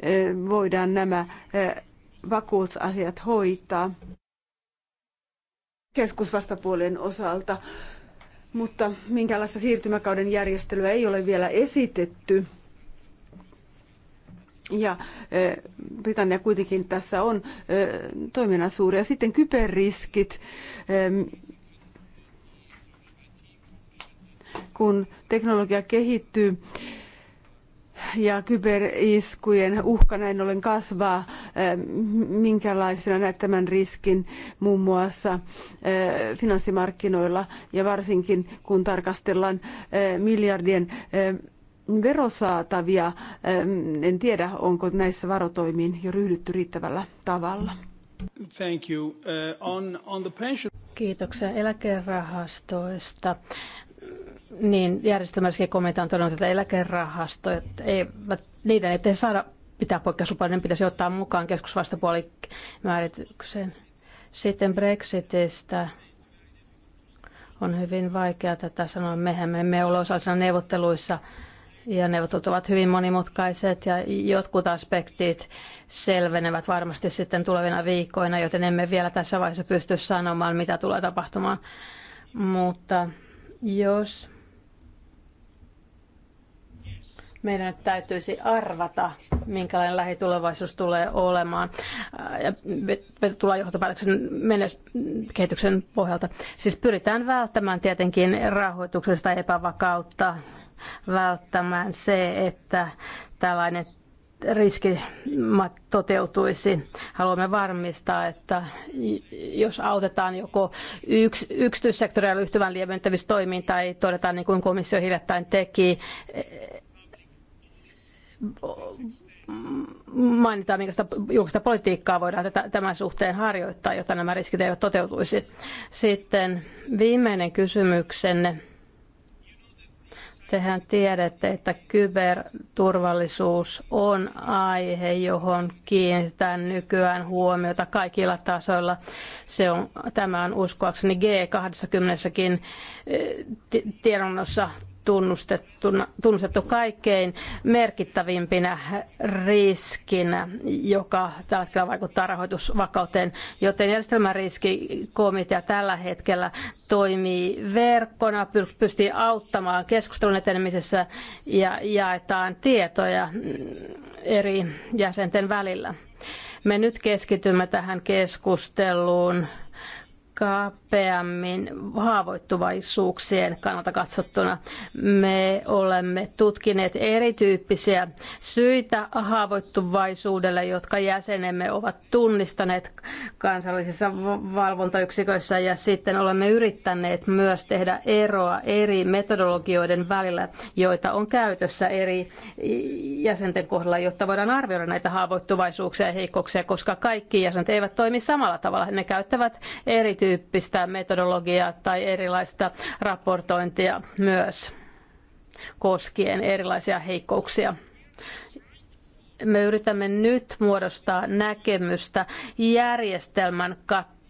eh, voidaan nämä eh, vakuusasiat hoitaa keskusvastapuolen osalta mutta minkäänlaista siirtymäkauden järjestelyä ei ole vielä esitetty. Ja Britannia kuitenkin tässä on toiminnan suuri. Ja sitten kyberriskit, kun teknologia kehittyy, ja kyberiskujen uhka näin ollen kasvaa, eh, minkälaisena näet tämän riskin muun muassa eh, finanssimarkkinoilla ja varsinkin kun tarkastellaan eh, miljardien verosaatavia. En tiedä, onko näissä varotoimiin jo ryhdytty riittävällä tavalla. Thank you. on, on the pension... Kiitoksia eläkerahastoista. Niin, järjestelmällisiä komentaja on todennut, että eläkerahastoja, ei, niitä ei saada pitää poikkeuslupaa, ne pitäisi ottaa mukaan keskusvastapuolimääritykseen. Sitten Brexitistä on hyvin vaikea tätä sanoa. Mehän me emme ole osallisena neuvotteluissa ja neuvottelut ovat hyvin monimutkaiset ja jotkut aspektit selvenevät varmasti sitten tulevina viikkoina, joten emme vielä tässä vaiheessa pysty sanomaan, mitä tulee tapahtumaan. Mutta jos meidän täytyisi arvata, minkälainen lähitulevaisuus tulee olemaan äh, ja tulee johtopäätöksen kehityksen pohjalta. Siis pyritään välttämään tietenkin rahoituksesta epävakautta, välttämään se, että tällainen riski toteutuisi. Haluamme varmistaa, että jos autetaan joko yks, yksityissektorilla yhtyvän lieventämistoimiin tai todetaan niin kuin komissio hiljattain teki, mainitaan, minkä julkista politiikkaa voidaan tämän suhteen harjoittaa, jotta nämä riskit eivät toteutuisi. Sitten viimeinen kysymyksenne. Tehän tiedätte, että kyberturvallisuus on aihe, johon kiinnitetään nykyään huomiota kaikilla tasoilla. Se on, tämä on uskoakseni G20kin eh, tiedonnossa tunnustettu kaikkein merkittävimpinä riskinä, joka tällä hetkellä vaikuttaa rahoitusvakauteen, joten järjestelmäriskikomitea tällä hetkellä toimii verkkona, pystyy auttamaan keskustelun etenemisessä ja jaetaan tietoja eri jäsenten välillä. Me nyt keskitymme tähän keskusteluun kapeammin haavoittuvaisuuksien kannalta katsottuna. Me olemme tutkineet erityyppisiä syitä haavoittuvaisuudelle, jotka jäsenemme ovat tunnistaneet kansallisissa valvontayksiköissä ja sitten olemme yrittäneet myös tehdä eroa eri metodologioiden välillä, joita on käytössä eri jäsenten kohdalla, jotta voidaan arvioida näitä haavoittuvaisuuksia ja heikkouksia, koska kaikki jäsenet eivät toimi samalla tavalla. Ne käyttävät erityyppisiä tyyppistä metodologiaa tai erilaista raportointia myös koskien erilaisia heikkouksia me yritämme nyt muodostaa näkemystä järjestelmän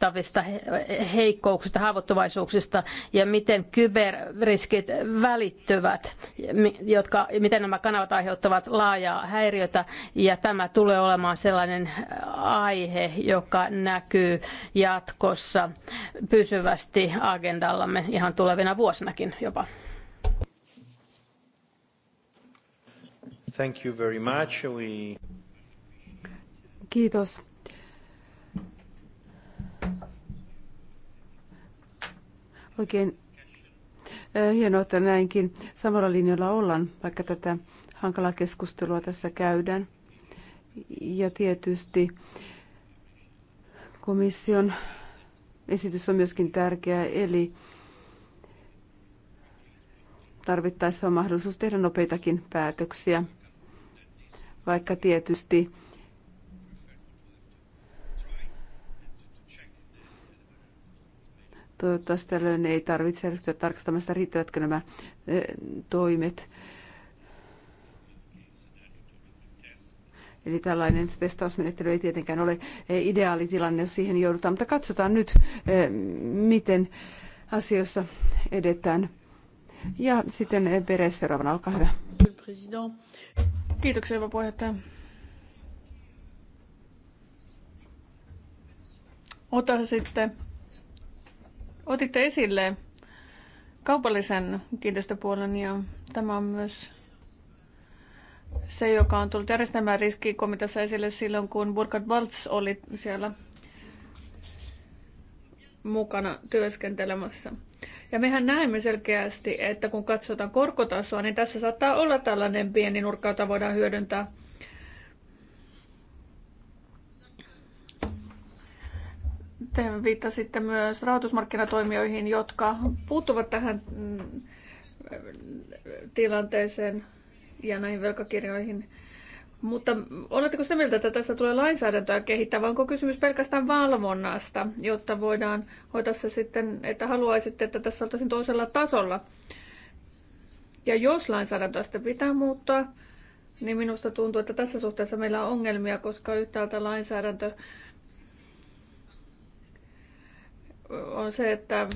vaikuttavista heikkouksista, haavoittuvaisuuksista ja miten kyberriskit välittyvät, jotka, miten nämä kanavat aiheuttavat laajaa häiriötä. Ja tämä tulee olemaan sellainen aihe, joka näkyy jatkossa pysyvästi agendallamme ihan tulevina vuosinakin jopa. Thank you very much. We... Kiitos Oikein hienoa, että näinkin samalla linjalla ollaan, vaikka tätä hankalaa keskustelua tässä käydään. Ja tietysti komission esitys on myöskin tärkeä, eli tarvittaessa on mahdollisuus tehdä nopeitakin päätöksiä, vaikka tietysti Toivottavasti tällöin ei tarvitse ryhtyä tarkastamaan sitä, riittävätkö nämä eh, toimet. Eli tällainen testausmenettely ei tietenkään ole eh, tilanne, jos siihen joudutaan, mutta katsotaan nyt, eh, miten asioissa edetään. Ja sitten Pere seuraavana, olkaa hyvä. Kiitoksia, hyvä puheenjohtaja. Ota sitten Otitte esille kaupallisen kiinteistöpuolen ja tämä on myös se, joka on tullut järjestämään riskikomiteassa esille silloin, kun Burkhard Waltz oli siellä mukana työskentelemässä. Ja mehän näemme selkeästi, että kun katsotaan korkotasoa, niin tässä saattaa olla tällainen pieni nurkka, jota voidaan hyödyntää – Te viittasitte myös rahoitusmarkkinatoimijoihin, jotka puuttuvat tähän mm, tilanteeseen ja näihin velkakirjoihin. Mutta oletteko sitä mieltä, että tässä tulee lainsäädäntöä kehittää, vai onko kysymys pelkästään valvonnasta, jotta voidaan hoitaa se sitten, että haluaisitte, että tässä oltaisiin toisella tasolla? Ja jos lainsäädäntöä sitten pitää muuttaa, niin minusta tuntuu, että tässä suhteessa meillä on ongelmia, koska yhtäältä lainsäädäntö on se, että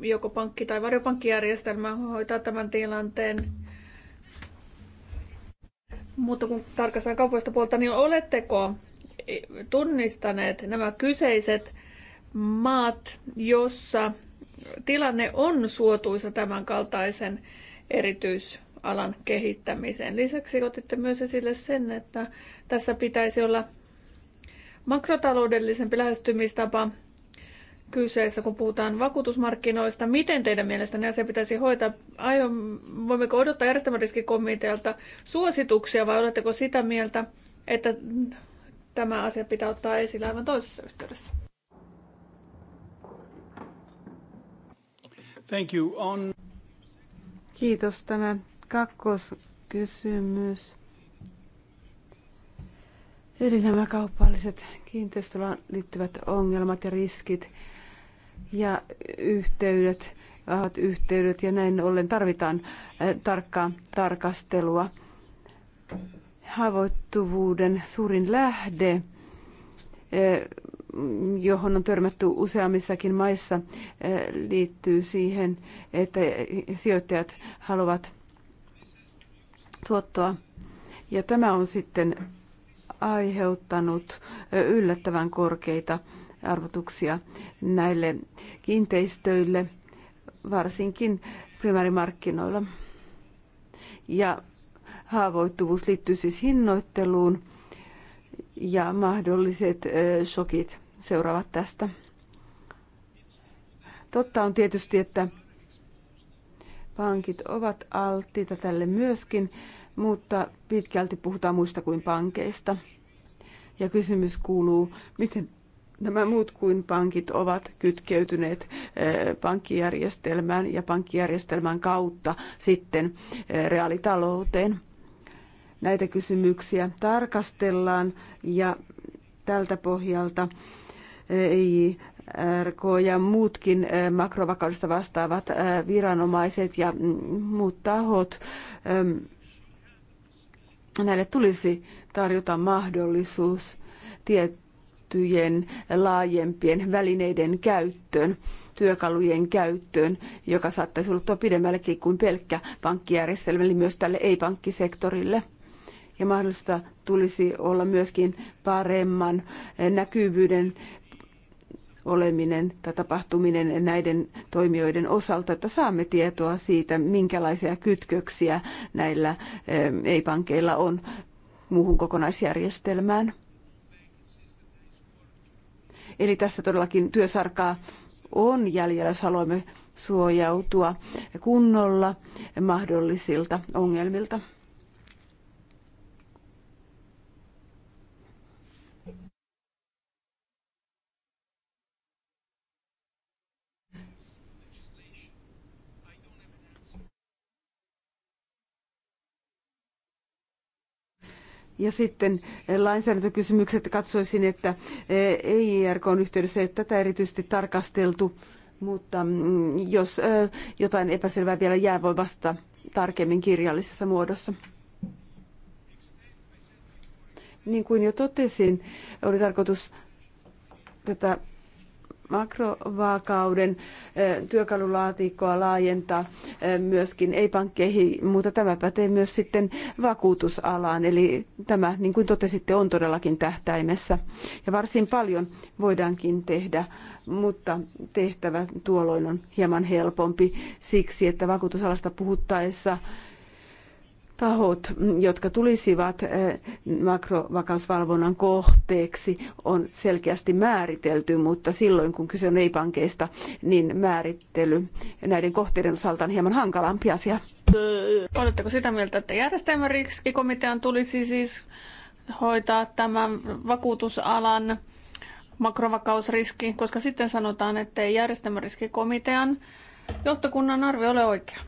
joko pankki tai varjopankkijärjestelmä hoitaa tämän tilanteen. Mutta kun tarkastan kaupoista puolta, niin oletteko tunnistaneet nämä kyseiset maat, jossa tilanne on suotuisa tämän kaltaisen erityisalan kehittämiseen. Lisäksi otitte myös esille sen, että tässä pitäisi olla makrotaloudellisempi lähestymistapa kyseessä, kun puhutaan vakuutusmarkkinoista. Miten teidän mielestänne asia pitäisi hoitaa? Aio, voimmeko odottaa järjestelmäriskikomitealta suosituksia vai oletteko sitä mieltä, että tämä asia pitää ottaa esille aivan toisessa yhteydessä? Thank you. On... Kiitos. Tämä kakkoskysymys. Eli nämä kaupalliset kiinteistöllä liittyvät ongelmat ja riskit ja yhteydet, vahvat yhteydet ja näin ollen tarvitaan eh, tarkkaa tarkastelua. Haavoittuvuuden suurin lähde eh, johon on törmätty useammissakin maissa, eh, liittyy siihen, että sijoittajat haluavat tuottoa. Ja tämä on sitten aiheuttanut yllättävän korkeita arvotuksia näille kiinteistöille, varsinkin primäärimarkkinoilla. Ja haavoittuvuus liittyy siis hinnoitteluun ja mahdolliset shokit seuraavat tästä. Totta on tietysti, että pankit ovat alttiita tälle myöskin, mutta pitkälti puhutaan muista kuin pankeista. Ja kysymys kuuluu, miten nämä muut kuin pankit ovat kytkeytyneet eh, pankkijärjestelmään ja pankkijärjestelmän kautta sitten eh, reaalitalouteen. Näitä kysymyksiä tarkastellaan ja tältä pohjalta eh, ei RK ja muutkin makrovakaudesta vastaavat viranomaiset ja mm, muut tahot näille tulisi tarjota mahdollisuus tietää, tiettyjen laajempien välineiden käyttöön työkalujen käyttöön, joka saattaisi tuo pidemmällekin kuin pelkkä pankkijärjestelmä, eli myös tälle ei-pankkisektorille. Ja mahdollista tulisi olla myöskin paremman näkyvyyden oleminen tai tapahtuminen näiden toimijoiden osalta, että saamme tietoa siitä, minkälaisia kytköksiä näillä ei-pankeilla on muuhun kokonaisjärjestelmään. Eli tässä todellakin työsarkaa on jäljellä, jos haluamme suojautua kunnolla mahdollisilta ongelmilta. Ja sitten eh, lainsäädäntökysymykset katsoisin, että EIRK eh, e on yhteydessä ei tätä erityisesti tarkasteltu, mutta mm, jos eh, jotain epäselvää vielä jää, voi vastata tarkemmin kirjallisessa muodossa niin kuin jo totesin, oli tarkoitus tätä makrovakauden eh, työkalulaatikkoa laajentaa eh, myöskin ei-pankkeihin, mutta tämä pätee myös sitten vakuutusalaan. Eli tämä, niin kuin totesitte, on todellakin tähtäimessä. Ja varsin paljon voidaankin tehdä, mutta tehtävä tuolloin on hieman helpompi siksi, että vakuutusalasta puhuttaessa tahot, jotka tulisivat eh, makrovakausvalvonnan kohteeksi, on selkeästi määritelty, mutta silloin kun kyse on ei-pankeista, niin määrittely näiden kohteiden osalta on hieman hankalampi asia. Oletteko sitä mieltä, että järjestelmäriskikomitean tulisi siis hoitaa tämän vakuutusalan makrovakausriski, koska sitten sanotaan, että ei järjestelmäriskikomitean johtokunnan arvio ole oikea?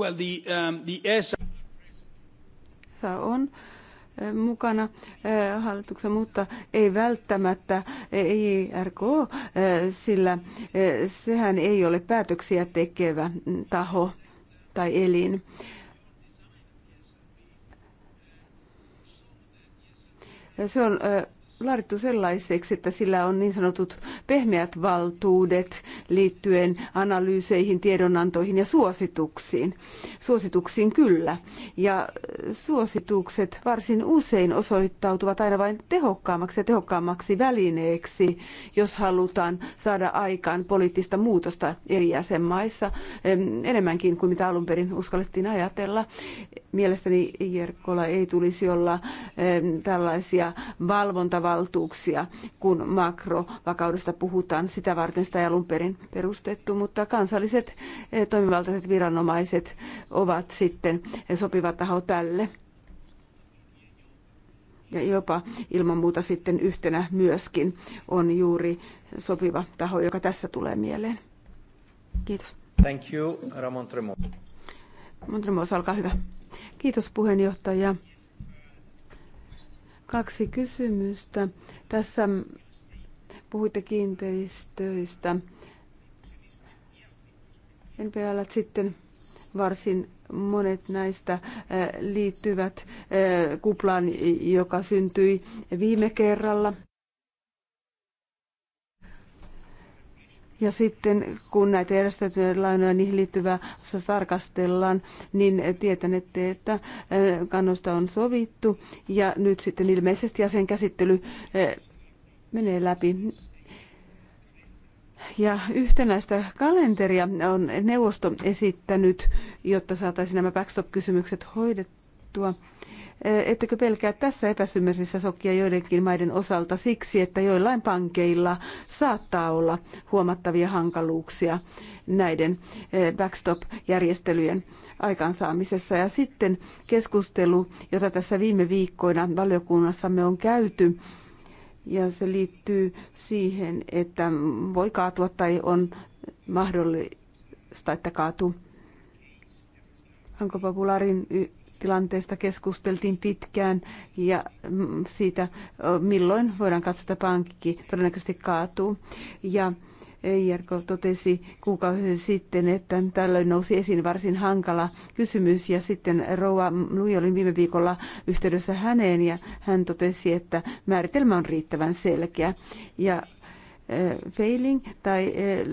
Well, the, um, the S osa on mukana hallituksen, mutta ei välttämättä e IRK, sillä sehän ei ole päätöksiä tekevä mm, taho tai elin. Se on laadittu sellaiseksi, että sillä on niin sanotut pehmeät valtuudet liittyen analyyseihin, tiedonantoihin ja suosituksiin. Suosituksiin kyllä. Ja suositukset varsin usein osoittautuvat aina vain tehokkaammaksi ja tehokkaammaksi välineeksi, jos halutaan saada aikaan poliittista muutosta eri jäsenmaissa enemmänkin kuin mitä alun perin uskallettiin ajatella mielestäni Jerkkola ei tulisi olla tällaisia valvontavaltuuksia, kun makrovakaudesta puhutaan. Sitä varten sitä ei alun perin perustettu, mutta kansalliset eh, toimivaltaiset viranomaiset ovat sitten sopiva taho tälle ja jopa ilman muuta sitten yhtenä myöskin on juuri sopiva taho, joka tässä tulee mieleen. Kiitos. Thank you, Ramon Tremo. Montremos, olkaa hyvä. Kiitos puheenjohtaja. Kaksi kysymystä. Tässä puhuitte kiinteistöistä. NPL sitten varsin monet näistä äh, liittyvät äh, kuplaan, joka syntyi viime kerralla. Ja sitten kun näitä järjestäytyneitä lainoja niihin liittyvää tarkastellaan, niin tietänette, että eh, kannosta on sovittu ja nyt sitten ilmeisesti asian käsittely eh, menee läpi. Ja yhtenäistä kalenteria on neuvosto esittänyt, jotta saataisiin nämä backstop-kysymykset hoidettua sovittua. Ettekö pelkää tässä epäsymmetristä sokkia joidenkin maiden osalta siksi, että joillain pankeilla saattaa olla huomattavia hankaluuksia näiden backstop-järjestelyjen aikaansaamisessa. Ja sitten keskustelu, jota tässä viime viikkoina valiokunnassamme on käyty, ja se liittyy siihen, että voi kaatua tai on mahdollista, että kaatuu. Hanko Popularin tilanteesta keskusteltiin pitkään ja mm, siitä, milloin voidaan katsoa, että pankki todennäköisesti kaatuu. Ja Jarko totesi kuukausi sitten, että tällöin nousi esiin varsin hankala kysymys ja sitten Rouva Lui oli viime viikolla yhteydessä häneen ja hän totesi, että määritelmä on riittävän selkeä ja Eh, failing tai eh,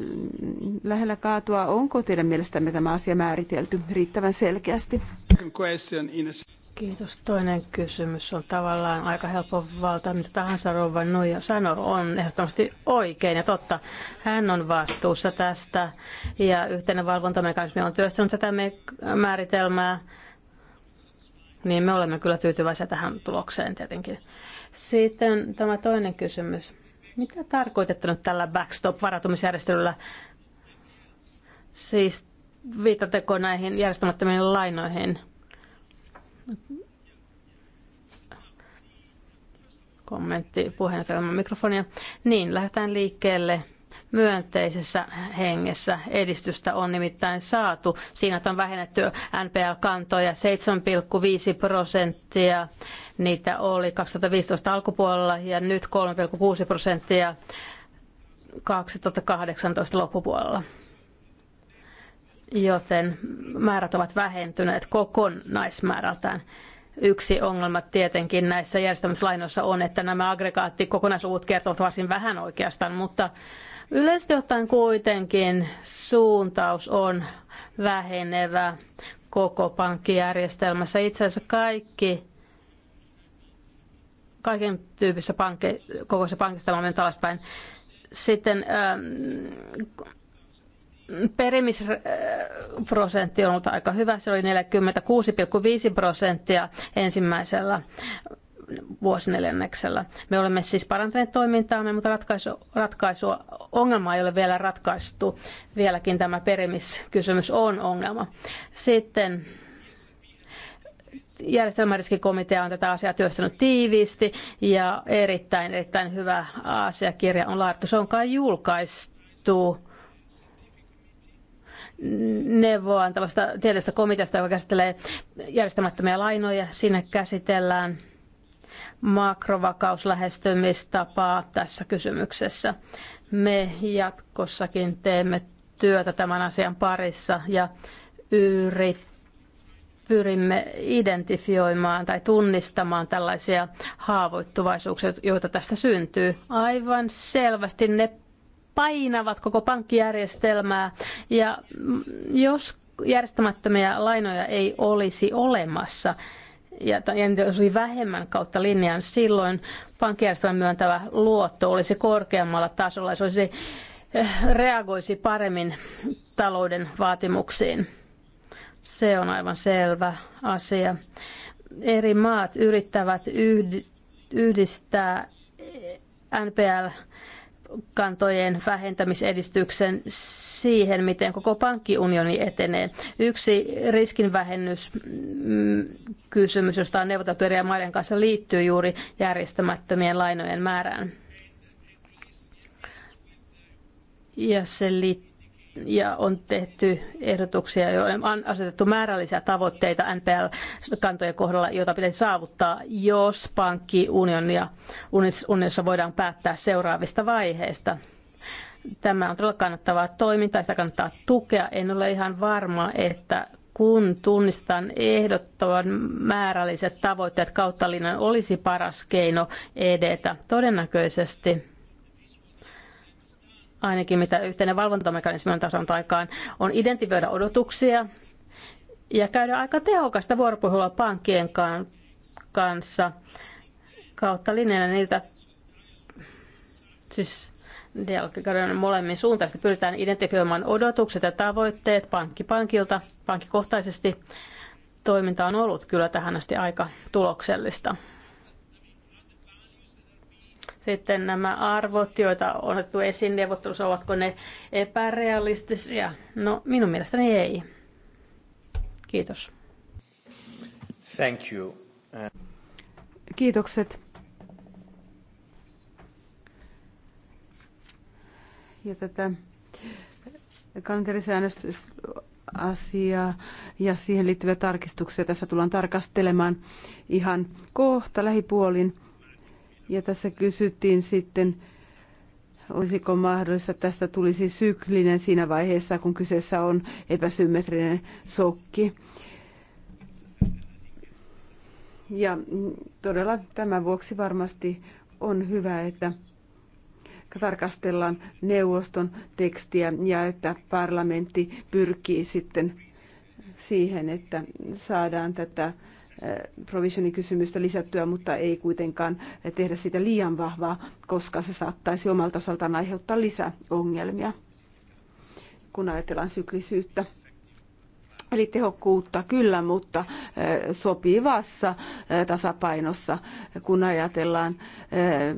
lähellä kaatua, onko teidän mielestämme tämä asia määritelty riittävän selkeästi? Kiitos. Toinen kysymys on tavallaan aika helppo valtaa, mitä tahansa Rouva Nuija sanoo, on ehdottomasti oikein ja totta. Hän on vastuussa tästä ja yhteinen valvontamekanismi on työstänyt tätä määritelmää, niin me olemme kyllä tyytyväisiä tähän tulokseen tietenkin. Sitten tämä toinen kysymys mitä tarkoitettu nyt tällä backstop-varautumisjärjestelyllä? Siis viitateko näihin järjestämättömiin lainoihin? Kommentti puheenjohtajan mikrofonia. Niin, lähdetään liikkeelle myönteisessä hengessä. Edistystä on nimittäin saatu. Siinä että on vähennetty NPL-kantoja 7,5 prosenttia. Niitä oli 2015 alkupuolella ja nyt 3,6 prosenttia 2018 loppupuolella. Joten määrät ovat vähentyneet kokonaismäärältään. Yksi ongelma tietenkin näissä järjestämislainoissa on, että nämä aggregaattikokonaisluvut kertovat varsin vähän oikeastaan, mutta Yleisesti ottaen kuitenkin suuntaus on vähenevä koko pankkijärjestelmässä. Itse asiassa kaikki kaiken tyyppisessä pankki, koko se pankista on mennyt alaspäin. Sitten ähm, perimisprosentti on ollut aika hyvä. Se oli 46,5 prosenttia ensimmäisellä vuosineljänneksellä. Me olemme siis parantaneet toimintaamme, mutta ratkaisu, ratkaisua, ongelma ei ole vielä ratkaistu. Vieläkin tämä perimiskysymys on ongelma. Sitten järjestelmäriskikomitea on tätä asiaa työstänyt tiiviisti ja erittäin, erittäin hyvä asiakirja on laadittu. Se on kai julkaistu neuvoa antavasta komiteasta, joka käsittelee järjestämättömiä lainoja. Siinä käsitellään makrovakauslähestymistapaa tässä kysymyksessä. Me jatkossakin teemme työtä tämän asian parissa ja yrittämme pyrimme identifioimaan tai tunnistamaan tällaisia haavoittuvaisuuksia, joita tästä syntyy. Aivan selvästi ne painavat koko pankkijärjestelmää ja jos järjestämättömiä lainoja ei olisi olemassa, ja olisi vähemmän kautta linjan, silloin pankkijärjestelmän myöntävä luotto olisi korkeammalla tasolla. Se olisi, eh, reagoisi paremmin talouden vaatimuksiin. Se on aivan selvä asia. Eri maat yrittävät yhdistää eh, NPL kantojen vähentämisedistyksen siihen, miten koko pankkiunioni etenee. Yksi riskinvähennyskysymys, mm, josta on neuvoteltu eri maiden kanssa, liittyy juuri järjestämättömien lainojen määrään. Ja se liittyy ja on tehty ehdotuksia, joille on asetettu määrällisiä tavoitteita NPL-kantojen kohdalla, joita pitäisi saavuttaa, jos pankkiunionia unionissa voidaan päättää seuraavista vaiheista. Tämä on todella kannattavaa toimintaa, sitä kannattaa tukea. En ole ihan varma, että kun tunnistetaan ehdottoman määrälliset tavoitteet kautta linjan olisi paras keino edetä. Todennäköisesti ainakin mitä yhteinen valvontamekanismi on tason aikaan, on identifioida odotuksia ja käydä aika tehokasta vuoropuhelua pankkien kanssa kautta linjana niitä siis dialogikauden molemmin suuntaista pyritään identifioimaan odotukset ja tavoitteet pankkipankilta, pankilta, pankkikohtaisesti. Toiminta on ollut kyllä tähän asti aika tuloksellista. Sitten nämä arvot, joita on otettu esiin neuvottelussa, ovatko ne epärealistisia? No, minun mielestäni ei. Kiitos. Thank you. Kiitokset. Ja tätä kankerisäännöstysasiaa ja siihen liittyviä tarkistuksia tässä tullaan tarkastelemaan ihan kohta lähipuolin. Ja tässä kysyttiin sitten, olisiko mahdollista, että tästä tulisi syklinen siinä vaiheessa, kun kyseessä on epäsymmetrinen sokki. Ja todella tämän vuoksi varmasti on hyvä, että tarkastellaan neuvoston tekstiä ja että parlamentti pyrkii sitten siihen, että saadaan tätä Eh, provisionikysymystä lisättyä, mutta ei kuitenkaan tehdä sitä liian vahvaa, koska se saattaisi omalta osaltaan aiheuttaa lisää ongelmia, kun ajatellaan syklisyyttä. Eli tehokkuutta kyllä, mutta eh, sopivassa eh, tasapainossa, kun ajatellaan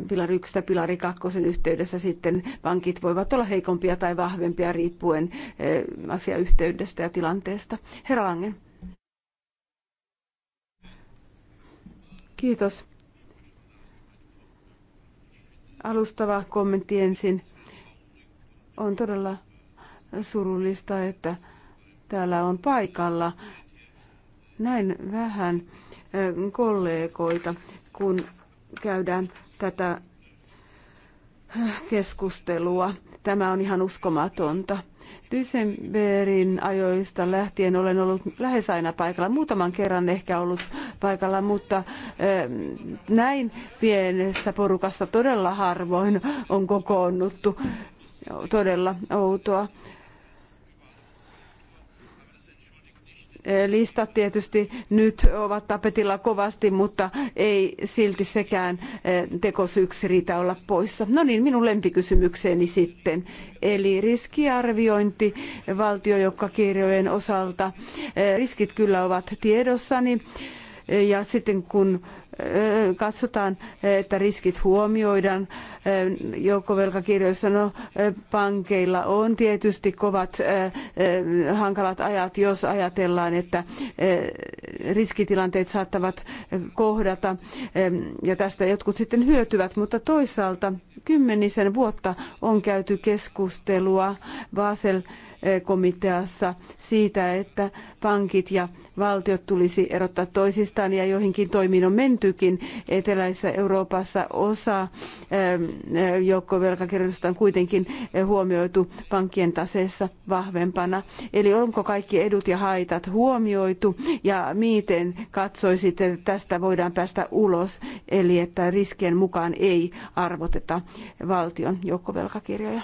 pilari 1 ja pilari 2 yhteydessä sitten pankit voivat olla heikompia tai vahvempia riippuen asiayhteydestä ja tilanteesta. Herra Langen. Kiitos. Alustava kommentti ensin. On todella surullista, että täällä on paikalla näin vähän kollegoita, kun käydään tätä keskustelua. Tämä on ihan uskomatonta. Dysemberin ajoista lähtien olen ollut lähes aina paikalla, muutaman kerran ehkä ollut paikalla, mutta näin pienessä porukassa todella harvoin on kokoonnuttu. Todella outoa. Eh, listat tietysti nyt ovat tapetilla kovasti, mutta ei silti sekään eh, tekosyyksi riitä olla poissa. No niin, minun lempikysymykseeni sitten. Eli riskiarviointi valtiojokkakirjojen osalta. Eh, riskit kyllä ovat tiedossani. Ja sitten kun katsotaan, että riskit huomioidaan joukkovelkakirjoissa. No, pankeilla on tietysti kovat hankalat ajat, jos ajatellaan, että riskitilanteet saattavat kohdata ja tästä jotkut sitten hyötyvät, mutta toisaalta kymmenisen vuotta on käyty keskustelua Basel komiteassa siitä, että pankit ja valtiot tulisi erottaa toisistaan ja joihinkin toimiin on mentykin. Eteläisessä Euroopassa osa ähm, äh, joukkovelkakirjoista on kuitenkin äh, huomioitu pankkien taseessa vahvempana. Eli onko kaikki edut ja haitat huomioitu ja miten katsoisit, että tästä voidaan päästä ulos, eli että riskien mukaan ei arvoteta valtion joukkovelkakirjoja?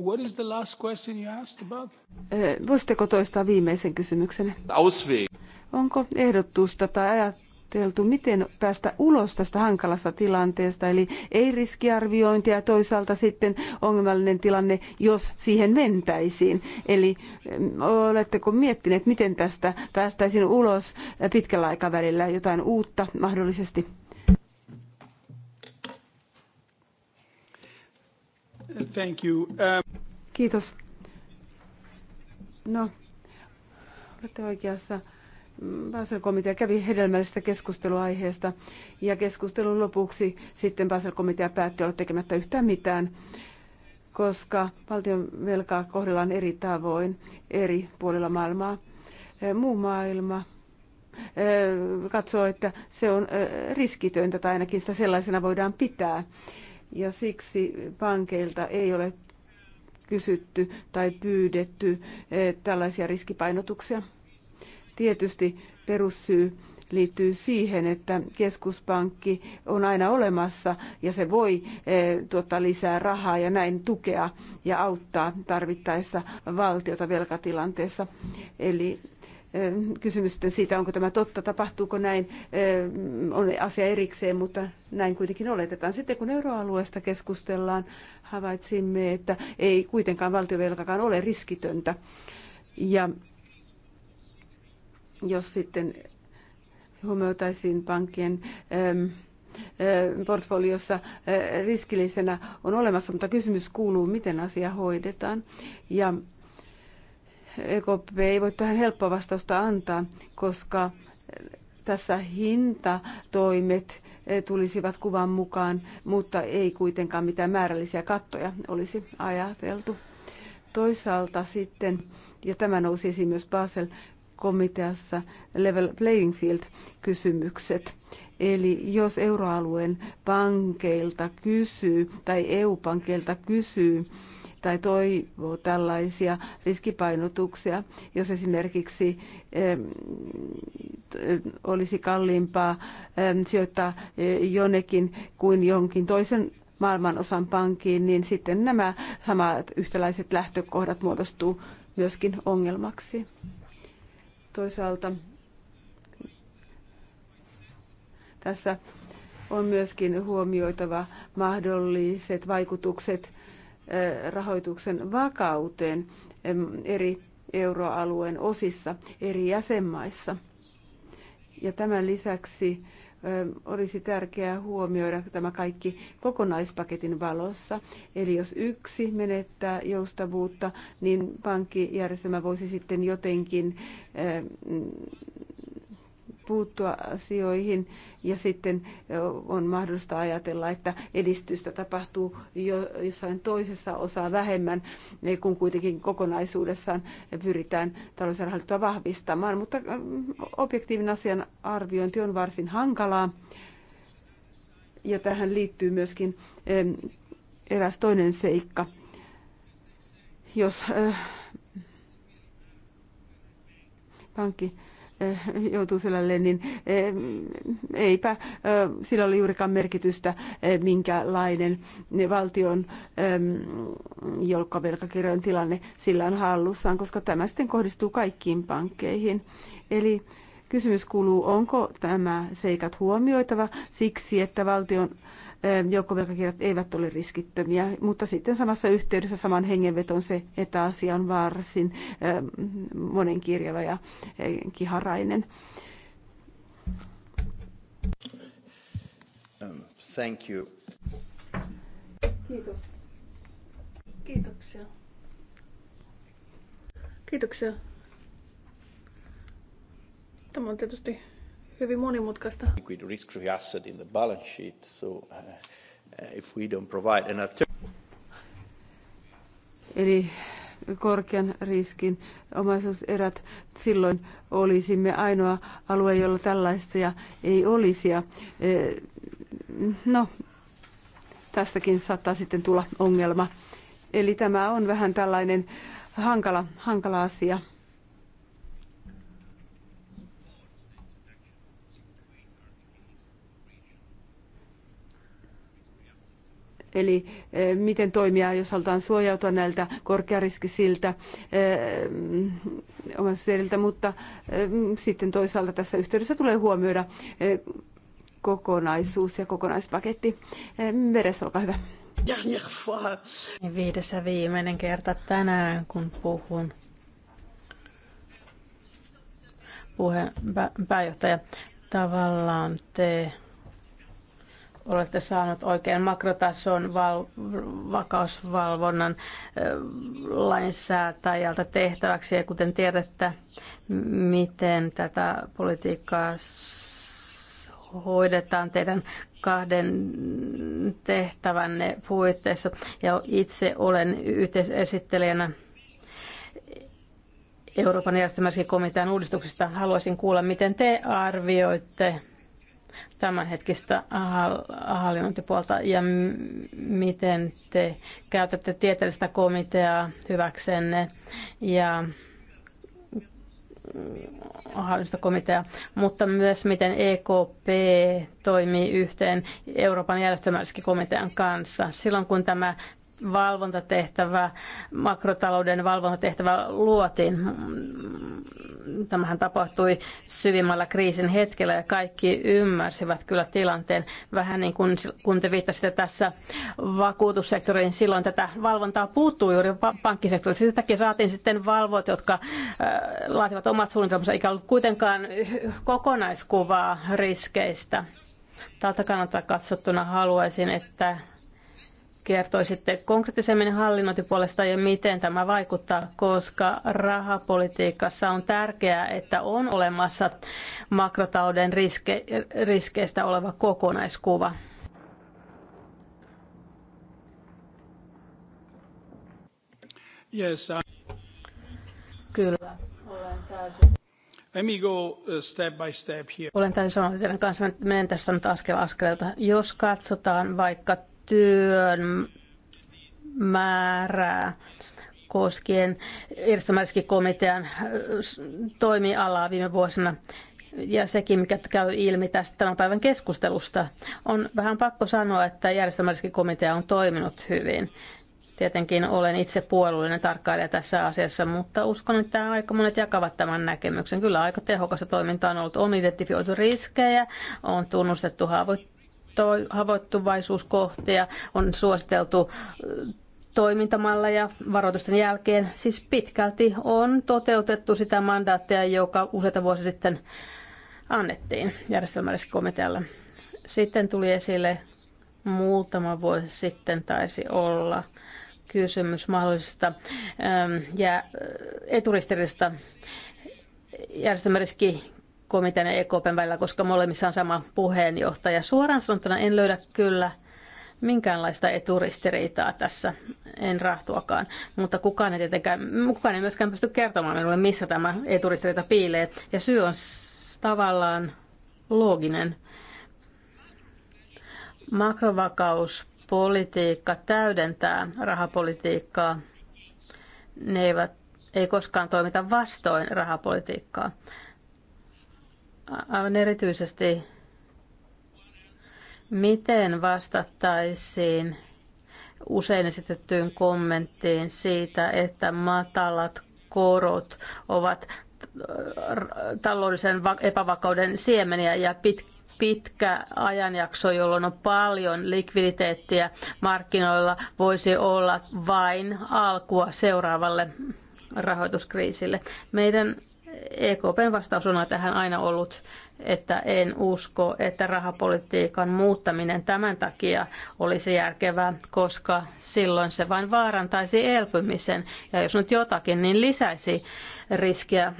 What is the last question you asked about? Voisitteko toistaa viimeisen kysymyksen? Ausweg. Onko ehdotusta tai ajateltu, miten päästä ulos tästä hankalasta tilanteesta, eli ei riskiarviointia ja toisaalta sitten ongelmallinen tilanne, jos siihen mentäisiin. Eli oletteko miettineet, miten tästä päästäisiin ulos pitkällä aikavälillä jotain uutta mahdollisesti? Thank you. Um... Kiitos. No, olette oikeassa. Basel-komitea kävi hedelmällistä keskustelua aiheesta ja keskustelun lopuksi sitten Basel-komitea päätti olla tekemättä yhtään mitään, koska valtion velkaa kohdellaan eri tavoin eri puolilla maailmaa. Eh, muu maailma eh, katsoo, että se on eh, riskitöntä tai ainakin sitä sellaisena voidaan pitää ja siksi pankeilta ei ole kysytty tai pyydetty eh, tällaisia riskipainotuksia. Tietysti perussyy liittyy siihen, että keskuspankki on aina olemassa ja se voi eh, tuottaa lisää rahaa ja näin tukea ja auttaa tarvittaessa valtiota velkatilanteessa. Eli kysymysten siitä, onko tämä totta, tapahtuuko näin, on asia erikseen, mutta näin kuitenkin oletetaan. Sitten kun euroalueesta keskustellaan, havaitsimme, että ei kuitenkaan valtiovelkakaan ole riskitöntä. Ja jos sitten huomioitaisiin pankkien ähm, ähm, portfoliossa äh, riskillisenä on olemassa, mutta kysymys kuuluu, miten asia hoidetaan. Ja EKP ei voi tähän helppoa vastausta antaa, koska tässä hintatoimet eh, tulisivat kuvan mukaan, mutta ei kuitenkaan mitään määrällisiä kattoja olisi ajateltu. Toisaalta sitten, ja tämä nousi esiin myös Basel komiteassa level playing field kysymykset. Eli jos euroalueen pankeilta kysyy tai EU-pankeilta kysyy tai toivoo tällaisia riskipainotuksia, jos esimerkiksi olisi kalliimpaa sijoittaa e, jonnekin kuin jonkin toisen maailman osan pankkiin, niin sitten nämä samat yhtäläiset lähtökohdat muodostuu myöskin ongelmaksi. Toisaalta tässä on myöskin huomioitava mahdolliset vaikutukset rahoituksen vakauteen eri euroalueen osissa eri jäsenmaissa. Ja tämän lisäksi olisi tärkeää huomioida tämä kaikki kokonaispaketin valossa. Eli jos yksi menettää joustavuutta, niin pankkijärjestelmä voisi sitten jotenkin puuttua asioihin ja sitten on mahdollista ajatella, että edistystä tapahtuu jo, jossain toisessa osaa vähemmän, e, kun kuitenkin kokonaisuudessaan pyritään talousarhallintoa vahvistamaan. Mutta objektiivinen asian arviointi on varsin hankalaa ja tähän liittyy myöskin e, eräs toinen seikka. Jos pankki Eh, joutuu selälleen, niin eh, eipä eh, sillä ole juurikaan merkitystä, minkälainen valtion jolkkavelkakirjojen tilanne sillä on hallussaan, koska tämä sitten kohdistuu kaikkiin pankkeihin. Eli Kysymys kuuluu, onko tämä seikat huomioitava siksi, että valtion joukkovelkakirjat eivät ole riskittömiä, mutta sitten samassa yhteydessä saman hengenveton se, että asia on varsin monenkirjava ja kiharainen. Um, thank you. Kiitos. Kiitoksia. Kiitoksia. Tämä on tietysti hyvin monimutkaista. Eli korkean riskin omaisuuserät, silloin olisimme ainoa alue, jolla tällaisia ei olisi. Ja, eh, no, tästäkin saattaa sitten tulla ongelma. Eli tämä on vähän tällainen hankala, hankala asia. Eli eh, miten toimia, jos halutaan suojautua näiltä korkeariskisiltä eh, omaisuuseriltä, mutta eh, sitten toisaalta tässä yhteydessä tulee huomioida kokonaisuus ja kokonaispaketti. Meres, olkaa hyvä. Niin viides ja viimeinen kerta tänään, kun puhun puheen pä, pääjohtaja. Tavallaan te olette saanut oikean makrotason val- vakausvalvonnan lainsäätäjältä tehtäväksi. Ja kuten tiedätte, miten tätä politiikkaa hoidetaan teidän kahden tehtävänne puitteissa. Ja itse olen yhteisesittelijänä Euroopan järjestelmäsi komitean uudistuksesta. Haluaisin kuulla, miten te arvioitte tämänhetkistä hallinnointipuolta ja miten te käytätte tieteellistä komiteaa hyväksenne ja hallintokomitea, mutta myös miten EKP toimii yhteen Euroopan järjestelmälliskin komitean kanssa. Silloin kun tämä valvontatehtävä, makrotalouden valvontatehtävä luotiin. Tämähän tapahtui syvimmällä kriisin hetkellä ja kaikki ymmärsivät kyllä tilanteen. Vähän niin kuin kun te viittasitte tässä vakuutussektoriin, silloin tätä valvontaa puuttuu juuri pankkisektorista. Yhtäkkiä saatiin sitten valvot, jotka äh, laativat omat suunnitelmansa, eikä ollut kuitenkaan kokonaiskuvaa riskeistä. Tältä kannalta katsottuna haluaisin, että kertoisitte konkreettisemmin hallinnointipuolesta ja miten tämä vaikuttaa, koska rahapolitiikassa on tärkeää, että on olemassa makrotauden riske, riskeistä oleva kokonaiskuva. Yes, I... Kyllä, olen täysin. Let me go uh, step by step here. Olen täysin samaa teidän kanssa, menen tässä nyt askel askeleelta. Jos katsotaan vaikka työn määrää koskien komitean äh, toimialaa viime vuosina. Ja sekin, mikä käy ilmi tästä tämän päivän keskustelusta, on vähän pakko sanoa, että komitea on toiminut hyvin. Tietenkin olen itse puolueellinen tarkkailija tässä asiassa, mutta uskon, että aika monet jakavat tämän näkemyksen. Kyllä aika tehokasta toimintaa on ollut, on identifioitu riskejä, on tunnustettu haavoittuvuutta havoittuvaisuuskohtia on suositeltu toimintamalleja varoitusten jälkeen. Siis pitkälti on toteutettu sitä mandaattia, joka useita vuosia sitten annettiin järjestelmällisessä komitealla. Sitten tuli esille muutama vuosi sitten taisi olla kysymys mahdollisesta ja eturistiristä järjestelmäriski komitean ja EKPn välillä, koska molemmissa on sama puheenjohtaja. Suoraan sanottuna en löydä kyllä minkäänlaista eturistiriitaa tässä, en rahtuakaan. Mutta kukaan ei, tietenkään, kukaan ei myöskään pysty kertomaan minulle, missä tämä eturistiriita piilee. Ja syy on tavallaan looginen. Makrovakauspolitiikka täydentää rahapolitiikkaa. Ne eivät, ei koskaan toimita vastoin rahapolitiikkaa aivan erityisesti, miten vastattaisiin usein esitettyyn kommenttiin siitä, että matalat korot ovat äh, taloudellisen epävakauden siemeniä ja pit, pitkä ajanjakso, jolloin on paljon likviditeettiä markkinoilla, voisi olla vain alkua seuraavalle rahoituskriisille. Meidän EKPn vastaus on tähän aina ollut, että en usko, että rahapolitiikan muuttaminen tämän takia olisi järkevää, koska silloin se vain vaarantaisi elpymisen. Ja jos nyt jotakin, niin lisäisi riskiä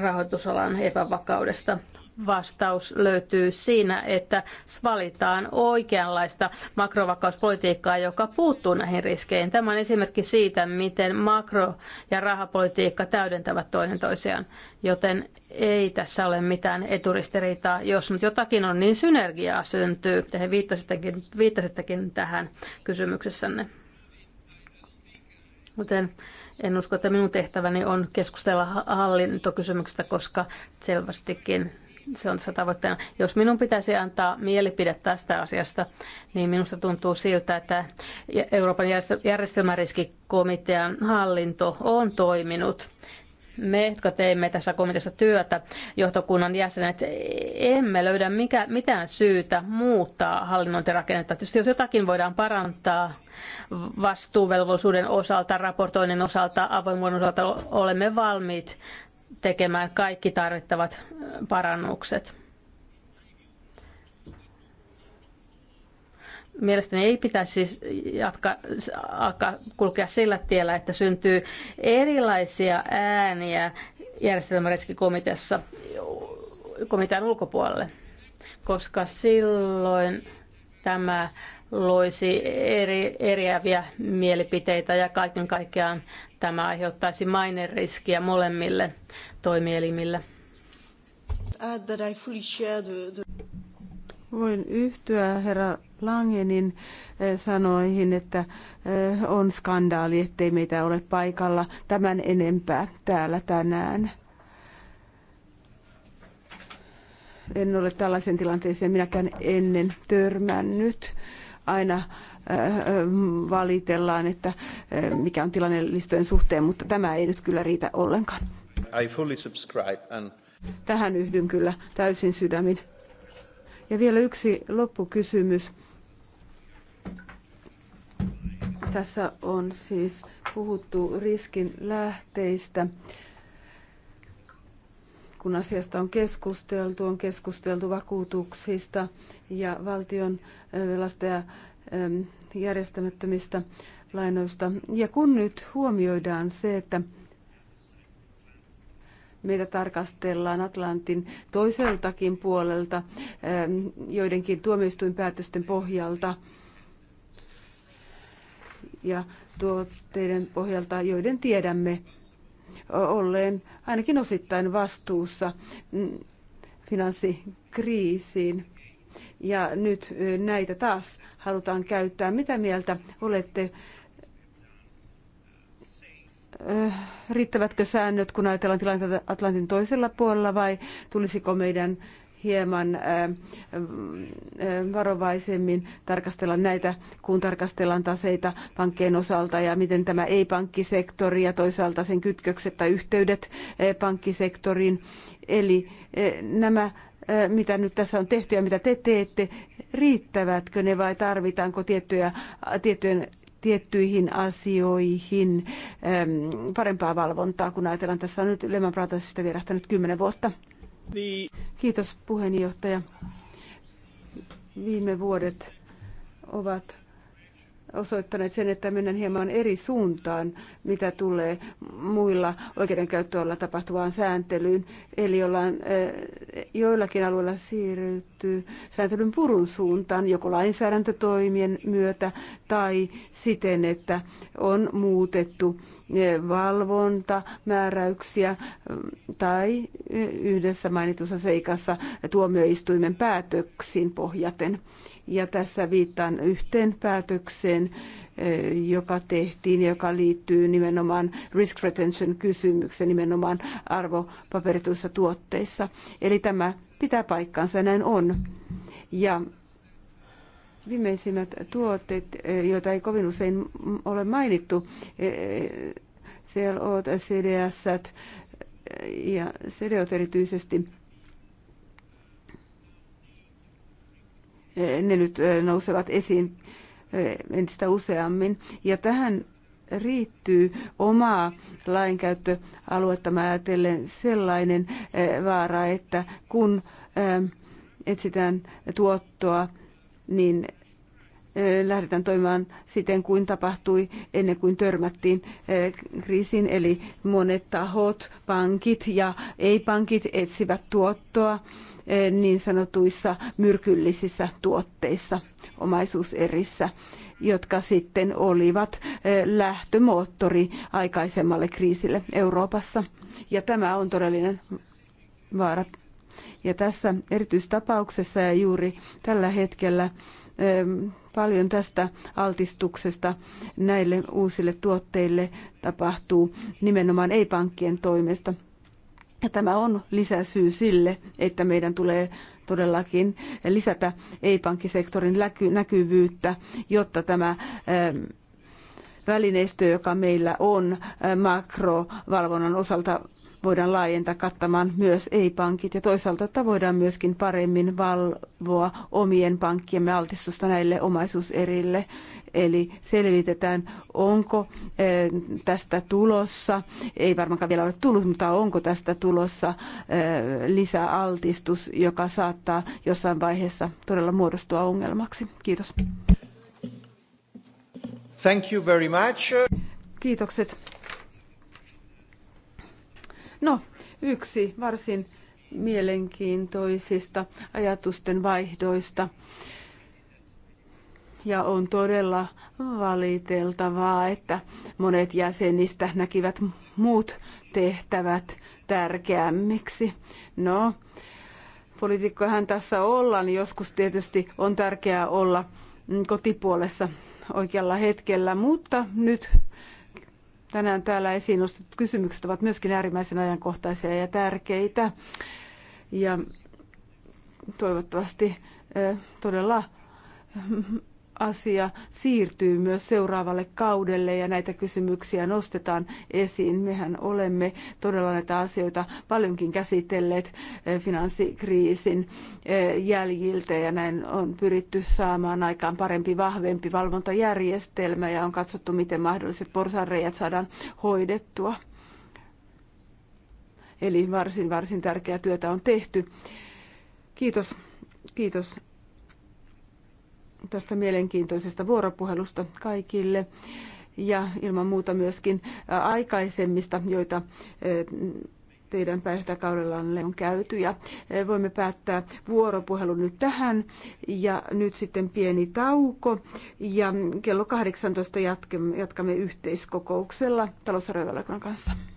rahoitusalan epävakaudesta vastaus löytyy siinä, että valitaan oikeanlaista makrovakauspolitiikkaa, joka puuttuu näihin riskeihin. Tämä on esimerkki siitä, miten makro- ja rahapolitiikka täydentävät toinen toisiaan, joten ei tässä ole mitään eturistiriitaa. Jos nyt jotakin on, niin synergiaa syntyy. Te viittasittekin, viittasittekin tähän kysymyksessänne. Joten en usko, että minun tehtäväni on keskustella hallintokysymyksestä, koska selvästikin se on tässä tavoitteena. Jos minun pitäisi antaa mielipide tästä asiasta, niin minusta tuntuu siltä, että Euroopan järjestelmäriskikomitean hallinto on toiminut. Me, jotka teimme tässä komiteassa työtä, johtokunnan jäsenet, emme löydä mikä, mitään syytä muuttaa hallinnointirakennetta. Tietysti jos jotakin voidaan parantaa vastuuvelvollisuuden osalta, raportoinnin osalta, avoimuuden osalta, olemme valmiit tekemään kaikki tarvittavat parannukset. mielestäni ei pitäisi siis jatka, alkaa kulkea sillä tiellä, että syntyy erilaisia ääniä järjestelmäriskikomiteassa komitean ulkopuolelle, koska silloin tämä loisi eri, eriäviä mielipiteitä ja kaiken kaikkiaan tämä aiheuttaisi maineriskiä molemmille toimielimille. Voin yhtyä herra Langenin eh, sanoihin, että eh, on skandaali, ettei meitä ole paikalla tämän enempää täällä tänään. En ole tällaisen tilanteeseen minäkään ennen törmännyt aina äh, äh, valitellaan, että äh, mikä on tilanne listojen suhteen, mutta tämä ei nyt kyllä riitä ollenkaan. I fully subscribe and... Tähän yhdyn kyllä täysin sydämin. Ja vielä yksi loppukysymys. Tässä on siis puhuttu riskin lähteistä. Kun asiasta on keskusteltu, on keskusteltu vakuutuksista ja valtion velasta ja järjestämättömistä lainoista. Ja kun nyt huomioidaan se, että meitä tarkastellaan Atlantin toiseltakin puolelta joidenkin tuomioistuinpäätösten pohjalta ja tuotteiden pohjalta, joiden tiedämme olleen ainakin osittain vastuussa finanssikriisiin ja nyt näitä taas halutaan käyttää. Mitä mieltä olette? Riittävätkö säännöt, kun ajatellaan tilannetta Atlantin toisella puolella vai tulisiko meidän hieman varovaisemmin tarkastella näitä, kun tarkastellaan taseita pankkien osalta ja miten tämä ei-pankkisektori ja toisaalta sen kytkökset tai yhteydet pankkisektoriin. Eli nämä mitä nyt tässä on tehty ja mitä te teette, riittävätkö ne vai tarvitaanko tiettyjä, tiettyjen, tiettyihin asioihin äm, parempaa valvontaa, kun ajatellaan, tässä on nyt Lehman Brothersista vierähtänyt kymmenen vuotta. Kiitos puheenjohtaja. Viime vuodet ovat osoittaneet sen, että mennään hieman eri suuntaan, mitä tulee muilla oikeudenkäyttöalueilla tapahtuvaan sääntelyyn. Eli ollaan, eh, joillakin alueilla siirrytty sääntelyn purun suuntaan, joko lainsäädäntötoimien myötä tai siten, että on muutettu valvontamääräyksiä mm, tai e, yhdessä mainitussa seikassa tuomioistuimen päätöksiin pohjaten. Ja tässä viittaan yhteen päätökseen, e, joka tehtiin ja joka liittyy nimenomaan risk retention kysymykseen nimenomaan arvopaperituissa tuotteissa. Eli tämä pitää paikkansa, näin on. Ja Viimeisimmät tuotteet, eh, joita ei kovin usein ole mainittu, eh, CLO, CDS eh, ja CDOt erityisesti, ne nyt nousevat esiin entistä useammin. Ja tähän riittyy omaa lainkäyttöaluetta mä ajatellen sellainen vaara, että kun etsitään tuottoa niin lähdetään toimimaan siten kuin tapahtui ennen kuin törmättiin kriisin, eli monet tahot, pankit ja ei-pankit etsivät tuottoa niin sanotuissa myrkyllisissä tuotteissa, omaisuuserissä jotka sitten olivat lähtömoottori aikaisemmalle kriisille Euroopassa. Ja tämä on todellinen vaara ja tässä erityistapauksessa ja juuri tällä hetkellä paljon tästä altistuksesta näille uusille tuotteille tapahtuu nimenomaan ei-pankkien toimesta. Ja tämä on lisäsyy sille, että meidän tulee todellakin lisätä ei-pankkisektorin näkyvyyttä, jotta tämä välineistö, joka meillä on makrovalvonnan osalta, voidaan laajentaa kattamaan myös ei-pankit ja toisaalta, että voidaan myöskin paremmin valvoa omien pankkiemme altistusta näille omaisuuserille. Eli selvitetään, onko eh, tästä tulossa, ei varmaankaan vielä ole tullut, mutta onko tästä tulossa eh, lisäaltistus, joka saattaa jossain vaiheessa todella muodostua ongelmaksi. Kiitos. Thank you very much. Kiitokset No, yksi varsin mielenkiintoisista ajatusten vaihdoista. Ja on todella valiteltavaa, että monet jäsenistä näkivät muut tehtävät tärkeämmiksi. No, poliitikkohan tässä ollaan, niin joskus tietysti on tärkeää olla kotipuolessa oikealla hetkellä, mutta nyt tänään täällä esiin nostetut kysymykset ovat myöskin äärimmäisen ajankohtaisia ja tärkeitä. Ja toivottavasti todella asia siirtyy myös seuraavalle kaudelle ja näitä kysymyksiä nostetaan esiin. Mehän olemme todella näitä asioita paljonkin käsitelleet eh, finanssikriisin eh, jäljiltä ja näin on pyritty saamaan aikaan parempi, vahvempi valvontajärjestelmä ja on katsottu, miten mahdolliset porsanreijät saadaan hoidettua. Eli varsin, varsin tärkeää työtä on tehty. Kiitos, kiitos tästä mielenkiintoisesta vuoropuhelusta kaikille ja ilman muuta myöskin aikaisemmista, joita teidän päihdekaudellanne on käyty. Ja voimme päättää vuoropuhelun nyt tähän ja nyt sitten pieni tauko. Ja kello 18 jatkamme yhteiskokouksella talousarvoivaliokunnan kanssa.